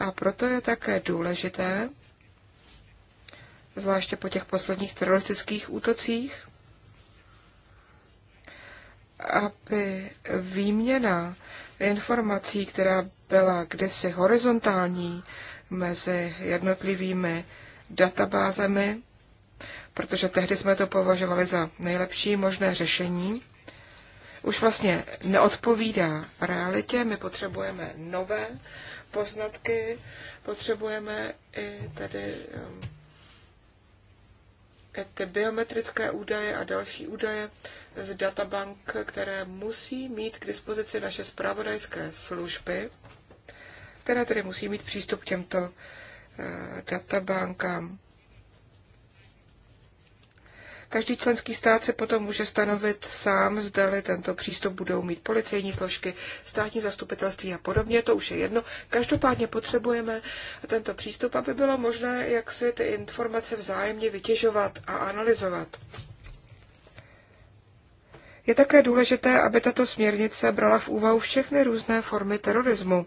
A proto je také důležité, zvláště po těch posledních teroristických útocích, aby výměna informací, která byla kdysi horizontální mezi jednotlivými databázemi, protože tehdy jsme to považovali za nejlepší možné řešení, už vlastně neodpovídá realitě. My potřebujeme nové poznatky, potřebujeme i tedy um, ty biometrické údaje a další údaje z databank, které musí mít k dispozici naše zpravodajské služby, které tedy musí mít přístup k těmto eh, databankám. Každý členský stát se potom může stanovit sám, zdali tento přístup budou mít policejní složky, státní zastupitelství a podobně, to už je jedno. Každopádně potřebujeme tento přístup, aby bylo možné, jak si ty informace vzájemně vytěžovat a analyzovat. Je také důležité, aby tato směrnice brala v úvahu všechny různé formy terorismu.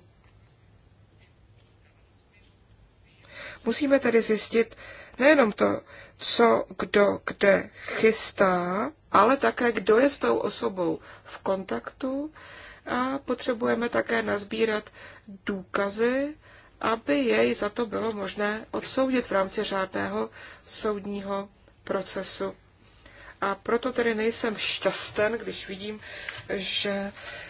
Musíme tedy zjistit, nejenom to, co kdo kde chystá, ale také kdo je s tou osobou v kontaktu a potřebujeme také nazbírat důkazy, aby jej za to bylo možné odsoudit v rámci řádného soudního procesu. A proto tedy nejsem šťasten, když vidím, že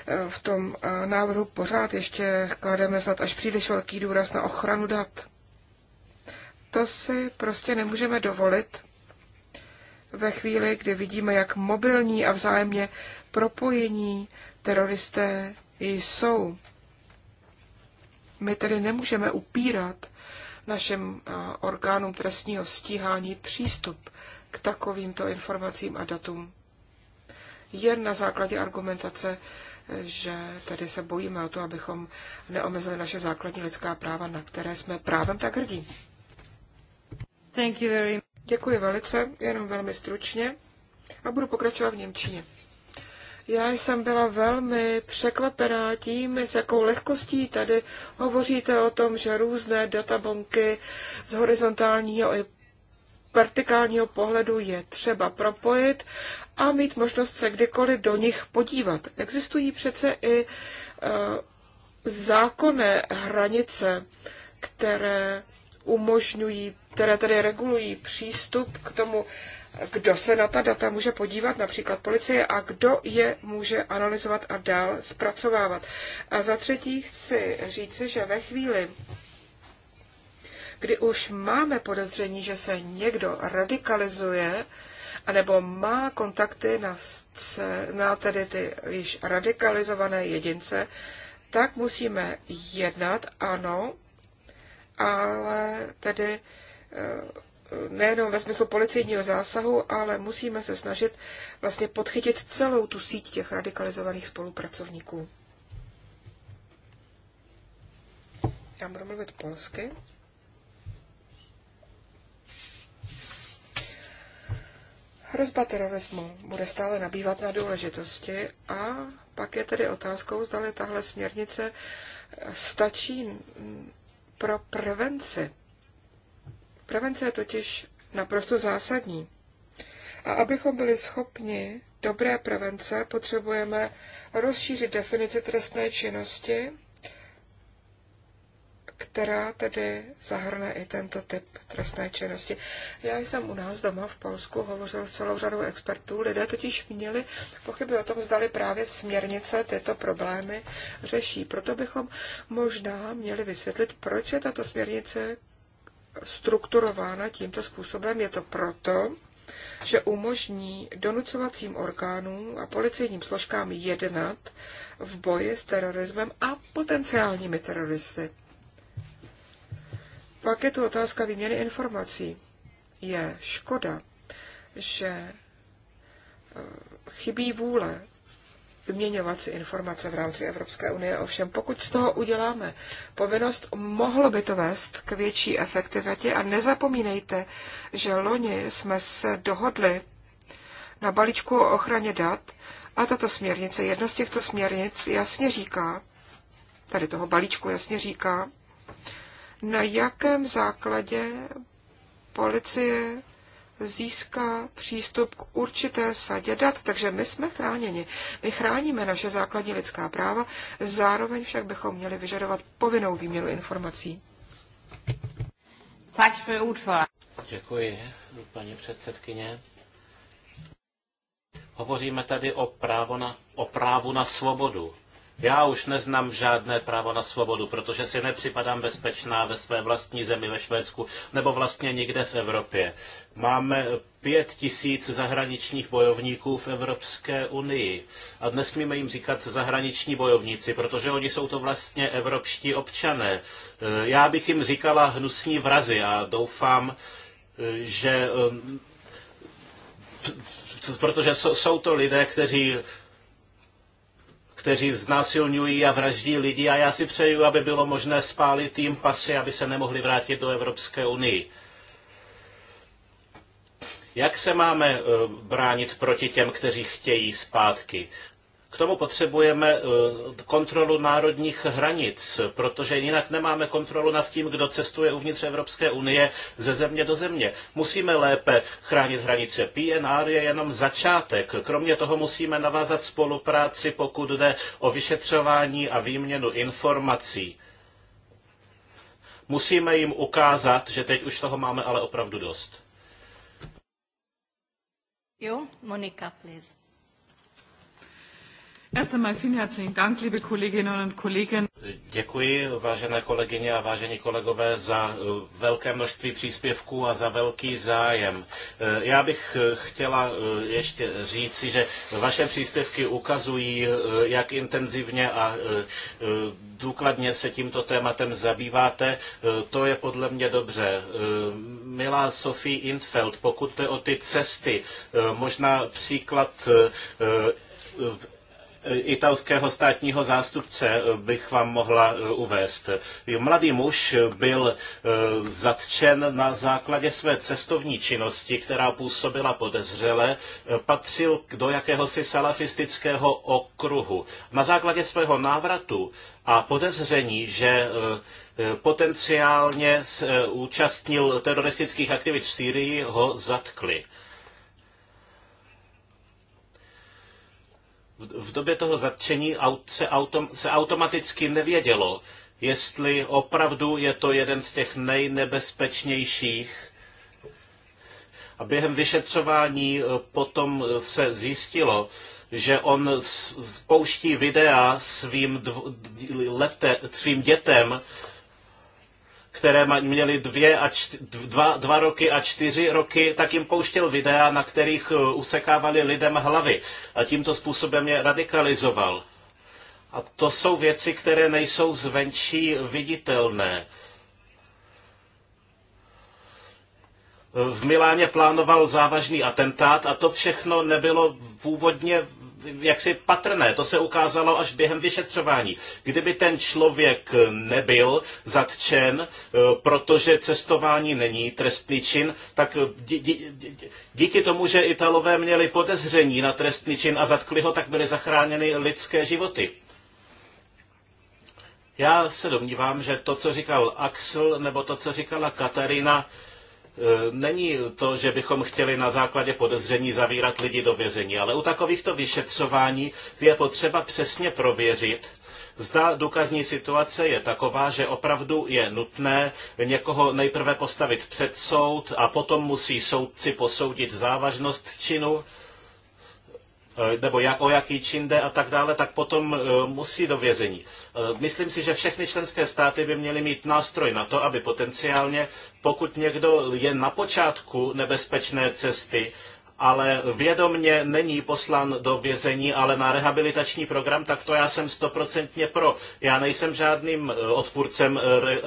eh, v tom eh, návrhu pořád ještě klademe snad až příliš velký důraz na ochranu dat. To si prostě nemůžeme dovolit ve chvíli, kdy vidíme, jak mobilní a vzájemně propojení teroristé jsou. My tedy nemůžeme upírat našim orgánům trestního stíhání přístup k takovýmto informacím a datům. Jen na základě argumentace, že tady se bojíme o to, abychom neomezili naše základní lidská práva, na které jsme právem tak hrdí. Děkuji velice, jenom velmi stručně a budu pokračovat v Němčině. Já jsem byla velmi překvapená tím, s jakou lehkostí tady hovoříte o tom, že různé databonky z horizontálního i vertikálního pohledu je třeba propojit a mít možnost se kdykoliv do nich podívat. Existují přece i eh, zákonné hranice, které umožňují, které tedy regulují přístup k tomu, kdo se na ta data může podívat, například policie, a kdo je může analyzovat a dál zpracovávat. A za třetí chci říci, že ve chvíli, kdy už máme podezření, že se někdo radikalizuje, anebo má kontakty na, na tedy ty již radikalizované jedince, tak musíme jednat, ano, ale tedy eh, nejenom ve smyslu policejního zásahu, ale musíme se snažit vlastně podchytit celou tu síť těch radikalizovaných spolupracovníků. Já budu mluvit polsky. Hrozba terorismu bude stále nabývat na důležitosti a pak je tedy otázkou, zda tahle směrnice stačí pro prevenci. Prevence je totiž naprosto zásadní. A abychom byli schopni dobré prevence, potřebujeme rozšířit definici trestné činnosti která tedy zahrne i tento typ trestné činnosti. Já jsem u nás doma v Polsku hovořil s celou řadou expertů. Lidé totiž měli pochyby o tom, zdali právě směrnice tyto problémy řeší. Proto bychom možná měli vysvětlit, proč je tato směrnice strukturována tímto způsobem. Je to proto, že umožní donucovacím orgánům a policejním složkám jednat v boji s terorismem a potenciálními teroristy. Pak je tu otázka výměny informací. Je škoda, že e, chybí vůle vyměňovat si informace v rámci Evropské unie. Ovšem, pokud z toho uděláme povinnost, mohlo by to vést k větší efektivitě a nezapomínejte, že loni jsme se dohodli na balíčku o ochraně dat a tato směrnice, jedna z těchto směrnic jasně říká, tady toho balíčku jasně říká, na jakém základě policie získá přístup k určité sadě dat. Takže my jsme chráněni. My chráníme naše základní lidská práva, zároveň však bychom měli vyžadovat povinnou výměnu informací. Děkuji, paní předsedkyně. Hovoříme tady o, právo na, o právu na svobodu. Já už neznám žádné právo na svobodu, protože si nepřipadám bezpečná ve své vlastní zemi, ve Švédsku, nebo vlastně nikde v Evropě. Máme pět tisíc zahraničních bojovníků v Evropské unii. A nesmíme jim říkat zahraniční bojovníci, protože oni jsou to vlastně evropští občané. Eh, já bych jim říkala hnusní vrazy a doufám, eh, že eh, protože jsou to lidé, kteří kteří znásilňují a vraždí lidi a já si přeju, aby bylo možné spálit jim pasy, aby se nemohli vrátit do Evropské unii. Jak se máme eh, bránit proti těm, kteří chtějí zpátky? K tomu potřebujeme eh, kontrolu národních hranic, protože jinak nemáme kontrolu nad tím, kdo cestuje uvnitř Evropské unie ze země do země. Musíme lépe chránit hranice. PNR je jenom začátek. Kromě toho musíme navázat spolupráci, pokud jde o vyšetřování a výměnu informací. Musíme jim ukázat, že teď už toho máme ale opravdu dost. Jo, Monika, please. Děkuji, vážené kolegyně a vážení kolegové, za eh, velké množství příspěvků a za velký zájem. Eh, já bych eh, chtěla ještě říci, že vaše příspěvky ukazují, jak intenzivně a důkladně se tímto tématem zabýváte. To je podle mě dobře. Milá Sophie Infeld, pokud jde o ty cesty, možná příklad Eh, italského státního zástupce eh, bych vám mohla eh, uvést. Mladý muž byl zatčen na základě své cestovní činnosti, která působila podezřele, patřil do jakéhosi salafistického okruhu. Na základě svého návratu a podezření, že potenciálně účastnil teroristických aktivit v Sýrii, ho zatkli. v době toho zatčení se, autom, se automaticky nevědělo, jestli opravdu je to jeden z těch nejnebezpečnějších. A během vyšetřování eh, potom eh, se zjistilo, že on spouští videa svým, dv, lete, svým dětem, které měly dvě a čty, dva, dva roky a čtyři roky, tak jim pouštěl videa, na kterých eh, usekávali lidem hlavy. A tímto způsobem je radikalizoval. A to jsou věci, které nejsou zvenčí viditelné. v Miláně plánoval závažný atentát a to všechno nebylo původně jaksi patrné. To se ukázalo až během vyšetřování. Kdyby ten člověk nebyl zatčen, eh, protože cestování není trestný čin, tak eh, díky tomu, že Italové měli podezření na trestný čin a zatkli ho, tak byly zachráněny lidské životy. Já se domnívám, že to, co říkal Axel, nebo to, co říkala Katarina, Eh, není to, že bychom chtěli na základě podezření zavírat lidi do vězení, ale u takovýchto vyšetřování je potřeba přesně prověřit, Zda důkazní situace je taková, že opravdu je nutné někoho nejprve postavit před soud a potom musí soudci posoudit závažnost činu Eh, nebo o jaký čin jde a tak dále, tak potom eh, musí do vězení. Eh, myslím si, že všechny členské státy by měly mít nástroj na to, aby potenciálně, pokud někdo je na počátku nebezpečné cesty, ale vědomně není poslán do vězení, ale na rehabilitační program, tak to já jsem stoprocentně pro. Já nejsem žádným odpůrcem re,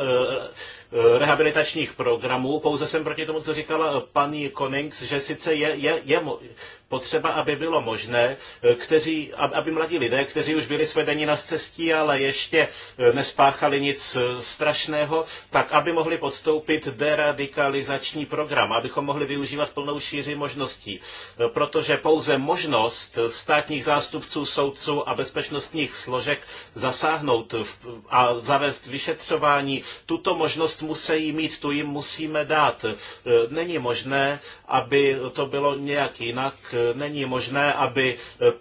rehabilitačních programů, pouze jsem proti tomu, co říkala paní Konings, že sice je, je, je, potřeba, aby bylo možné, eh, kteří, aby mladí lidé, kteří už byli svedeni na cestí, ale ještě eh, nespáchali nic eh, strašného, tak aby mohli podstoupit deradikalizační program, abychom mohli využívat plnou šíři možností. Protože pouze možnost státních zástupců, soudců a bezpečnostních složek zasáhnout a zavést vyšetřování, tuto možnost musí mít, tu jim musíme dát. Není možné, aby to bylo nějak jinak, není možné, aby eh,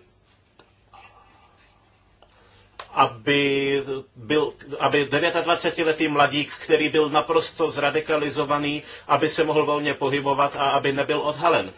aby, byl, aby 29-letý mladík, který byl naprosto zradikalizovaný, aby se mohl volně pohybovat a aby nebyl odhalen.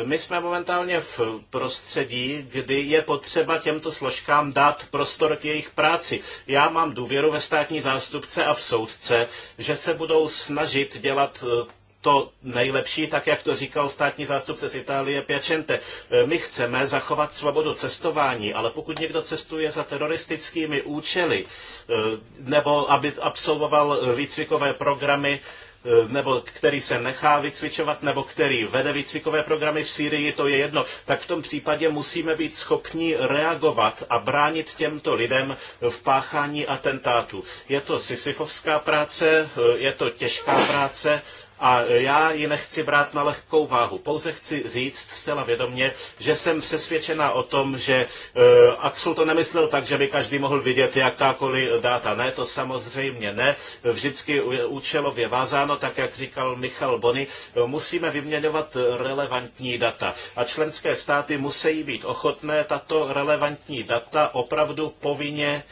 Eh, my jsme momentálně v prostředí, kdy je potřeba těmto složkám dát prostor k jejich práci. Já mám důvěru ve státní zástupce a v soudce, že se budou snažit dělat eh, to nejlepší, tak jak to říkal státní zástupce z Itálie Piacente. E, my chceme zachovat svobodu cestování, ale pokud někdo cestuje za teroristickými účely, e, nebo aby absolvoval výcvikové programy, e, nebo který se nechá vycvičovat, nebo který vede výcvikové programy v Sýrii, to je jedno, tak v tom případě musíme být schopni reagovat a bránit těmto lidem v páchání atentátu. Je to sisyfovská práce, je to těžká práce, a já ji nechci brát na lehkou váhu. Pouze chci říct zcela vědomně, že jsem přesvědčena o tom, že eh, Axel to nemyslel tak, že by každý mohl vidět jakákoliv data. Ne, to samozřejmě ne. Vždycky účelově vázáno, tak jak říkal Michal Bony, musíme vyměňovat relevantní data. A členské státy musí být ochotné tato relevantní data opravdu povinně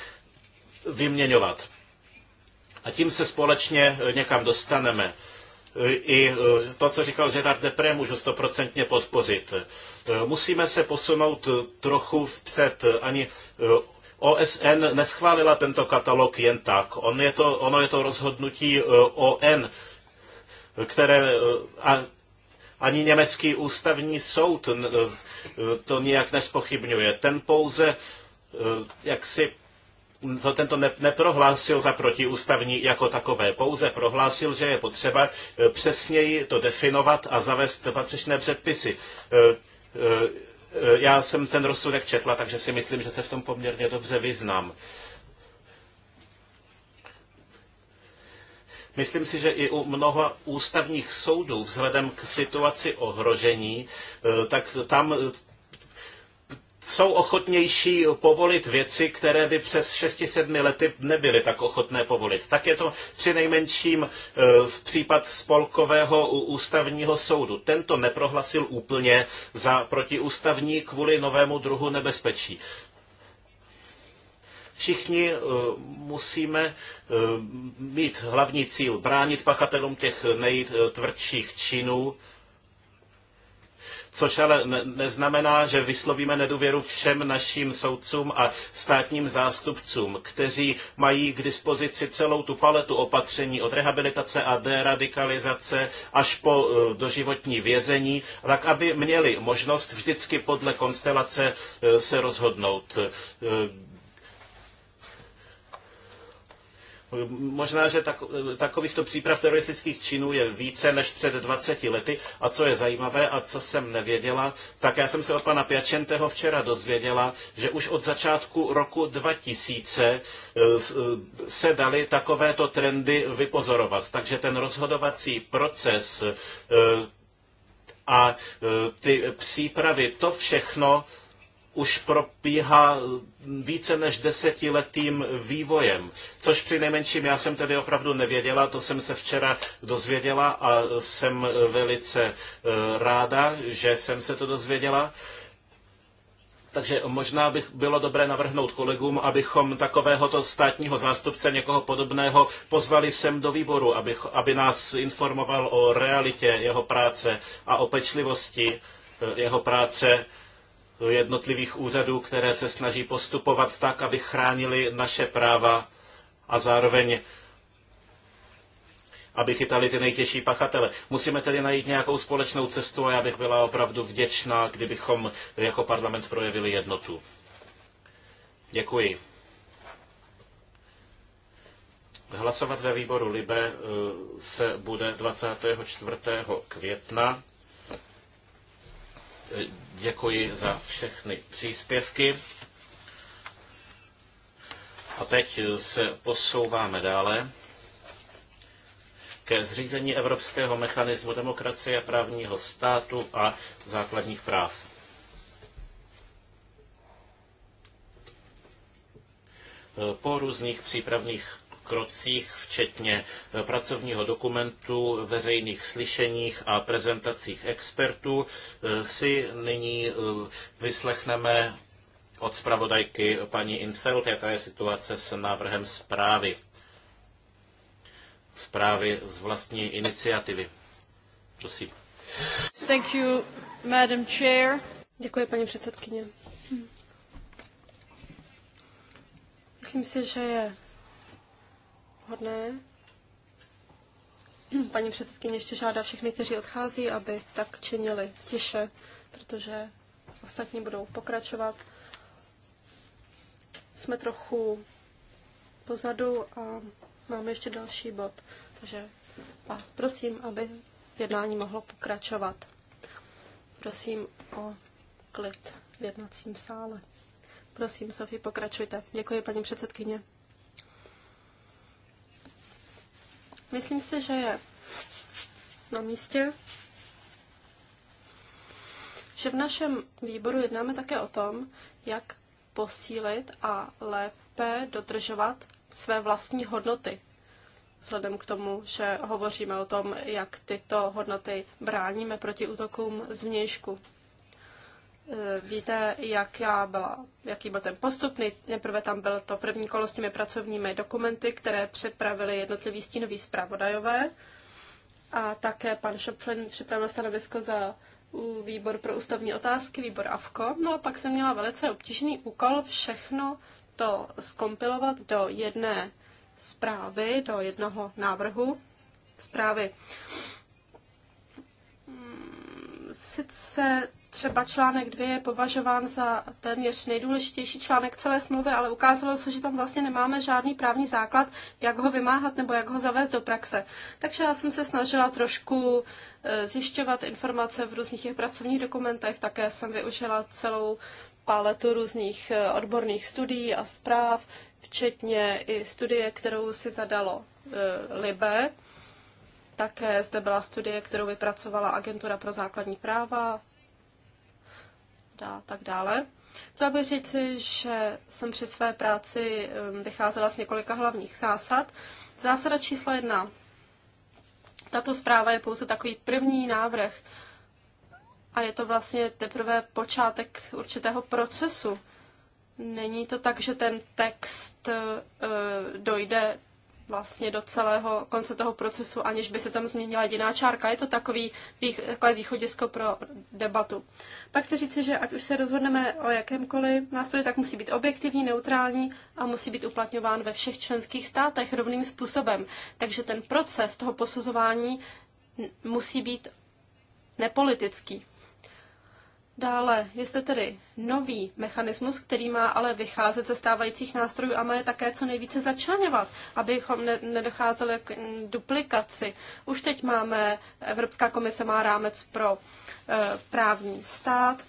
vyměňovat. A tím se společně někam dostaneme i e, to, co říkal Gerard Depré, můžu stoprocentně podpořit. E, musíme se posunout trochu vpřed. Ani e, OSN neschválila tento katalog jen tak. On je to, ono je to rozhodnutí ON, které a ani německý ústavní soud to nijak nespochybňuje. Ten pouze jak si to tento neprohlásil za protiústavní jako takové. Pouze prohlásil, že je potřeba e, přesněji to definovat a zavést patřičné předpisy. E, e, já jsem ten rozsudek četla, takže si myslím, že se v tom poměrně dobře vyznám. Myslím si, že i u mnoha ústavních soudů vzhledem k situaci ohrožení, tak tam jsou ochotnější povolit věci, které by přes 6-7 lety nebyly tak ochotné povolit. Tak je to při nejmenším e, případ spolkového ústavního soudu. Tento neprohlasil úplně za protiústavní kvůli novému druhu nebezpečí všichni e, musíme e, mít hlavní cíl bránit pachatelům těch nejtvrdších činů což ale ne- neznamená, že vyslovíme nedůvěru všem našim soudcům a státním zástupcům, kteří mají k dispozici celou tu paletu opatření od rehabilitace a deradikalizace až po eh, doživotní vězení, tak aby měli možnost vždycky podle konstelace eh, se rozhodnout. Eh, Možná, že tak, takovýchto příprav teroristických činů je více než před 20 lety. A co je zajímavé a co jsem nevěděla, tak já jsem se od pana Piačenteho včera dozvěděla, že už od začátku roku 2000 eh, eh, se daly takovéto trendy vypozorovat. Takže ten rozhodovací proces eh, a ty přípravy, to všechno už probíhá více než desetiletým vývojem, což při nejmenším já jsem tedy opravdu nevěděla, to jsem se včera dozvěděla a jsem velice e, ráda, že jsem se to dozvěděla. Takže možná bych bylo dobré navrhnout kolegům, abychom takovéhoto státního zástupce, někoho podobného, pozvali sem do výboru, abych aby nás informoval o realitě jeho práce a o pečlivosti e, jeho práce jednotlivých úřadů, které se snaží postupovat tak, aby chránili naše práva a zároveň aby chytali ty nejtěžší pachatele. Musíme tedy najít nějakou společnou cestu a já bych byla opravdu vděčná, kdybychom jako parlament projevili jednotu. Děkuji. Hlasovat ve výboru Libe eh, se bude 24. května Děkuji za všechny příspěvky. A teď se posouváme dále ke zřízení Evropského mechanismu demokracie, právního státu a základních práv. Po různých přípravných krocích, včetně eh, pracovního dokumentu, veřejných slyšeních a prezentacích expertů, eh, si nyní eh, vyslechneme od zpravodajky paní Infeld, jaká je situace s návrhem zprávy. Zprávy z vlastní iniciativy. Prosím. Thank you, Madam Chair. Děkuji, paní předsedkyně. Hm. Myslím si, že je vhodné. Paní předsedkyně ještě žádá všechny, kteří odchází, aby tak činili tiše, protože ostatní budou pokračovat. Jsme trochu pozadu a máme ještě další bod, takže vás prosím, aby jednání mohlo pokračovat. Prosím o klid v jednacím sále. Prosím, Sofie, pokračujte. Děkuji, paní předsedkyně. Myslím si, že je na místě, že v našem výboru jednáme také o tom, jak posílit a lépe dodržovat své vlastní hodnoty. Vzhledem k tomu, že hovoříme o tom, jak tyto hodnoty bráníme proti útokům zvnějšku. Eh, víte, jak já byla, jaký byl ten postup. Nejprve tam bylo to první kolo s těmi pracovními dokumenty, které připravili jednotliví stínoví zpravodajové. A také pan Šoplin připravil stanovisko za výbor pro ústavní otázky, výbor AVKO. No a pak jsem měla velice obtížný úkol všechno to skompilovat do jedné zprávy, do jednoho návrhu zprávy. Hmm, sice třeba článek 2 je považován za téměř nejdůležitější článek celé smlouvy, ale ukázalo se, že tam vlastně nemáme žádný právní základ, jak ho vymáhat nebo jak ho zavést do praxe. Takže já jsem se snažila trošku eh, zjišťovat informace v různých těch pracovních dokumentech, také jsem využila celou paletu různých eh, odborných studií a zpráv, včetně i studie, kterou si zadalo eh, Libe. Také zde byla studie, kterou vypracovala Agentura pro základní práva, a tak dále. Chtěla bych říct, že jsem při své práci um, vycházela z několika hlavních zásad. Zásada číslo jedna. Tato zpráva je pouze takový první návrh a je to vlastně teprve počátek určitého procesu. Není to tak, že ten text uh, dojde vlastně do celého konce toho procesu, aniž by se tam změnila jediná čárka. Je to takový, takové východisko pro debatu. Pak chci říci, že ať už se rozhodneme o jakémkoliv nástroji, tak musí být objektivní, neutrální a musí být uplatňován ve všech členských státech rovným způsobem. Takže ten proces toho posuzování musí být nepolitický. Dále je zde tedy nový mechanismus, který má ale vycházet ze stávajících nástrojů a má je také co nejvíce začlenovat, abychom ne- nedocházeli k duplikaci. Už teď máme, Evropská komise má rámec pro e, právní stát,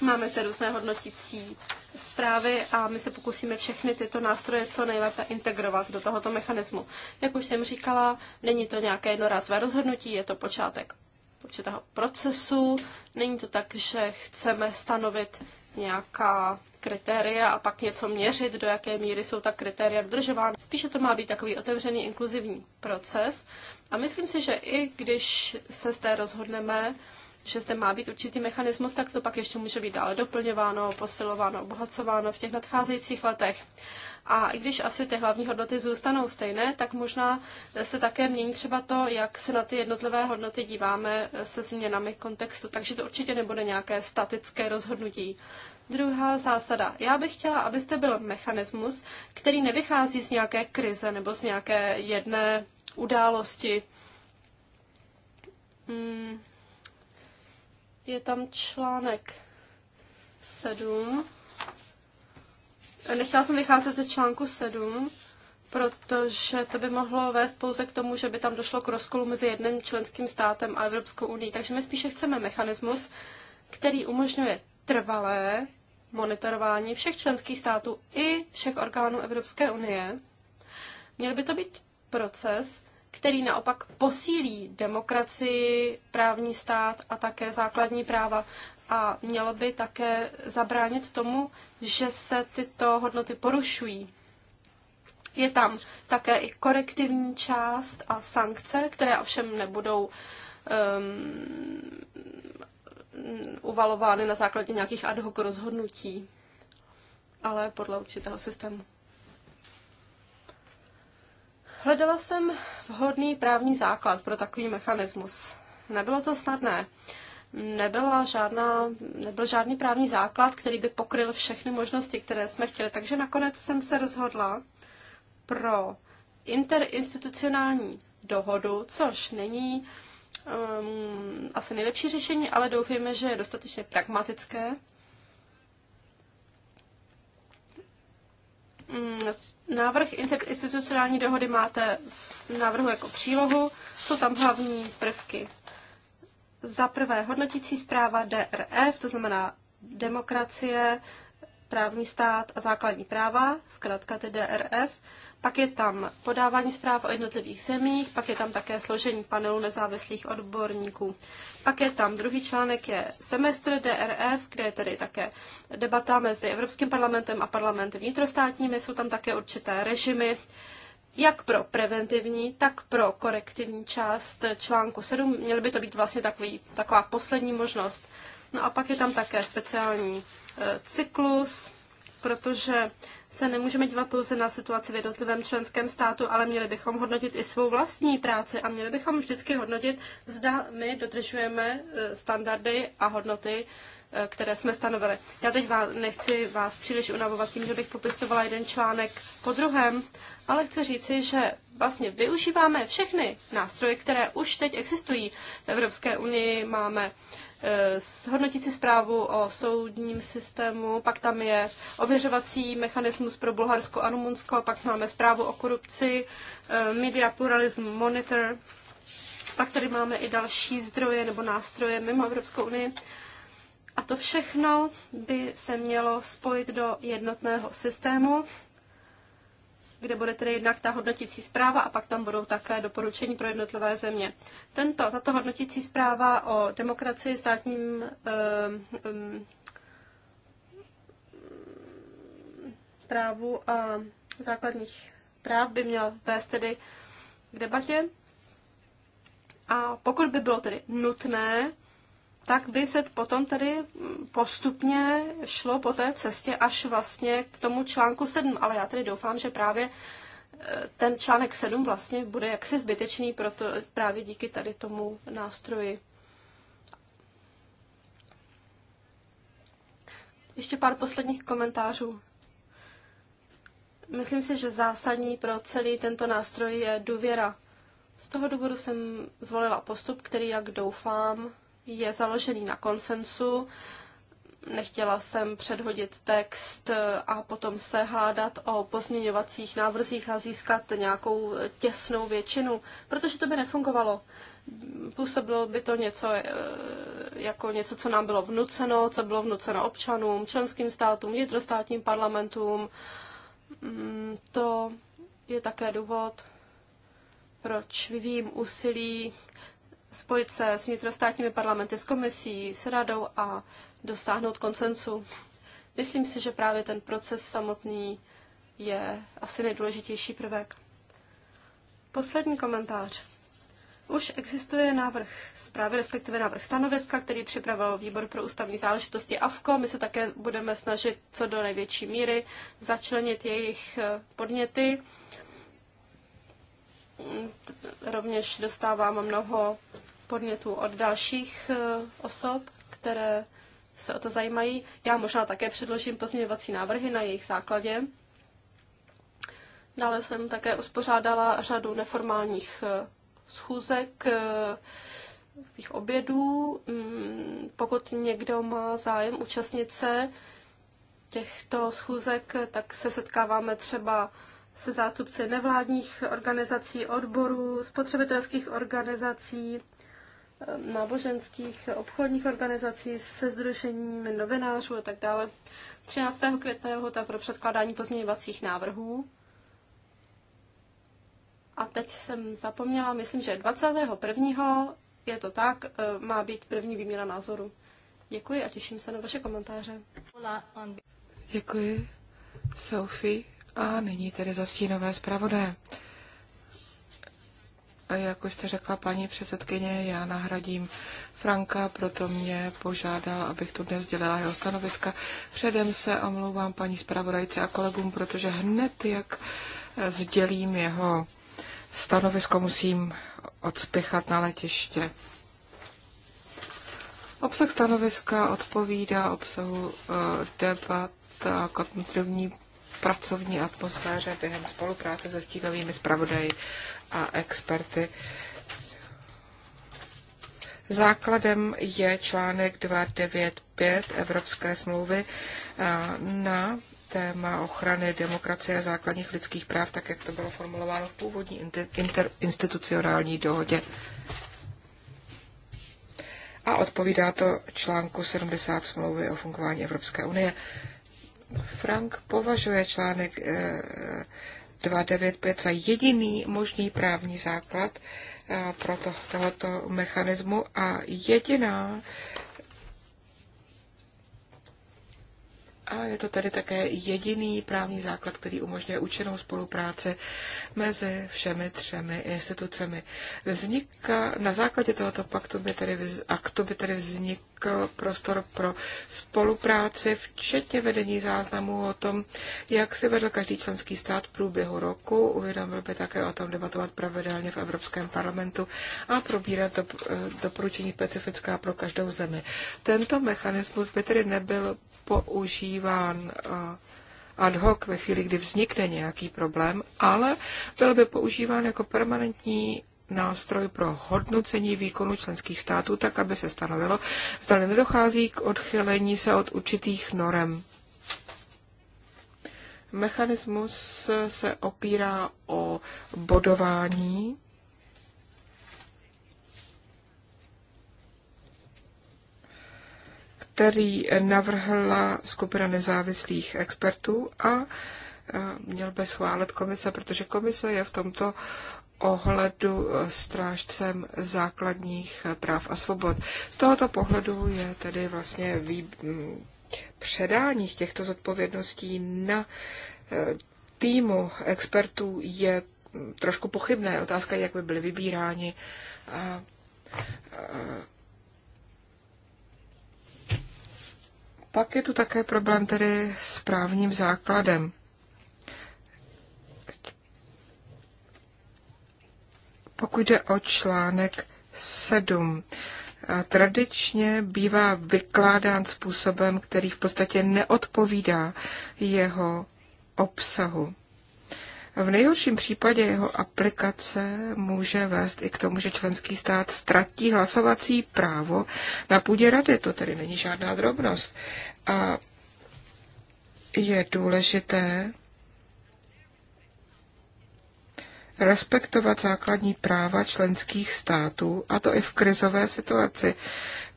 máme zde různé hodnotící zprávy a my se pokusíme všechny tyto nástroje co nejlépe integrovat do tohoto mechanismu. Jak už jsem říkala, není to nějaké jednorázové rozhodnutí, je to počátek určitého procesu. Není to tak, že chceme stanovit nějaká kritéria a pak něco měřit, do jaké míry jsou ta kritéria dodržována. Spíše to má být takový otevřený inkluzivní proces. A myslím si, že i když se zde rozhodneme, že zde má být určitý mechanismus, tak to pak ještě může být dále doplňováno, posilováno, obohacováno v těch nadcházejících letech. A i když asi ty hlavní hodnoty zůstanou stejné, tak možná se také mění třeba to, jak se na ty jednotlivé hodnoty díváme se změnami kontextu. Takže to určitě nebude nějaké statické rozhodnutí. Druhá zásada. Já bych chtěla, abyste byl mechanismus, který nevychází z nějaké krize nebo z nějaké jedné události. Hmm. Je tam článek 7. Nechtěla jsem vycházet ze článku 7, protože to by mohlo vést pouze k tomu, že by tam došlo k rozkolu mezi jedním členským státem a Evropskou unii. Takže my spíše chceme mechanismus, který umožňuje trvalé monitorování všech členských států i všech orgánů Evropské unie. Měl by to být proces, který naopak posílí demokracii, právní stát a také základní práva a mělo by také zabránit tomu, že se tyto hodnoty porušují. Je tam také i korektivní část a sankce, které ovšem nebudou um, uvalovány na základě nějakých ad hoc rozhodnutí, ale podle určitého systému. Hledala jsem vhodný právní základ pro takový mechanismus. Nebylo to snadné nebyla žádná, nebyl žádný právní základ, který by pokryl všechny možnosti, které jsme chtěli. Takže nakonec jsem se rozhodla pro interinstitucionální dohodu, což není um, asi nejlepší řešení, ale doufejme, že je dostatečně pragmatické. Mm, návrh interinstitucionální dohody máte v návrhu jako přílohu. Jsou tam hlavní prvky. Za prvé hodnotící zpráva DRF, to znamená demokracie, právní stát a základní práva, zkrátka tedy DRF. Pak je tam podávání zpráv o jednotlivých zemích, pak je tam také složení panelu nezávislých odborníků. Pak je tam druhý článek, je semestr DRF, kde je tedy také debata mezi Evropským parlamentem a parlamentem vnitrostátními. Jsou tam také určité režimy jak pro preventivní, tak pro korektivní část článku 7. Měly by to být vlastně takový, taková poslední možnost. No a pak je tam také speciální e, cyklus, protože se nemůžeme dívat pouze na situaci v jednotlivém členském státu, ale měli bychom hodnotit i svou vlastní práci a měli bychom vždycky hodnotit, zda my dodržujeme e, standardy a hodnoty Eh, které jsme stanovili. Já teď vás, nechci vás příliš unavovat tím, že bych popisovala jeden článek po druhém, ale chci říci, že vlastně využíváme všechny nástroje, které už teď existují. V Evropské unii máme eh, hodnotící zprávu o soudním systému, pak tam je ověřovací mechanismus pro Bulharsko a Rumunsko, pak máme zprávu o korupci, eh, Media Pluralism Monitor, pak tady máme i další zdroje nebo nástroje mimo Evropskou unii. A to všechno by se mělo spojit do jednotného systému, kde bude tedy jednak ta hodnotící zpráva a pak tam budou také doporučení pro jednotlivé země. Tento, tato hodnotící zpráva o demokracii, státním um, právu a základních práv by měl vést tedy k debatě. A pokud by bylo tedy nutné, tak by se potom tedy postupně šlo po té cestě až vlastně k tomu článku 7. Ale já tedy doufám, že právě eh, ten článek 7 vlastně bude jaksi zbytečný proto, právě díky tady tomu nástroji. Ještě pár posledních komentářů. Myslím si, že zásadní pro celý tento nástroj je důvěra. Z toho důvodu jsem zvolila postup, který, jak doufám, je založený na konsensu. Nechtěla jsem předhodit text a potom se hádat o pozměňovacích návrzích a získat nějakou těsnou většinu, protože to by nefungovalo. Působilo by to něco eh, jako něco, co nám bylo vnuceno, co bylo vnuceno občanům, členským státům, vnitrostátním parlamentům. Mm, to je také důvod, proč vyvím úsilí spojit se s vnitrostátními parlamenty, s komisí, s radou a dosáhnout koncensu. Myslím si, že právě ten proces samotný je asi nejdůležitější prvek. Poslední komentář. Už existuje návrh zprávy, respektive návrh stanoviska, který připravil výbor pro ústavní záležitosti AFKO. My se také budeme snažit co do největší míry začlenit jejich eh, podněty. Rovněž dostávám mnoho podnětů od dalších e, osob, které se o to zajímají. Já možná také předložím pozměňovací návrhy na jejich základě. Dále jsem také uspořádala řadu neformálních e, schůzek, e, svých obědů. Mm, pokud někdo má zájem účastnit se těchto schůzek, tak se setkáváme třeba se zástupci nevládních organizací, odborů, spotřebitelských organizací, eh, náboženských obchodních organizací, se združením novinářů a tak dále. 13. května je lhota pro předkládání pozměňovacích návrhů. A teď jsem zapomněla, myslím, že 21. je to tak, eh, má být první výměna názoru. Děkuji a těším se na vaše komentáře. Děkuji, Sophie. A nyní tedy zastínové zpravodaje. A jak už jste řekla, paní předsedkyně, já nahradím Franka, proto mě požádal, abych tu dnes dělala jeho stanoviska. Předem se omlouvám paní zpravodajce a kolegům, protože hned, jak eh, sdělím jeho stanovisko, musím odspěchat na letiště. Obsah stanoviska odpovídá obsahu eh, debat a konstruktivní pracovní atmosféře během spolupráce se stínovými zpravodaji a experty. Základem je článek 295 Evropské smlouvy eh, na téma ochrany demokracie a základních lidských práv, tak jak to bylo formulováno v původní interinstitucionální dohodě. A odpovídá to článku 70 smlouvy o fungování Evropské unie. Frank považuje článek 295 eh, za jediný možný právní základ eh, pro to, tohoto mechanismu a jediná a je to tedy také jediný právní základ, který umožňuje účinnou spolupráci mezi všemi třemi institucemi. Vznik, na základě tohoto paktu by tedy, aktu by tedy vznikl prostor pro spolupráci, včetně vedení záznamů o tom, jak se vedl každý členský stát v průběhu roku. Uvědomil by také o tom debatovat pravidelně v Evropském parlamentu a probírat eh, doporučení specifická pro každou zemi. Tento mechanismus by tedy nebyl používán eh, ad hoc ve chvíli, kdy vznikne nějaký problém, ale byl by používán jako permanentní nástroj pro hodnocení výkonu členských států, tak aby se stanovilo, zda nedochází k odchylení se od určitých norem. Mechanismus se opírá o bodování který navrhla skupina nezávislých expertů a měl by schválit komise, protože komise je v tomto ohledu strážcem základních práv a svobod. Z tohoto pohledu je tedy vlastně vý... předání těchto zodpovědností na e, týmu expertů je trošku pochybné. Otázka je, jak by byly vybíráni Pak je tu také problém tedy s právním základem. Pokud jde o článek 7, tradičně bývá vykládán způsobem, který v podstatě neodpovídá jeho obsahu. V nejhorším případě jeho aplikace může vést i k tomu, že členský stát ztratí hlasovací právo na půdě rady. To tedy není žádná drobnost. A je důležité respektovat základní práva členských států, a to i v krizové situaci,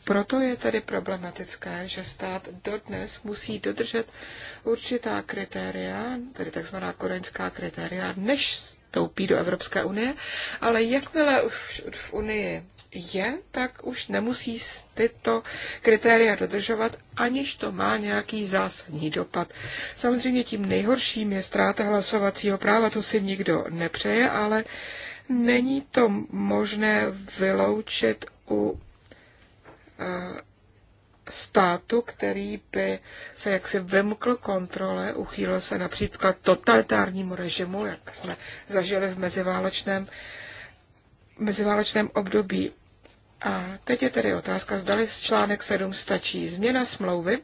proto je tedy problematické, že stát dodnes musí dodržet určitá kritéria, tedy takzvaná koreňská kritéria, než vstoupí do Evropské unie, ale jakmile už v unii je, tak už nemusí tyto kritéria dodržovat, aniž to má nějaký zásadní dopad. Samozřejmě tím nejhorším je ztráta hlasovacího práva, to si nikdo nepřeje, ale není to možné vyloučit u Eh, státu, který by se jaksi vymkl kontrole, uchýlil se například totalitárnímu režimu, jak jsme zažili v meziválečném, meziválečném období. A teď je tedy otázka, zdali článek 7 stačí změna smlouvy,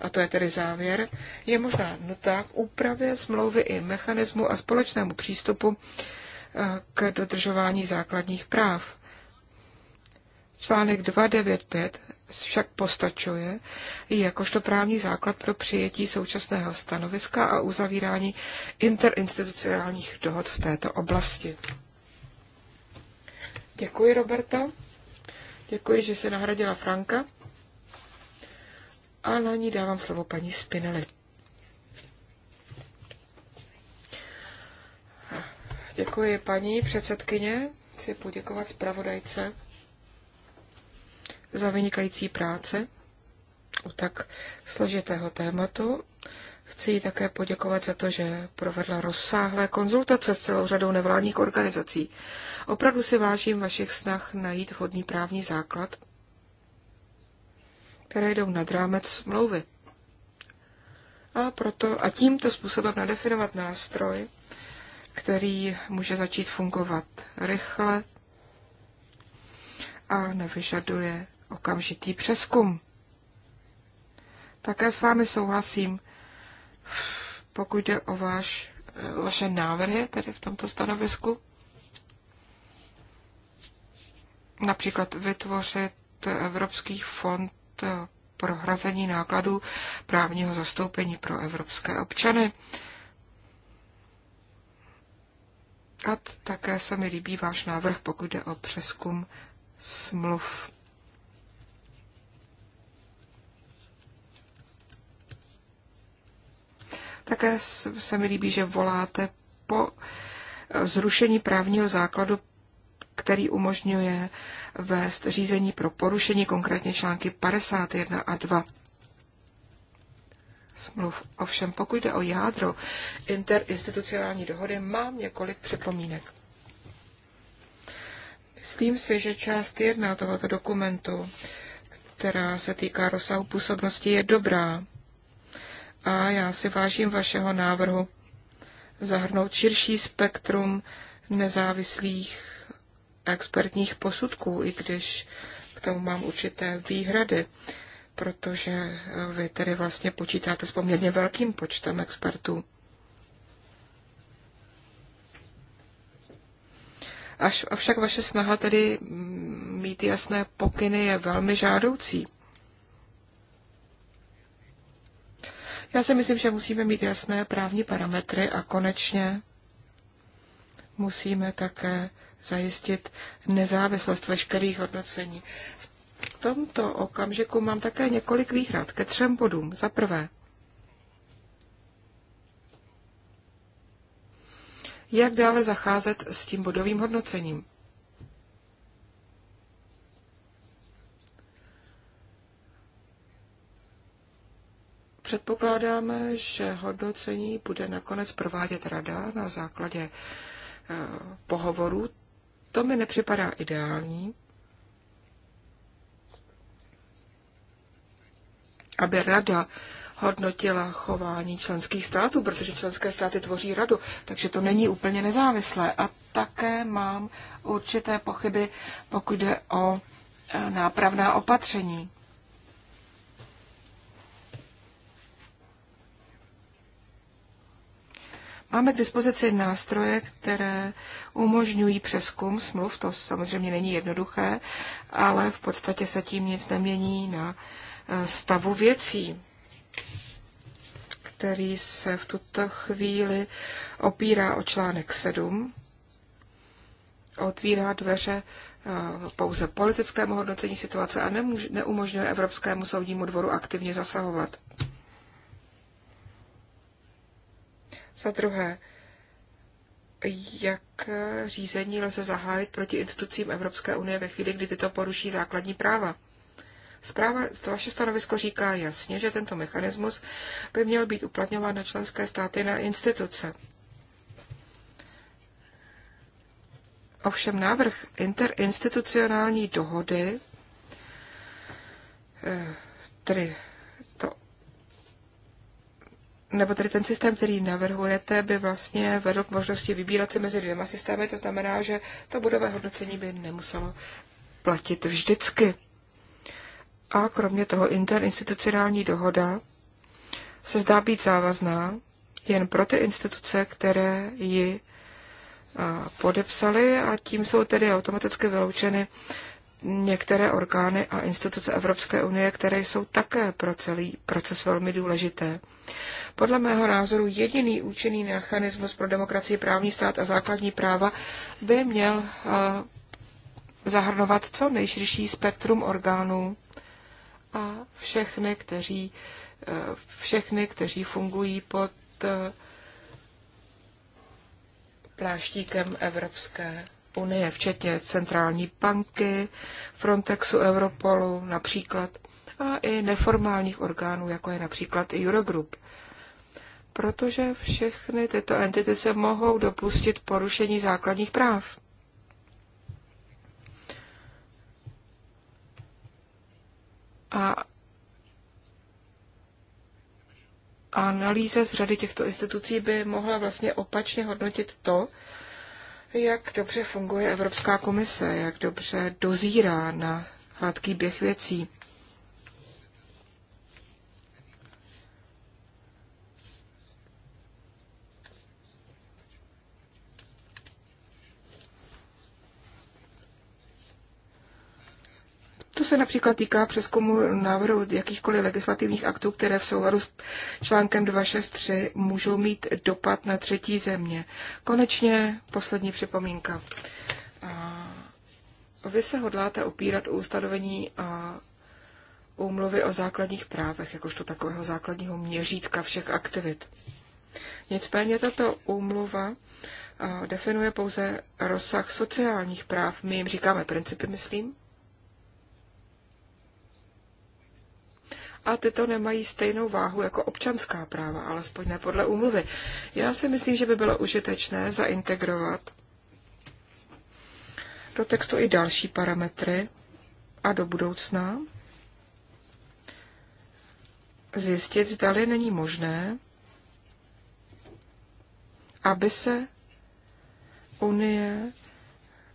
a to je tedy závěr, je možná nutná k úpravě smlouvy i mechanismu a společnému přístupu eh, k dodržování základních práv. Článek 295 však postačuje jakožto právní základ pro přijetí současného stanoviska a uzavírání interinstitucionálních dohod v této oblasti. Děkuji, Roberta. Děkuji, že se nahradila Franka. A na ní dávám slovo paní Spinelli. Děkuji, paní předsedkyně. Chci poděkovat zpravodajce za vynikající práce u tak složitého tématu. Chci jí také poděkovat za to, že provedla rozsáhlé konzultace s celou řadou nevládních organizací. Opravdu si vážím vašich snah najít vhodný právní základ, které jdou nad rámec smlouvy. A, proto, a tímto způsobem nadefinovat nástroj, který může začít fungovat rychle a nevyžaduje okamžitý přeskum. Také s vámi souhlasím, pokud jde o váš, eh, vaše návrhy tady v tomto stanovisku. Například vytvořit Evropský fond eh, pro hrazení nákladů právního zastoupení pro evropské občany. A také se mi líbí váš návrh, pokud jde o přeskum smluv. Také se mi líbí, že voláte po zrušení právního základu, který umožňuje vést řízení pro porušení, konkrétně články 51 a 2 smluv. Ovšem, pokud jde o jádro interinstitucionální dohody, mám několik připomínek. Myslím si, že část jedna tohoto dokumentu, která se týká rozsahu působnosti, je dobrá a já si vážím vašeho návrhu zahrnout širší spektrum nezávislých expertních posudků, i když k tomu mám určité výhrady, protože vy tedy vlastně počítáte s poměrně velkým počtem expertů. Až, avšak vaše snaha tedy mm, mít jasné pokyny je velmi žádoucí. Já si myslím, že musíme mít jasné právní parametry a konečně musíme také zajistit nezávislost veškerých hodnocení. V tomto okamžiku mám také několik výhrad ke třem bodům. Za prvé, jak dále zacházet s tím bodovým hodnocením. Předpokládáme, že hodnocení bude nakonec provádět rada na základě eh, pohovorů. To mi nepřipadá ideální, aby rada hodnotila chování členských států, protože členské státy tvoří radu, takže to není úplně nezávislé. A také mám určité pochyby, pokud jde o eh, nápravná opatření. Máme k dispozici nástroje, které umožňují přeskum smluv, to samozřejmě není jednoduché, ale v podstatě se tím nic nemění na eh, stavu věcí, který se v tuto chvíli opírá o článek 7, otvírá dveře eh, pouze politickému hodnocení situace a neumožňuje Evropskému soudnímu dvoru aktivně zasahovat. Za druhé, jak řízení lze zahájit proti institucím Evropské unie ve chvíli, kdy tyto poruší základní práva? Zpráva, to vaše stanovisko říká jasně, že tento mechanismus by měl být uplatňován na členské státy na instituce. Ovšem návrh interinstitucionální dohody, eh, tedy nebo tedy ten systém, který navrhujete, by vlastně vedl k možnosti vybírat se mezi dvěma systémy, to znamená, že to budové hodnocení by nemuselo platit vždycky. A kromě toho interinstitucionální dohoda se zdá být závazná jen pro ty instituce, které ji podepsaly a tím jsou tedy automaticky vyloučeny některé orgány a instituce Evropské unie, které jsou také pro celý proces velmi důležité. Podle mého názoru jediný účinný mechanismus pro demokracii, právní stát a základní práva by měl eh, zahrnovat co nejširší spektrum orgánů a všechny, kteří, eh, všechny, kteří fungují pod eh, pláštíkem Evropské unie, včetně centrální banky, Frontexu, Europolu například, a i neformálních orgánů, jako je například Eurogroup protože všechny tyto entity se mohou dopustit porušení základních práv. A analýza z řady těchto institucí by mohla vlastně opačně hodnotit to, jak dobře funguje Evropská komise, jak dobře dozírá na hladký běh věcí. To se například týká přeskumu návrhu jakýchkoliv legislativních aktů, které v souladu s článkem 263 můžou mít dopad na třetí země. Konečně poslední připomínka. Vy se hodláte opírat o ustanovení úmluvy o základních právech, jakožto takového základního měřítka všech aktivit. Nicméně tato úmluva definuje pouze rozsah sociálních práv. My jim říkáme principy, myslím. a tyto nemají stejnou váhu jako občanská práva, alespoň ne podle úmluvy. Já si myslím, že by bylo užitečné zaintegrovat do textu i další parametry a do budoucna zjistit, zdali není možné, aby se Unie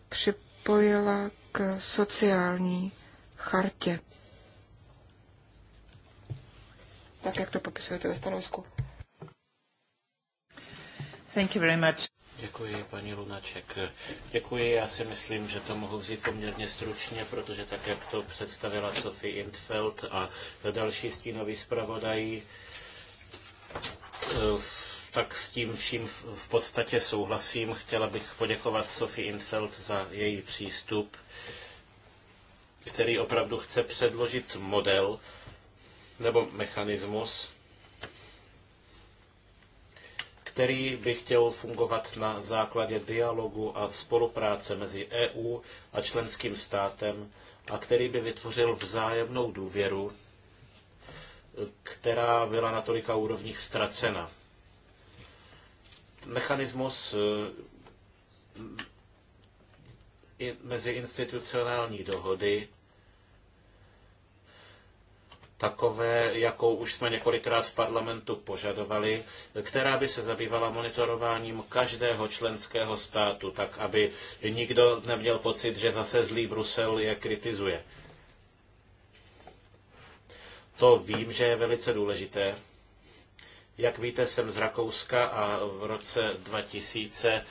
připojila k sociální chartě. tak jak to popisujete ve stanovisku. Thank you very much. Děkuji, paní Lunaček. Děkuji, já si myslím, že to mohu vzít poměrně stručně, protože tak, jak to představila Sophie Intfeld a další stínový zpravodaj, eh, tak s tím vším v podstatě souhlasím. Chtěla bych poděkovat Sophie Intfeld za její přístup, který opravdu chce předložit model, nebo mechanismus, který by chtěl fungovat na základě dialogu a spolupráce mezi EU a členským státem a který by vytvořil vzájemnou důvěru, která byla na tolika úrovních ztracena. Mechanismus eh, mezi institucionální dohody takové, jakou už jsme několikrát v parlamentu požadovali, která by se zabývala monitorováním každého členského státu, tak aby nikdo neměl pocit, že zase zlý Brusel je kritizuje. To vím, že je velice důležité. Jak víte, jsem z Rakouska a v roce 2000 eh,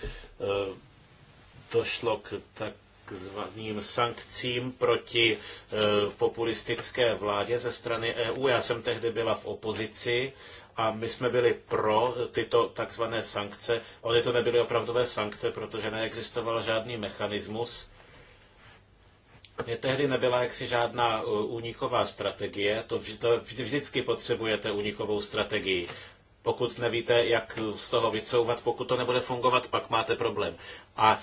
došlo k tak takzvaným sankcím proti eh, populistické vládě ze strany EU. Já jsem tehdy byla v opozici a my jsme byli pro tyto takzvané sankce. Ony to nebyly opravdové sankce, protože neexistoval žádný mechanismus. Mě tehdy nebyla jaksi žádná eh, úniková strategie, to, to vždycky potřebujete únikovou strategii. Pokud nevíte, jak z toho vycouvat, pokud to nebude fungovat, pak máte problém. A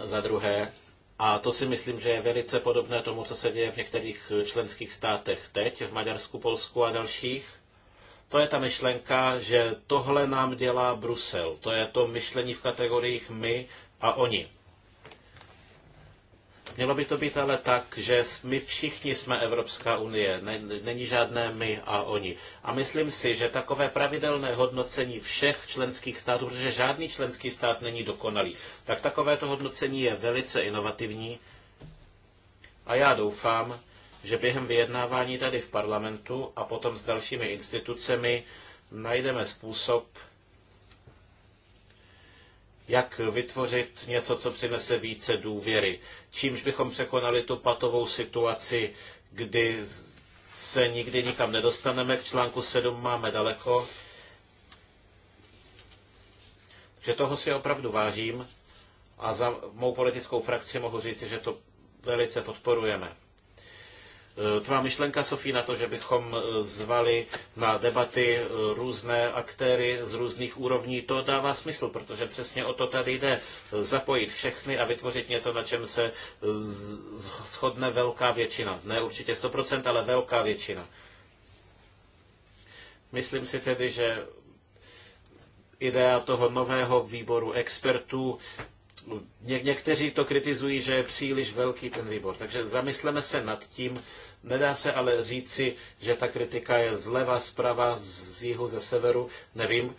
za druhé. A to si myslím, že je velice podobné tomu, co se děje v některých členských státech teď, v Maďarsku, Polsku a dalších. To je ta myšlenka, že tohle nám dělá Brusel. To je to myšlení v kategoriích my a oni. Mělo by to být ale tak, že my všichni jsme Evropská unie, není žádné my a oni. A myslím si, že takové pravidelné hodnocení všech členských států, protože žádný členský stát není dokonalý, tak takovéto hodnocení je velice inovativní. A já doufám, že během vyjednávání tady v parlamentu a potom s dalšími institucemi najdeme způsob, jak vytvořit něco, co přinese více důvěry. Čímž bychom překonali tu patovou situaci, kdy se nikdy nikam nedostaneme, k článku 7 máme daleko. Že toho si opravdu vážím a za mou politickou frakci mohu říci, že to velice podporujeme. Eh, tvá myšlenka, Sofí, na to, že bychom eh, zvali na debaty eh, různé aktéry z různých úrovní, to dává smysl, protože přesně o to tady jde. Zapojit všechny a vytvořit něco, na čem se shodne velká většina. Ne určitě 100%, ale velká většina. Myslím si tedy, že idea toho nového výboru expertů No, ně, někteří to kritizují, že je příliš velký ten výbor. Takže zamysleme se nad tím. Nedá se ale říci, že ta kritika je zleva, zprava, z jihu, ze severu, nevím.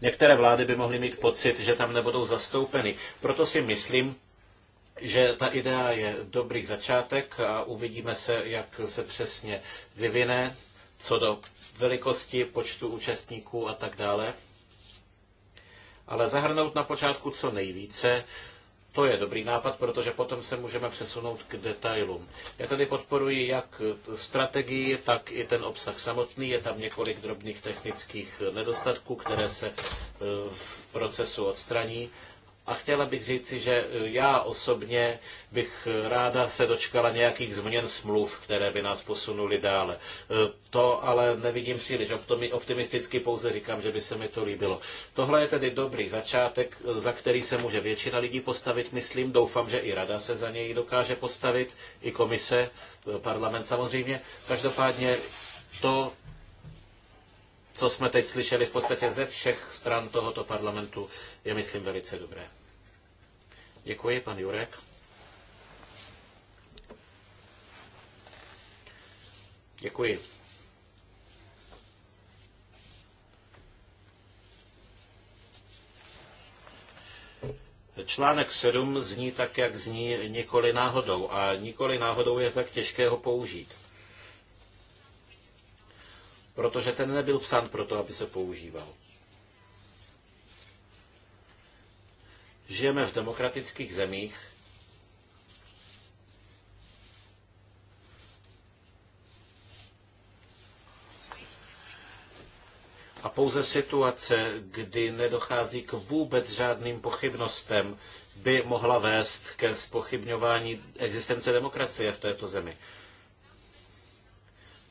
Některé vlády by mohly mít pocit, že tam nebudou zastoupeny. Proto si myslím, že ta idea je dobrý začátek a uvidíme se, jak se přesně vyvine, co do velikosti, počtu účastníků a tak dále ale zahrnout na počátku co nejvíce, to je dobrý nápad, protože potom se můžeme přesunout k detailům. Já tady podporuji jak strategii, tak i ten obsah samotný. Je tam několik drobných technických nedostatků, které se eh, v procesu odstraní. A chtěla bych říci, že e, já osobně bych e, ráda se dočkala nějakých změn smluv, které by nás posunuly dále. E, to ale nevidím příliš optimisticky, pouze říkám, že by se mi to líbilo. Tohle je tedy dobrý začátek, za který se může většina lidí postavit, myslím. Doufám, že i rada se za něj dokáže postavit, i komise, parlament samozřejmě. Každopádně to co jsme teď slyšeli v podstatě ze všech stran tohoto parlamentu, je, myslím, velice dobré. Děkuji, pan Jurek. Děkuji. Článek 7 zní tak, jak zní nikoli náhodou a nikoli náhodou je tak těžké ho použít. Protože ten nebyl psán proto, aby se používal. Žijeme v demokratických zemích, A pouze situace, kdy nedochází k vůbec žádným pochybnostem, by mohla vést ke spochybňování existence demokracie v této zemi.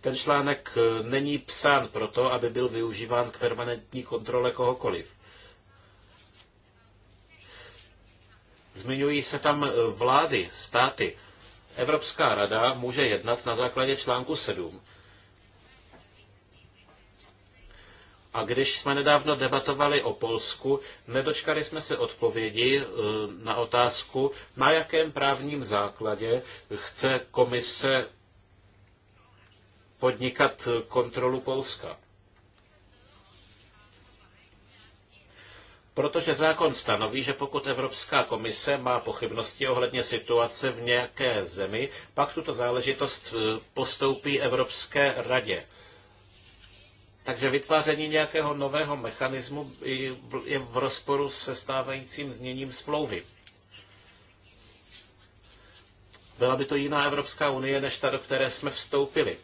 Ten článek není psán proto, aby byl využíván k permanentní kontrole kohokoliv. Zmiňují se tam e, vlády, státy. Evropská rada může jednat na základě článku 7. A když jsme nedávno debatovali o Polsku, nedočkali jsme se odpovědi e, na otázku, na jakém právním základě chce komise podnikat e, kontrolu Polska. Protože zákon stanoví, že pokud Evropská komise má pochybnosti ohledně situace v nějaké zemi, pak tuto záležitost e, postoupí Evropské radě. Takže vytváření nějakého nového mechanismu je v rozporu se stávajícím zněním smlouvy. Byla by to jiná Evropská unie než ta, do které jsme vstoupili.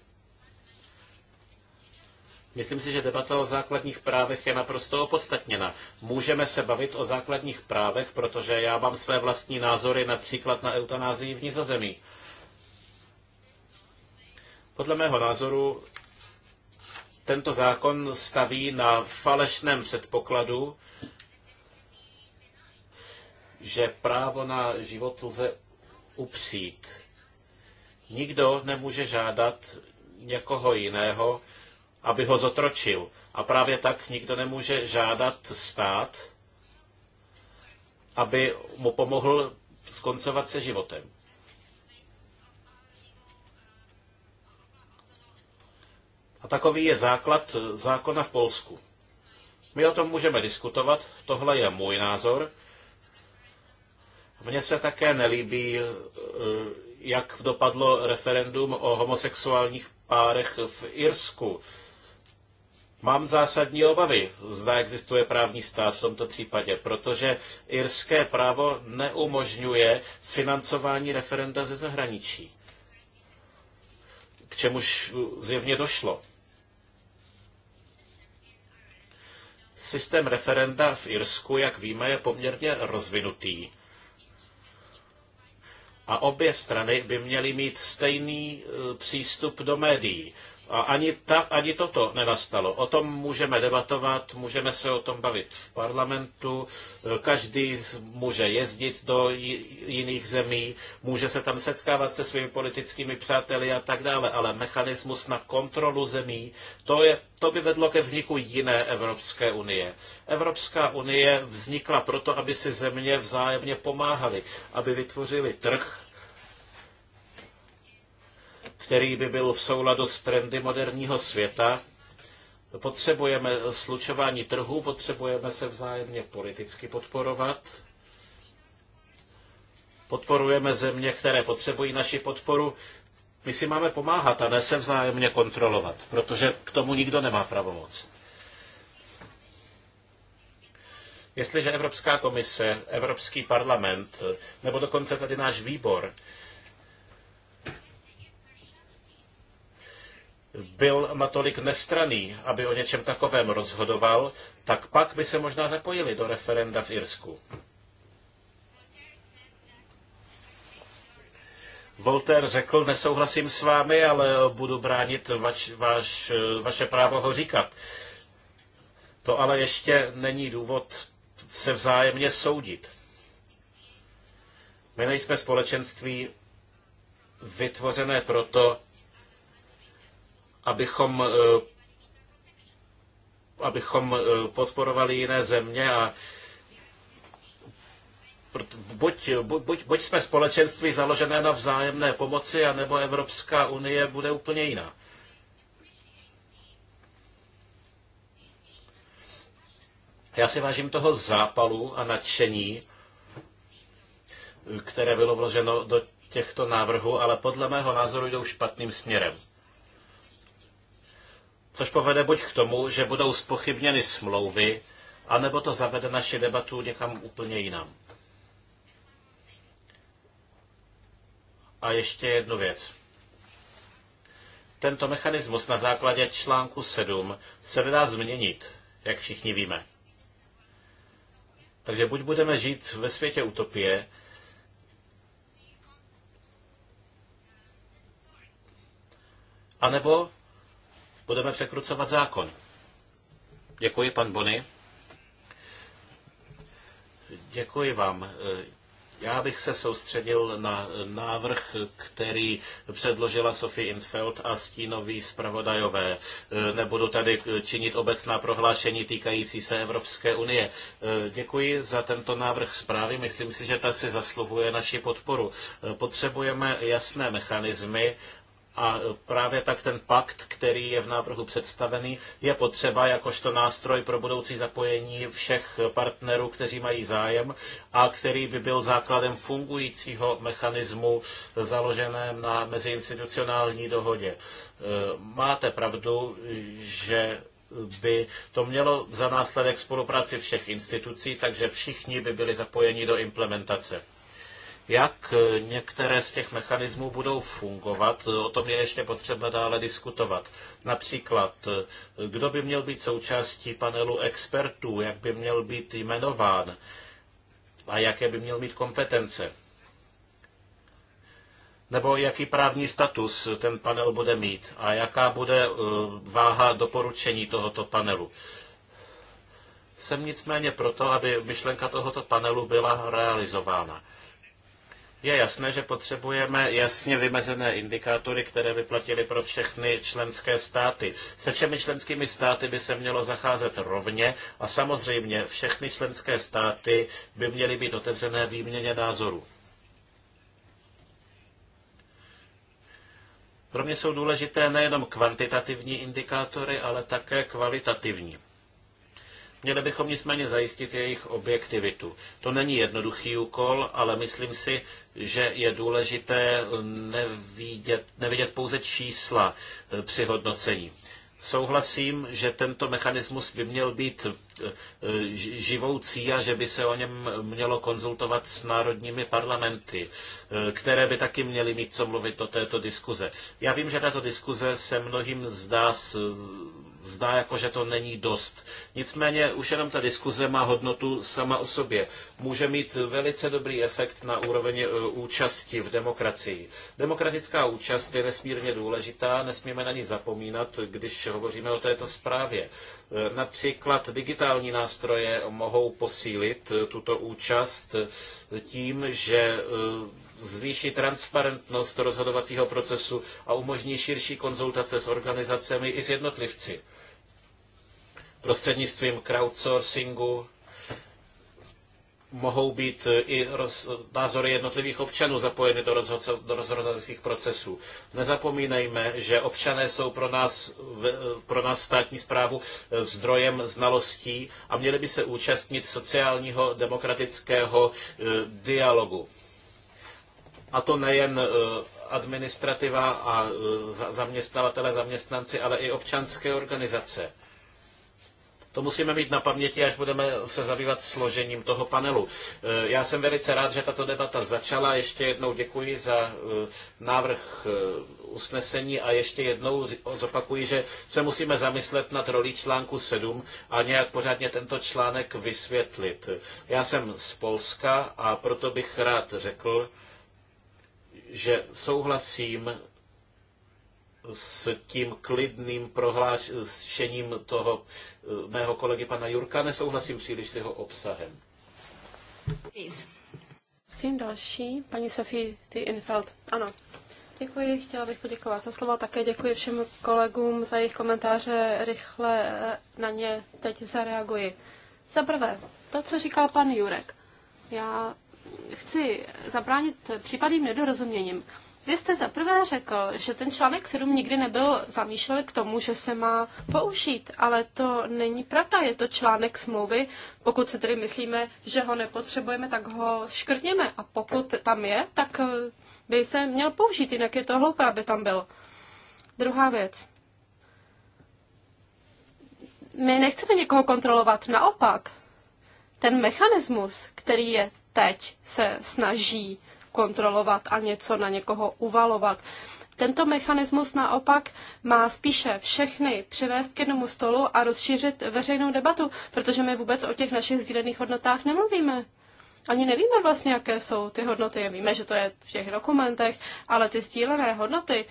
Myslím si, že debata o základních právech je naprosto opodstatněna. Můžeme se bavit o základních právech, protože já mám své vlastní názory například na eutanázii v Nizozemí. Podle mého názoru tento zákon staví na falešném předpokladu, že právo na život lze upřít. Nikdo nemůže žádat někoho jiného, aby ho zotročil. A právě tak nikdo nemůže žádat stát, aby mu pomohl skoncovat se životem. A takový je základ zákona v Polsku. My o tom můžeme diskutovat, tohle je můj názor. Mně se také nelíbí, eh, jak dopadlo referendum o homosexuálních párech v Irsku. Mám zásadní obavy, zda existuje právní stát v tomto případě, protože irské právo neumožňuje financování referenda ze zahraničí, k čemuž zjevně došlo. Systém referenda v Irsku, jak víme, je poměrně rozvinutý. A obě strany by měly mít stejný e, přístup do médií. A ani, ta, ani toto nenastalo. O tom můžeme debatovat, můžeme se o tom bavit v parlamentu, každý může jezdit do jiných zemí, může se tam setkávat se svými politickými přáteli a tak dále, ale mechanismus na kontrolu zemí, to, je, to by vedlo ke vzniku jiné Evropské unie. Evropská unie vznikla proto, aby si země vzájemně pomáhaly, aby vytvořili trh, který by byl v souladu s trendy moderního světa. Potřebujeme slučování trhů, potřebujeme se vzájemně politicky podporovat. Podporujeme země, které potřebují naši podporu. My si máme pomáhat a ne se vzájemně kontrolovat, protože k tomu nikdo nemá pravomoc. Jestliže Evropská komise, Evropský parlament nebo dokonce tady náš výbor byl natolik nestraný, aby o něčem takovém rozhodoval, tak pak by se možná zapojili do referenda v Irsku. Voltaire řekl, nesouhlasím s vámi, ale budu bránit vaš, vaš, vaše právo ho říkat. To ale ještě není důvod se vzájemně soudit. My nejsme společenství vytvořené proto, abychom eh, abychom eh, podporovali jiné země a buď, buď, buď jsme společenství založené na vzájemné pomoci, anebo Evropská unie bude úplně jiná. Já si vážím toho zápalu a nadšení, které bylo vloženo do těchto návrhů, ale podle mého názoru jdou špatným směrem což povede buď k tomu, že budou spochybněny smlouvy, anebo to zavede naši debatu někam úplně jinam. A ještě jednu věc. Tento mechanismus na základě článku 7 se nedá změnit, jak všichni víme. Takže buď budeme žít ve světě utopie, anebo Budeme překrucovat zákon. Děkuji, pan Bony. Děkuji vám. Já bych se soustředil na návrh, který předložila Sophie Infeld a stínoví zpravodajové. Nebudu tady činit obecná prohlášení týkající se Evropské unie. Děkuji za tento návrh zprávy. Myslím si, že ta si zasluhuje naši podporu. Potřebujeme jasné mechanismy, a právě tak ten pakt, který je v návrhu představený, je potřeba jakožto nástroj pro budoucí zapojení všech partnerů, kteří mají zájem a který by byl základem fungujícího mechanismu založeném na meziinstitucionální dohodě. E, máte pravdu, že by to mělo za následek spolupráci všech institucí, takže všichni by byli zapojeni do implementace. Jak eh, některé z těch mechanismů budou fungovat, eh, o tom je ještě potřeba dále diskutovat. Například, eh, kdo by měl být součástí panelu expertů, jak by měl být jmenován a jaké by měl mít kompetence. Nebo jaký právní status ten panel bude mít a jaká bude váha doporučení tohoto panelu. Jsem nicméně proto, aby myšlenka tohoto panelu byla realizována. Je jasné, že potřebujeme jasně vymezené indikátory, které by platily pro všechny členské státy. Se všemi členskými státy by se mělo zacházet rovně a samozřejmě všechny členské státy by měly být otevřené výměně názorů. Pro mě jsou důležité nejenom kvantitativní indikátory, ale také kvalitativní. Měli bychom nicméně zajistit jejich objektivitu. To není jednoduchý úkol, ale myslím si, že je důležité nevidět, nevidět pouze čísla eh, při hodnocení. Souhlasím, že tento mechanismus by měl být eh, živoucí a že by se o něm mělo konzultovat s národními parlamenty, eh, které by taky měly mít co mluvit do této diskuze. Já vím, že tato diskuze se mnohým zdá zdá jako, že to není dost. Nicméně už jenom ta diskuze má hodnotu sama o sobě. Může mít velice dobrý efekt na úroveň e, účasti v demokracii. Demokratická účast je nesmírně důležitá, nesmíme na ní zapomínat, když hovoříme o této zprávě. E, například digitální nástroje mohou posílit e, tuto účast tím, že zvýší transparentnost rozhodovacího procesu a umožní širší konzultace s organizacemi i s jednotlivci prostřednictvím crowdsourcingu mohou být i roz, názory jednotlivých občanů zapojeny do, rozhodce, do rozhodovacích procesů. Nezapomínejme, že občané jsou pro nás, pro nás státní zprávu zdrojem znalostí a měli by se účastnit sociálního demokratického e, dialogu. A to nejen e, administrativa a e, zaměstnavatele, zaměstnanci, ale i občanské organizace to musíme mít na paměti, až budeme se zabývat složením toho panelu. Eh, já jsem velice rád, že tato debata začala. Ještě jednou děkuji za eh, návrh eh, usnesení a ještě jednou zopakuji, že se musíme zamyslet nad rolí článku 7 a nějak pořádně tento článek vysvětlit. Já jsem z Polska a proto bych rád řekl, že souhlasím s tím klidným prohlášením toho eh, mého kolegy pana Jurka. Nesouhlasím příliš s jeho obsahem. Prosím další, paní Sofie Infeld. Ano, Děkuji, chtěla bych poděkovat za slova. Také děkuji všem kolegům za jejich komentáře. Rychle eh, na ně teď zareaguji. Za prvé, to, co říkal pan Jurek. Já chci zabránit případným nedorozuměním. Vy jste zaprvé řekl, že ten článek 7 nikdy nebyl zamýšlel k tomu, že se má použít, ale to není pravda. Je to článek smlouvy. Pokud se tedy myslíme, že ho nepotřebujeme, tak ho škrtněme. A pokud tam je, tak eh, by se měl použít, jinak je to hloupé, aby tam byl. Druhá věc. My nechceme někoho kontrolovat, naopak. Ten mechanismus, který je teď, se snaží kontrolovat a něco na někoho uvalovat. Tento mechanismus naopak má spíše všechny přivést k jednomu stolu a rozšířit veřejnou debatu, protože my vůbec o těch našich sdílených hodnotách nemluvíme. Ani nevíme vlastně, jaké jsou ty hodnoty. Víme, že to je v těch dokumentech, ale ty sdílené hodnoty,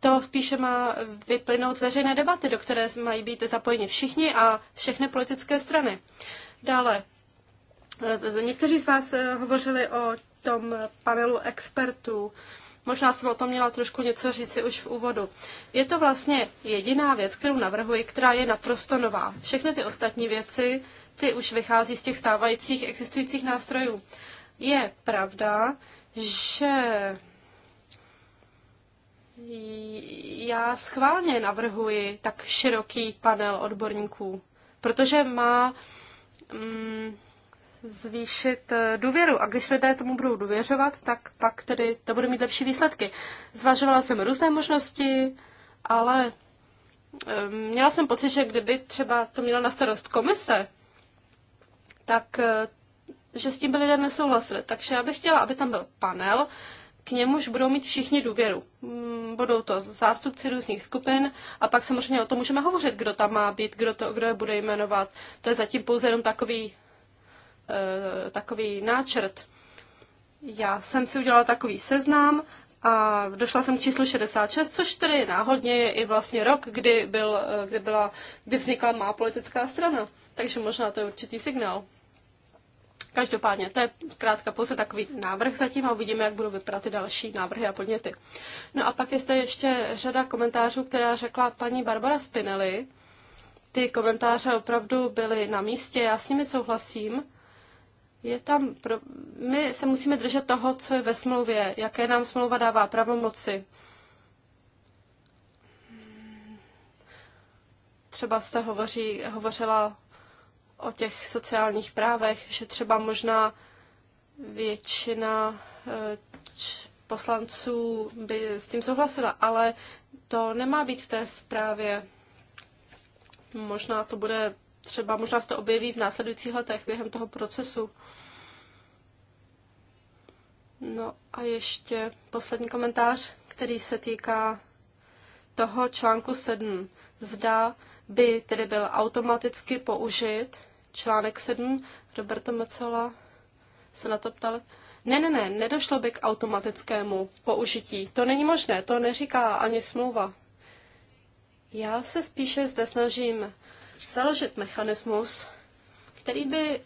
to spíše má vyplynout z veřejné debaty, do které mají být zapojeni všichni a všechny politické strany. Dále, někteří z vás hovořili o tom panelu expertů. Možná jsem o tom měla trošku něco říct si už v úvodu. Je to vlastně jediná věc, kterou navrhuji, která je naprosto nová. Všechny ty ostatní věci, ty už vychází z těch stávajících existujících nástrojů. Je pravda, že já schválně navrhuji tak široký panel odborníků, protože má mm, zvýšit eh, důvěru. A když lidé tomu budou důvěřovat, tak pak tedy to bude mít lepší výsledky. Zvažovala jsem různé možnosti, ale eh, měla jsem pocit, že kdyby třeba to měla na starost komise, tak eh, že s tím by lidé nesouhlasili. Takže já bych chtěla, aby tam byl panel, k němuž budou mít všichni důvěru. Mm, budou to zástupci různých skupin a pak samozřejmě o tom můžeme hovořit, kdo tam má být, kdo, to, kdo je bude jmenovat. To je zatím pouze jenom takový Eh, takový náčrt. Já jsem si udělala takový seznam a došla jsem k číslu 66, což tedy náhodně je i vlastně rok, kdy, byl, eh, kdy, byla, kdy vznikla má politická strana. Takže možná to je určitý signál. Každopádně, to je zkrátka pouze takový návrh zatím a uvidíme, jak budou vypadat ty další návrhy a podněty. No a pak je zde ještě řada komentářů, která řekla paní Barbara Spinelli. Ty komentáře opravdu byly na místě, já s nimi souhlasím je tam pro... my se musíme držet toho, co je ve smlouvě, jaké nám smlouva dává pravomoci. Třeba jste hovoří, hovořila o těch sociálních právech, že třeba možná většina eh, poslanců by s tím souhlasila, ale to nemá být v té zprávě. Možná to bude třeba možná se to objeví v následujících letech během toho procesu. No a ještě poslední komentář, který se týká toho článku 7. Zda by tedy byl automaticky použit článek 7. Roberto Macela se na to ptal. Ne, ne, ne, nedošlo by k automatickému použití. To není možné, to neříká ani smlouva. Já se spíše zde snažím založit mechanismus, který by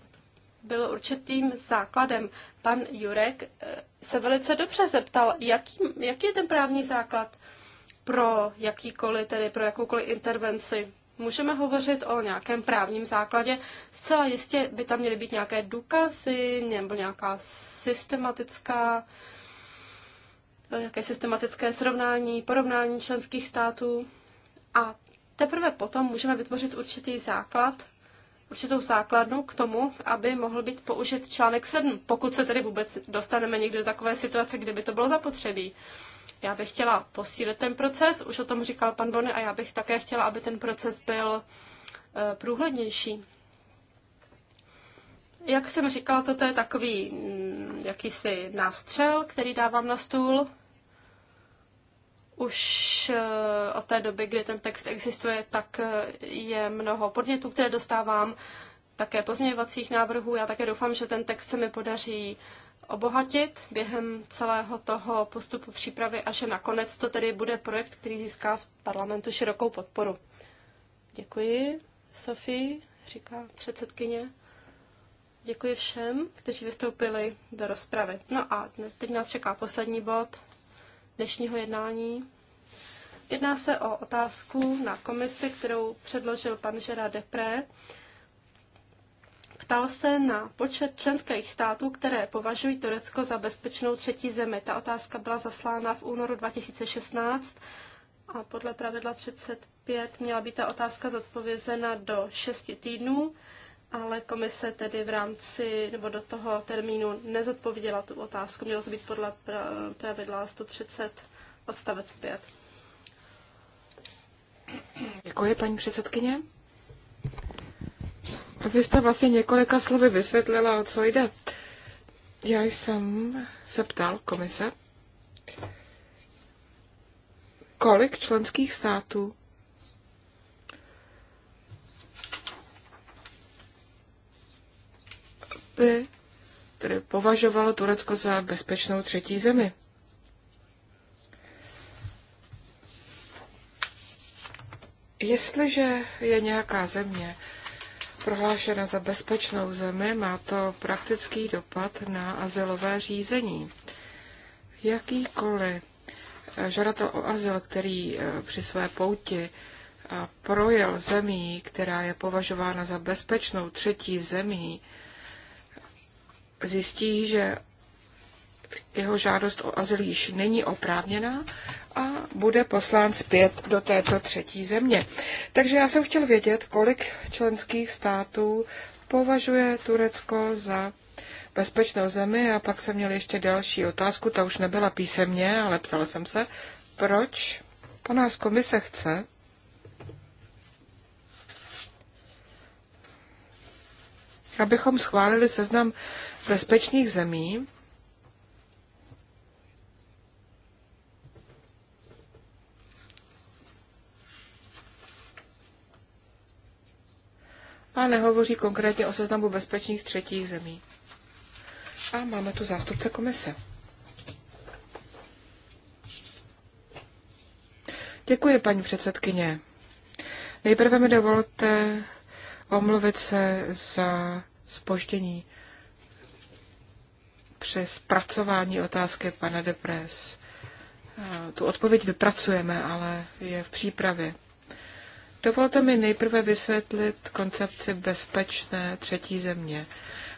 byl určitým základem. Pan Jurek eh, se velice dobře zeptal, jaký, jaký je ten právní základ pro jakýkoliv, tedy pro jakoukoliv intervenci. Můžeme hovořit o nějakém právním základě. Zcela jistě by tam měly být nějaké důkazy nebo nějaká systematická, eh, nějaké systematické srovnání, porovnání členských států. A Teprve potom můžeme vytvořit určitý základ, určitou základnu k tomu, aby mohl být použit článek 7, pokud se tedy vůbec dostaneme někdy do takové situace, kde by to bylo zapotřebí. Já bych chtěla posílit ten proces, už o tom říkal pan Bony, a já bych také chtěla, aby ten proces byl e, průhlednější. Jak jsem říkala, toto je takový mm, jakýsi nástřel, který dávám na stůl už eh, od té doby, kdy ten text existuje, tak eh, je mnoho podnětů, které dostávám, také pozměňovacích návrhů. Já také doufám, že ten text se mi podaří obohatit během celého toho postupu přípravy a že nakonec to tedy bude projekt, který získá v parlamentu širokou podporu. Děkuji, Sofie, říká předsedkyně. Děkuji všem, kteří vystoupili do rozpravy. No a dnes, teď nás čeká poslední bod, dnešního jednání. Jedná se o otázku na komisi, kterou předložil pan Žera Depré. Ptal se na počet členských států, které považují Turecko za bezpečnou třetí zemi. Ta otázka byla zaslána v únoru 2016 a podle pravidla 35 měla být ta otázka zodpovězena do 6 týdnů ale komise tedy v rámci nebo do toho termínu nezodpověděla tu otázku. Mělo to být podle pravidla 130 odstavec 5. Děkuji, paní předsedkyně. Vy jste vlastně několika slovy vysvětlila, o co jde. Já jsem se ptal komise, kolik členských států by tedy považovalo Turecko za bezpečnou třetí zemi. Jestliže je nějaká země prohlášena za bezpečnou zemi, má to praktický dopad na azylové řízení. Jakýkoliv eh, žadatel o azyl, který eh, při své pouti eh, projel zemí, která je považována za bezpečnou třetí zemí, zjistí, že jeho žádost o azyl již není oprávněná a bude poslán zpět do této třetí země. Takže já jsem chtěl vědět, kolik členských států považuje Turecko za bezpečnou zemi a pak jsem měl ještě další otázku, ta už nebyla písemně, ale ptal jsem se, proč po nás komise chce, abychom schválili seznam bezpečných zemí, a nehovoří konkrétně o seznamu bezpečných třetích zemí. A máme tu zástupce komise. Děkuji, paní předsedkyně. Nejprve mi dovolte omluvit se za spoždění přes pracování otázky pana Depres. Eh, tu odpověď vypracujeme, ale je v přípravě. Dovolte mi nejprve vysvětlit koncepci bezpečné třetí země.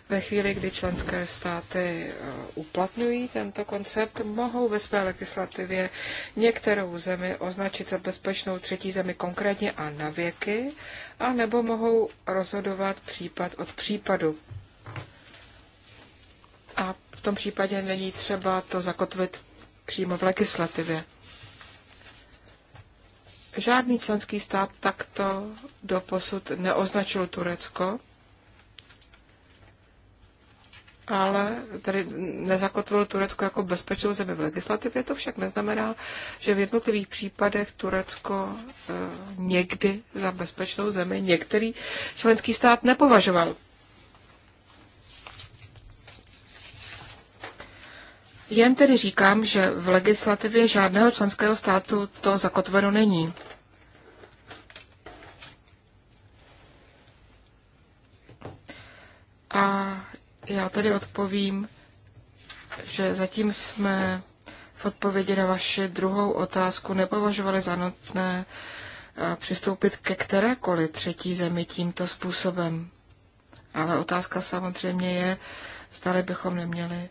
Ve chvíli, kdy členské státy eh, uplatňují tento koncept, mohou ve své legislativě některou zemi označit za bezpečnou třetí zemi konkrétně a na věky, a nebo mohou rozhodovat případ od případu. A tom případě není třeba to zakotvit přímo v legislativě. Žádný členský stát takto doposud neoznačil Turecko, ale tedy nezakotvil Turecko jako bezpečnou zemi v legislativě. To však neznamená, že v jednotlivých případech Turecko eh, někdy za bezpečnou zemi některý členský stát nepovažoval. Jen tedy říkám, že v legislativě žádného členského státu to zakotveno není. A já tedy odpovím, že zatím jsme v odpovědi na vaši druhou otázku nepovažovali za nutné eh, přistoupit ke kterékoliv třetí zemi tímto způsobem. Ale otázka samozřejmě je, zda bychom neměli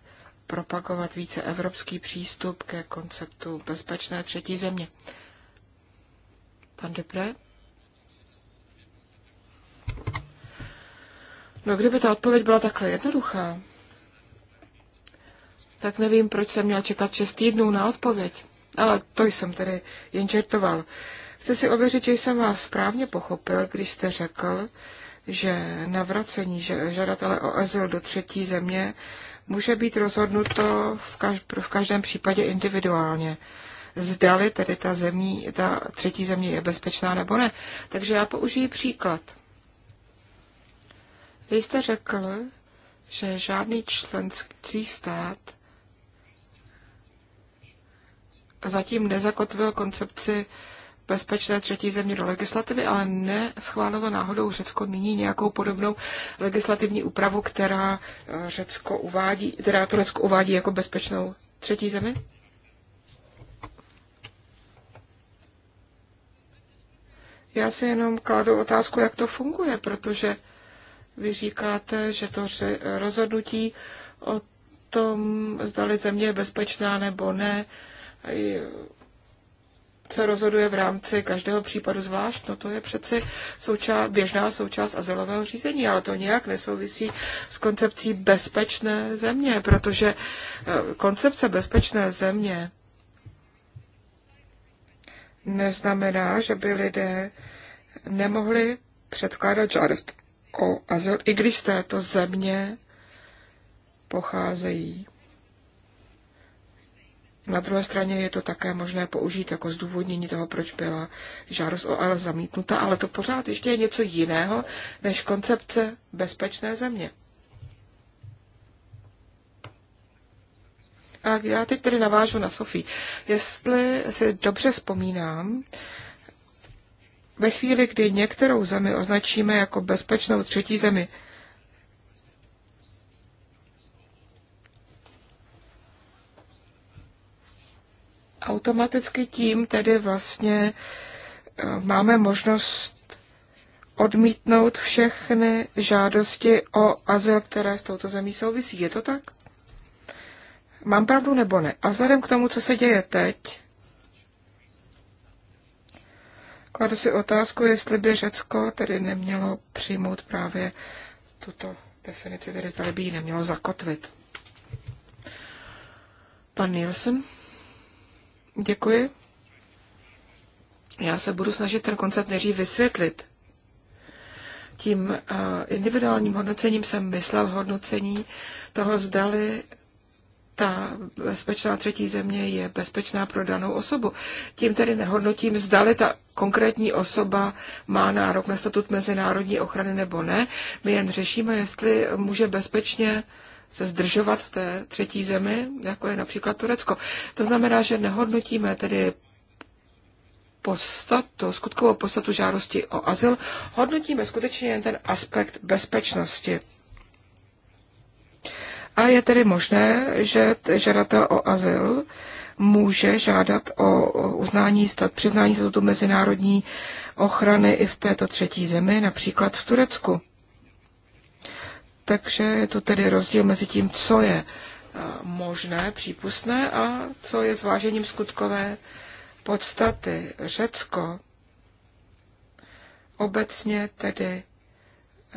propagovat více evropský přístup ke konceptu bezpečné třetí země. Pan Depré? No, kdyby ta odpověď byla takhle jednoduchá, tak nevím, proč jsem měl čekat 6 týdnů na odpověď. Ale to jsem tedy jen čertoval. Chci si ověřit, že jsem vás správně pochopil, když jste řekl, že navracení žadatele o azyl do třetí země může být rozhodnuto v, kaž- v každém případě individuálně. Zdali tedy ta, zemí, ta třetí země je bezpečná nebo ne. Takže já použiji příklad. Vy jste řekl, že žádný členský stát zatím nezakotvil koncepci bezpečné třetí země do legislativy, ale neschválilo náhodou Řecko nyní nějakou podobnou legislativní úpravu, která eh, Řecko uvádí, která Turecko uvádí jako bezpečnou třetí zemi? Já si jenom kladu otázku, jak to funguje, protože vy říkáte, že to rozhodnutí o tom, zdali země je bezpečná nebo ne, se rozhoduje v rámci každého případu zvlášť, no to je přeci souča- běžná součást azylového řízení, ale to nějak nesouvisí s koncepcí bezpečné země, protože eh, koncepce bezpečné země neznamená, že by lidé nemohli předkládat žádost o azyl, i když z této země pocházejí. Na druhé straně je to také možné použít jako zdůvodnění toho, proč byla žádost o AL zamítnuta, ale to pořád ještě je něco jiného než koncepce bezpečné země. A já teď tedy navážu na Sofii. Jestli si dobře vzpomínám, ve chvíli, kdy některou zemi označíme jako bezpečnou třetí zemi, automaticky tím tedy vlastně eh, máme možnost odmítnout všechny žádosti o azyl, které s touto zemí souvisí. Je to tak? Mám pravdu nebo ne? A vzhledem k tomu, co se děje teď, kladu si otázku, jestli by Řecko tedy nemělo přijmout právě tuto definici, tedy zda by ji nemělo zakotvit. Pan Nielsen? Děkuji. Já se budu snažit ten koncept nejdřív vysvětlit. Tím eh, individuálním hodnocením jsem myslel hodnocení toho, zdali ta bezpečná třetí země je bezpečná pro danou osobu. Tím tedy nehodnotím, zdali ta konkrétní osoba má nárok na statut mezinárodní ochrany nebo ne. My jen řešíme, jestli může bezpečně se zdržovat v té třetí zemi, jako je například Turecko. To znamená, že nehodnotíme tedy podstatu, skutkovou podstatu žádosti o azyl, hodnotíme skutečně jen ten aspekt bezpečnosti. A je tedy možné, že žadatel o azyl může žádat o uznání stat, přiznání statutu mezinárodní ochrany i v této třetí zemi, například v Turecku. Takže je to tedy rozdíl mezi tím, co je e, možné, přípustné a co je zvážením skutkové podstaty. Řecko obecně tedy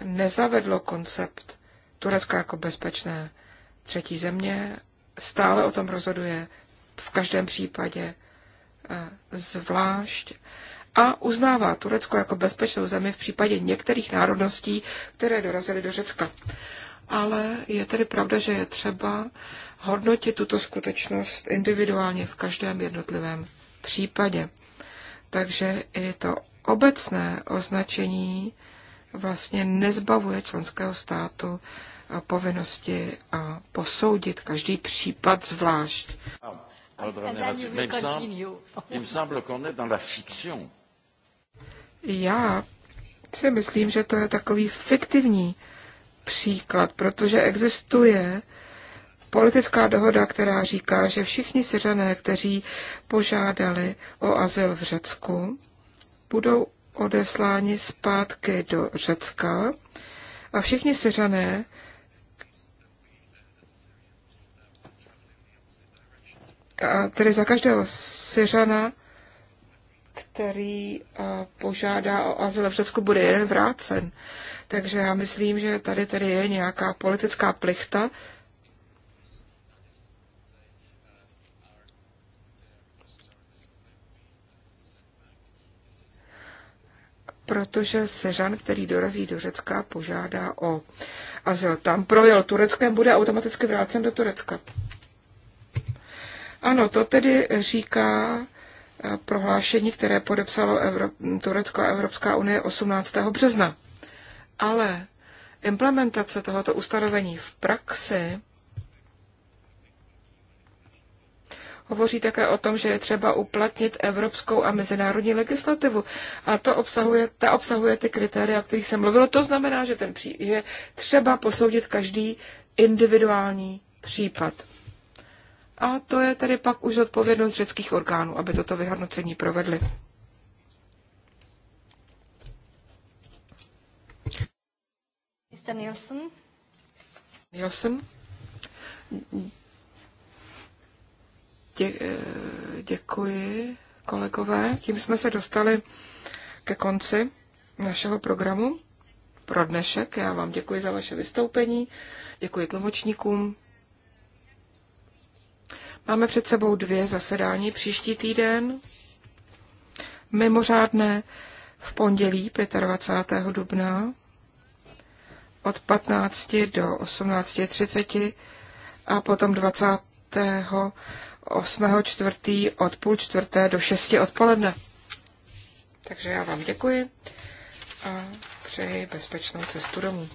nezavedlo koncept Turecka jako bezpečné třetí země, stále o tom rozhoduje v každém případě e, zvlášť a uznává Turecko jako bezpečnou zemi v případě některých národností, které dorazily do Řecka. Ale je tedy pravda, že je třeba hodnotit tuto skutečnost individuálně v každém jednotlivém případě. Takže i to obecné označení vlastně nezbavuje členského státu povinnosti posoudit každý případ zvlášť. Oh, já si myslím, že to je takový fiktivní příklad, protože existuje politická dohoda, která říká, že všichni Syřané, kteří požádali o azyl v Řecku, budou odesláni zpátky do Řecka a všichni Syřané, a tedy za každého Syřana, který eh, požádá o azyl v Řecku, bude jeden vrácen. Takže já myslím, že tady tedy je nějaká politická plichta. Protože Seřan, který dorazí do Řecka, požádá o azyl. Tam projel Tureckem, bude automaticky vrácen do Turecka. Ano, to tedy říká Eh, prohlášení, které podepsalo Evro- Turecko a Evropská unie 18. března. Ale implementace tohoto ustanovení v praxi Hovoří také o tom, že je třeba uplatnit evropskou a mezinárodní legislativu. A to obsahuje, ta obsahuje ty kritéria, o kterých jsem mluvil. To znamená, že ten pří, je třeba posoudit každý individuální případ. A to je tedy pak už odpovědnost řeckých orgánů, aby toto vyhodnocení provedli. Mr. Nielsen. Nielsen. Dě, eh, děkuji, kolegové. Tím jsme se dostali ke konci našeho programu pro dnešek. Já vám děkuji za vaše vystoupení, děkuji tlumočníkům. Máme před sebou dvě zasedání příští týden. Mimořádné v pondělí 25. dubna od 15 do 18.30 a potom 20. čtvrtý od půl čtvrté do 6 odpoledne. Takže já vám děkuji a přeji bezpečnou cestu domů.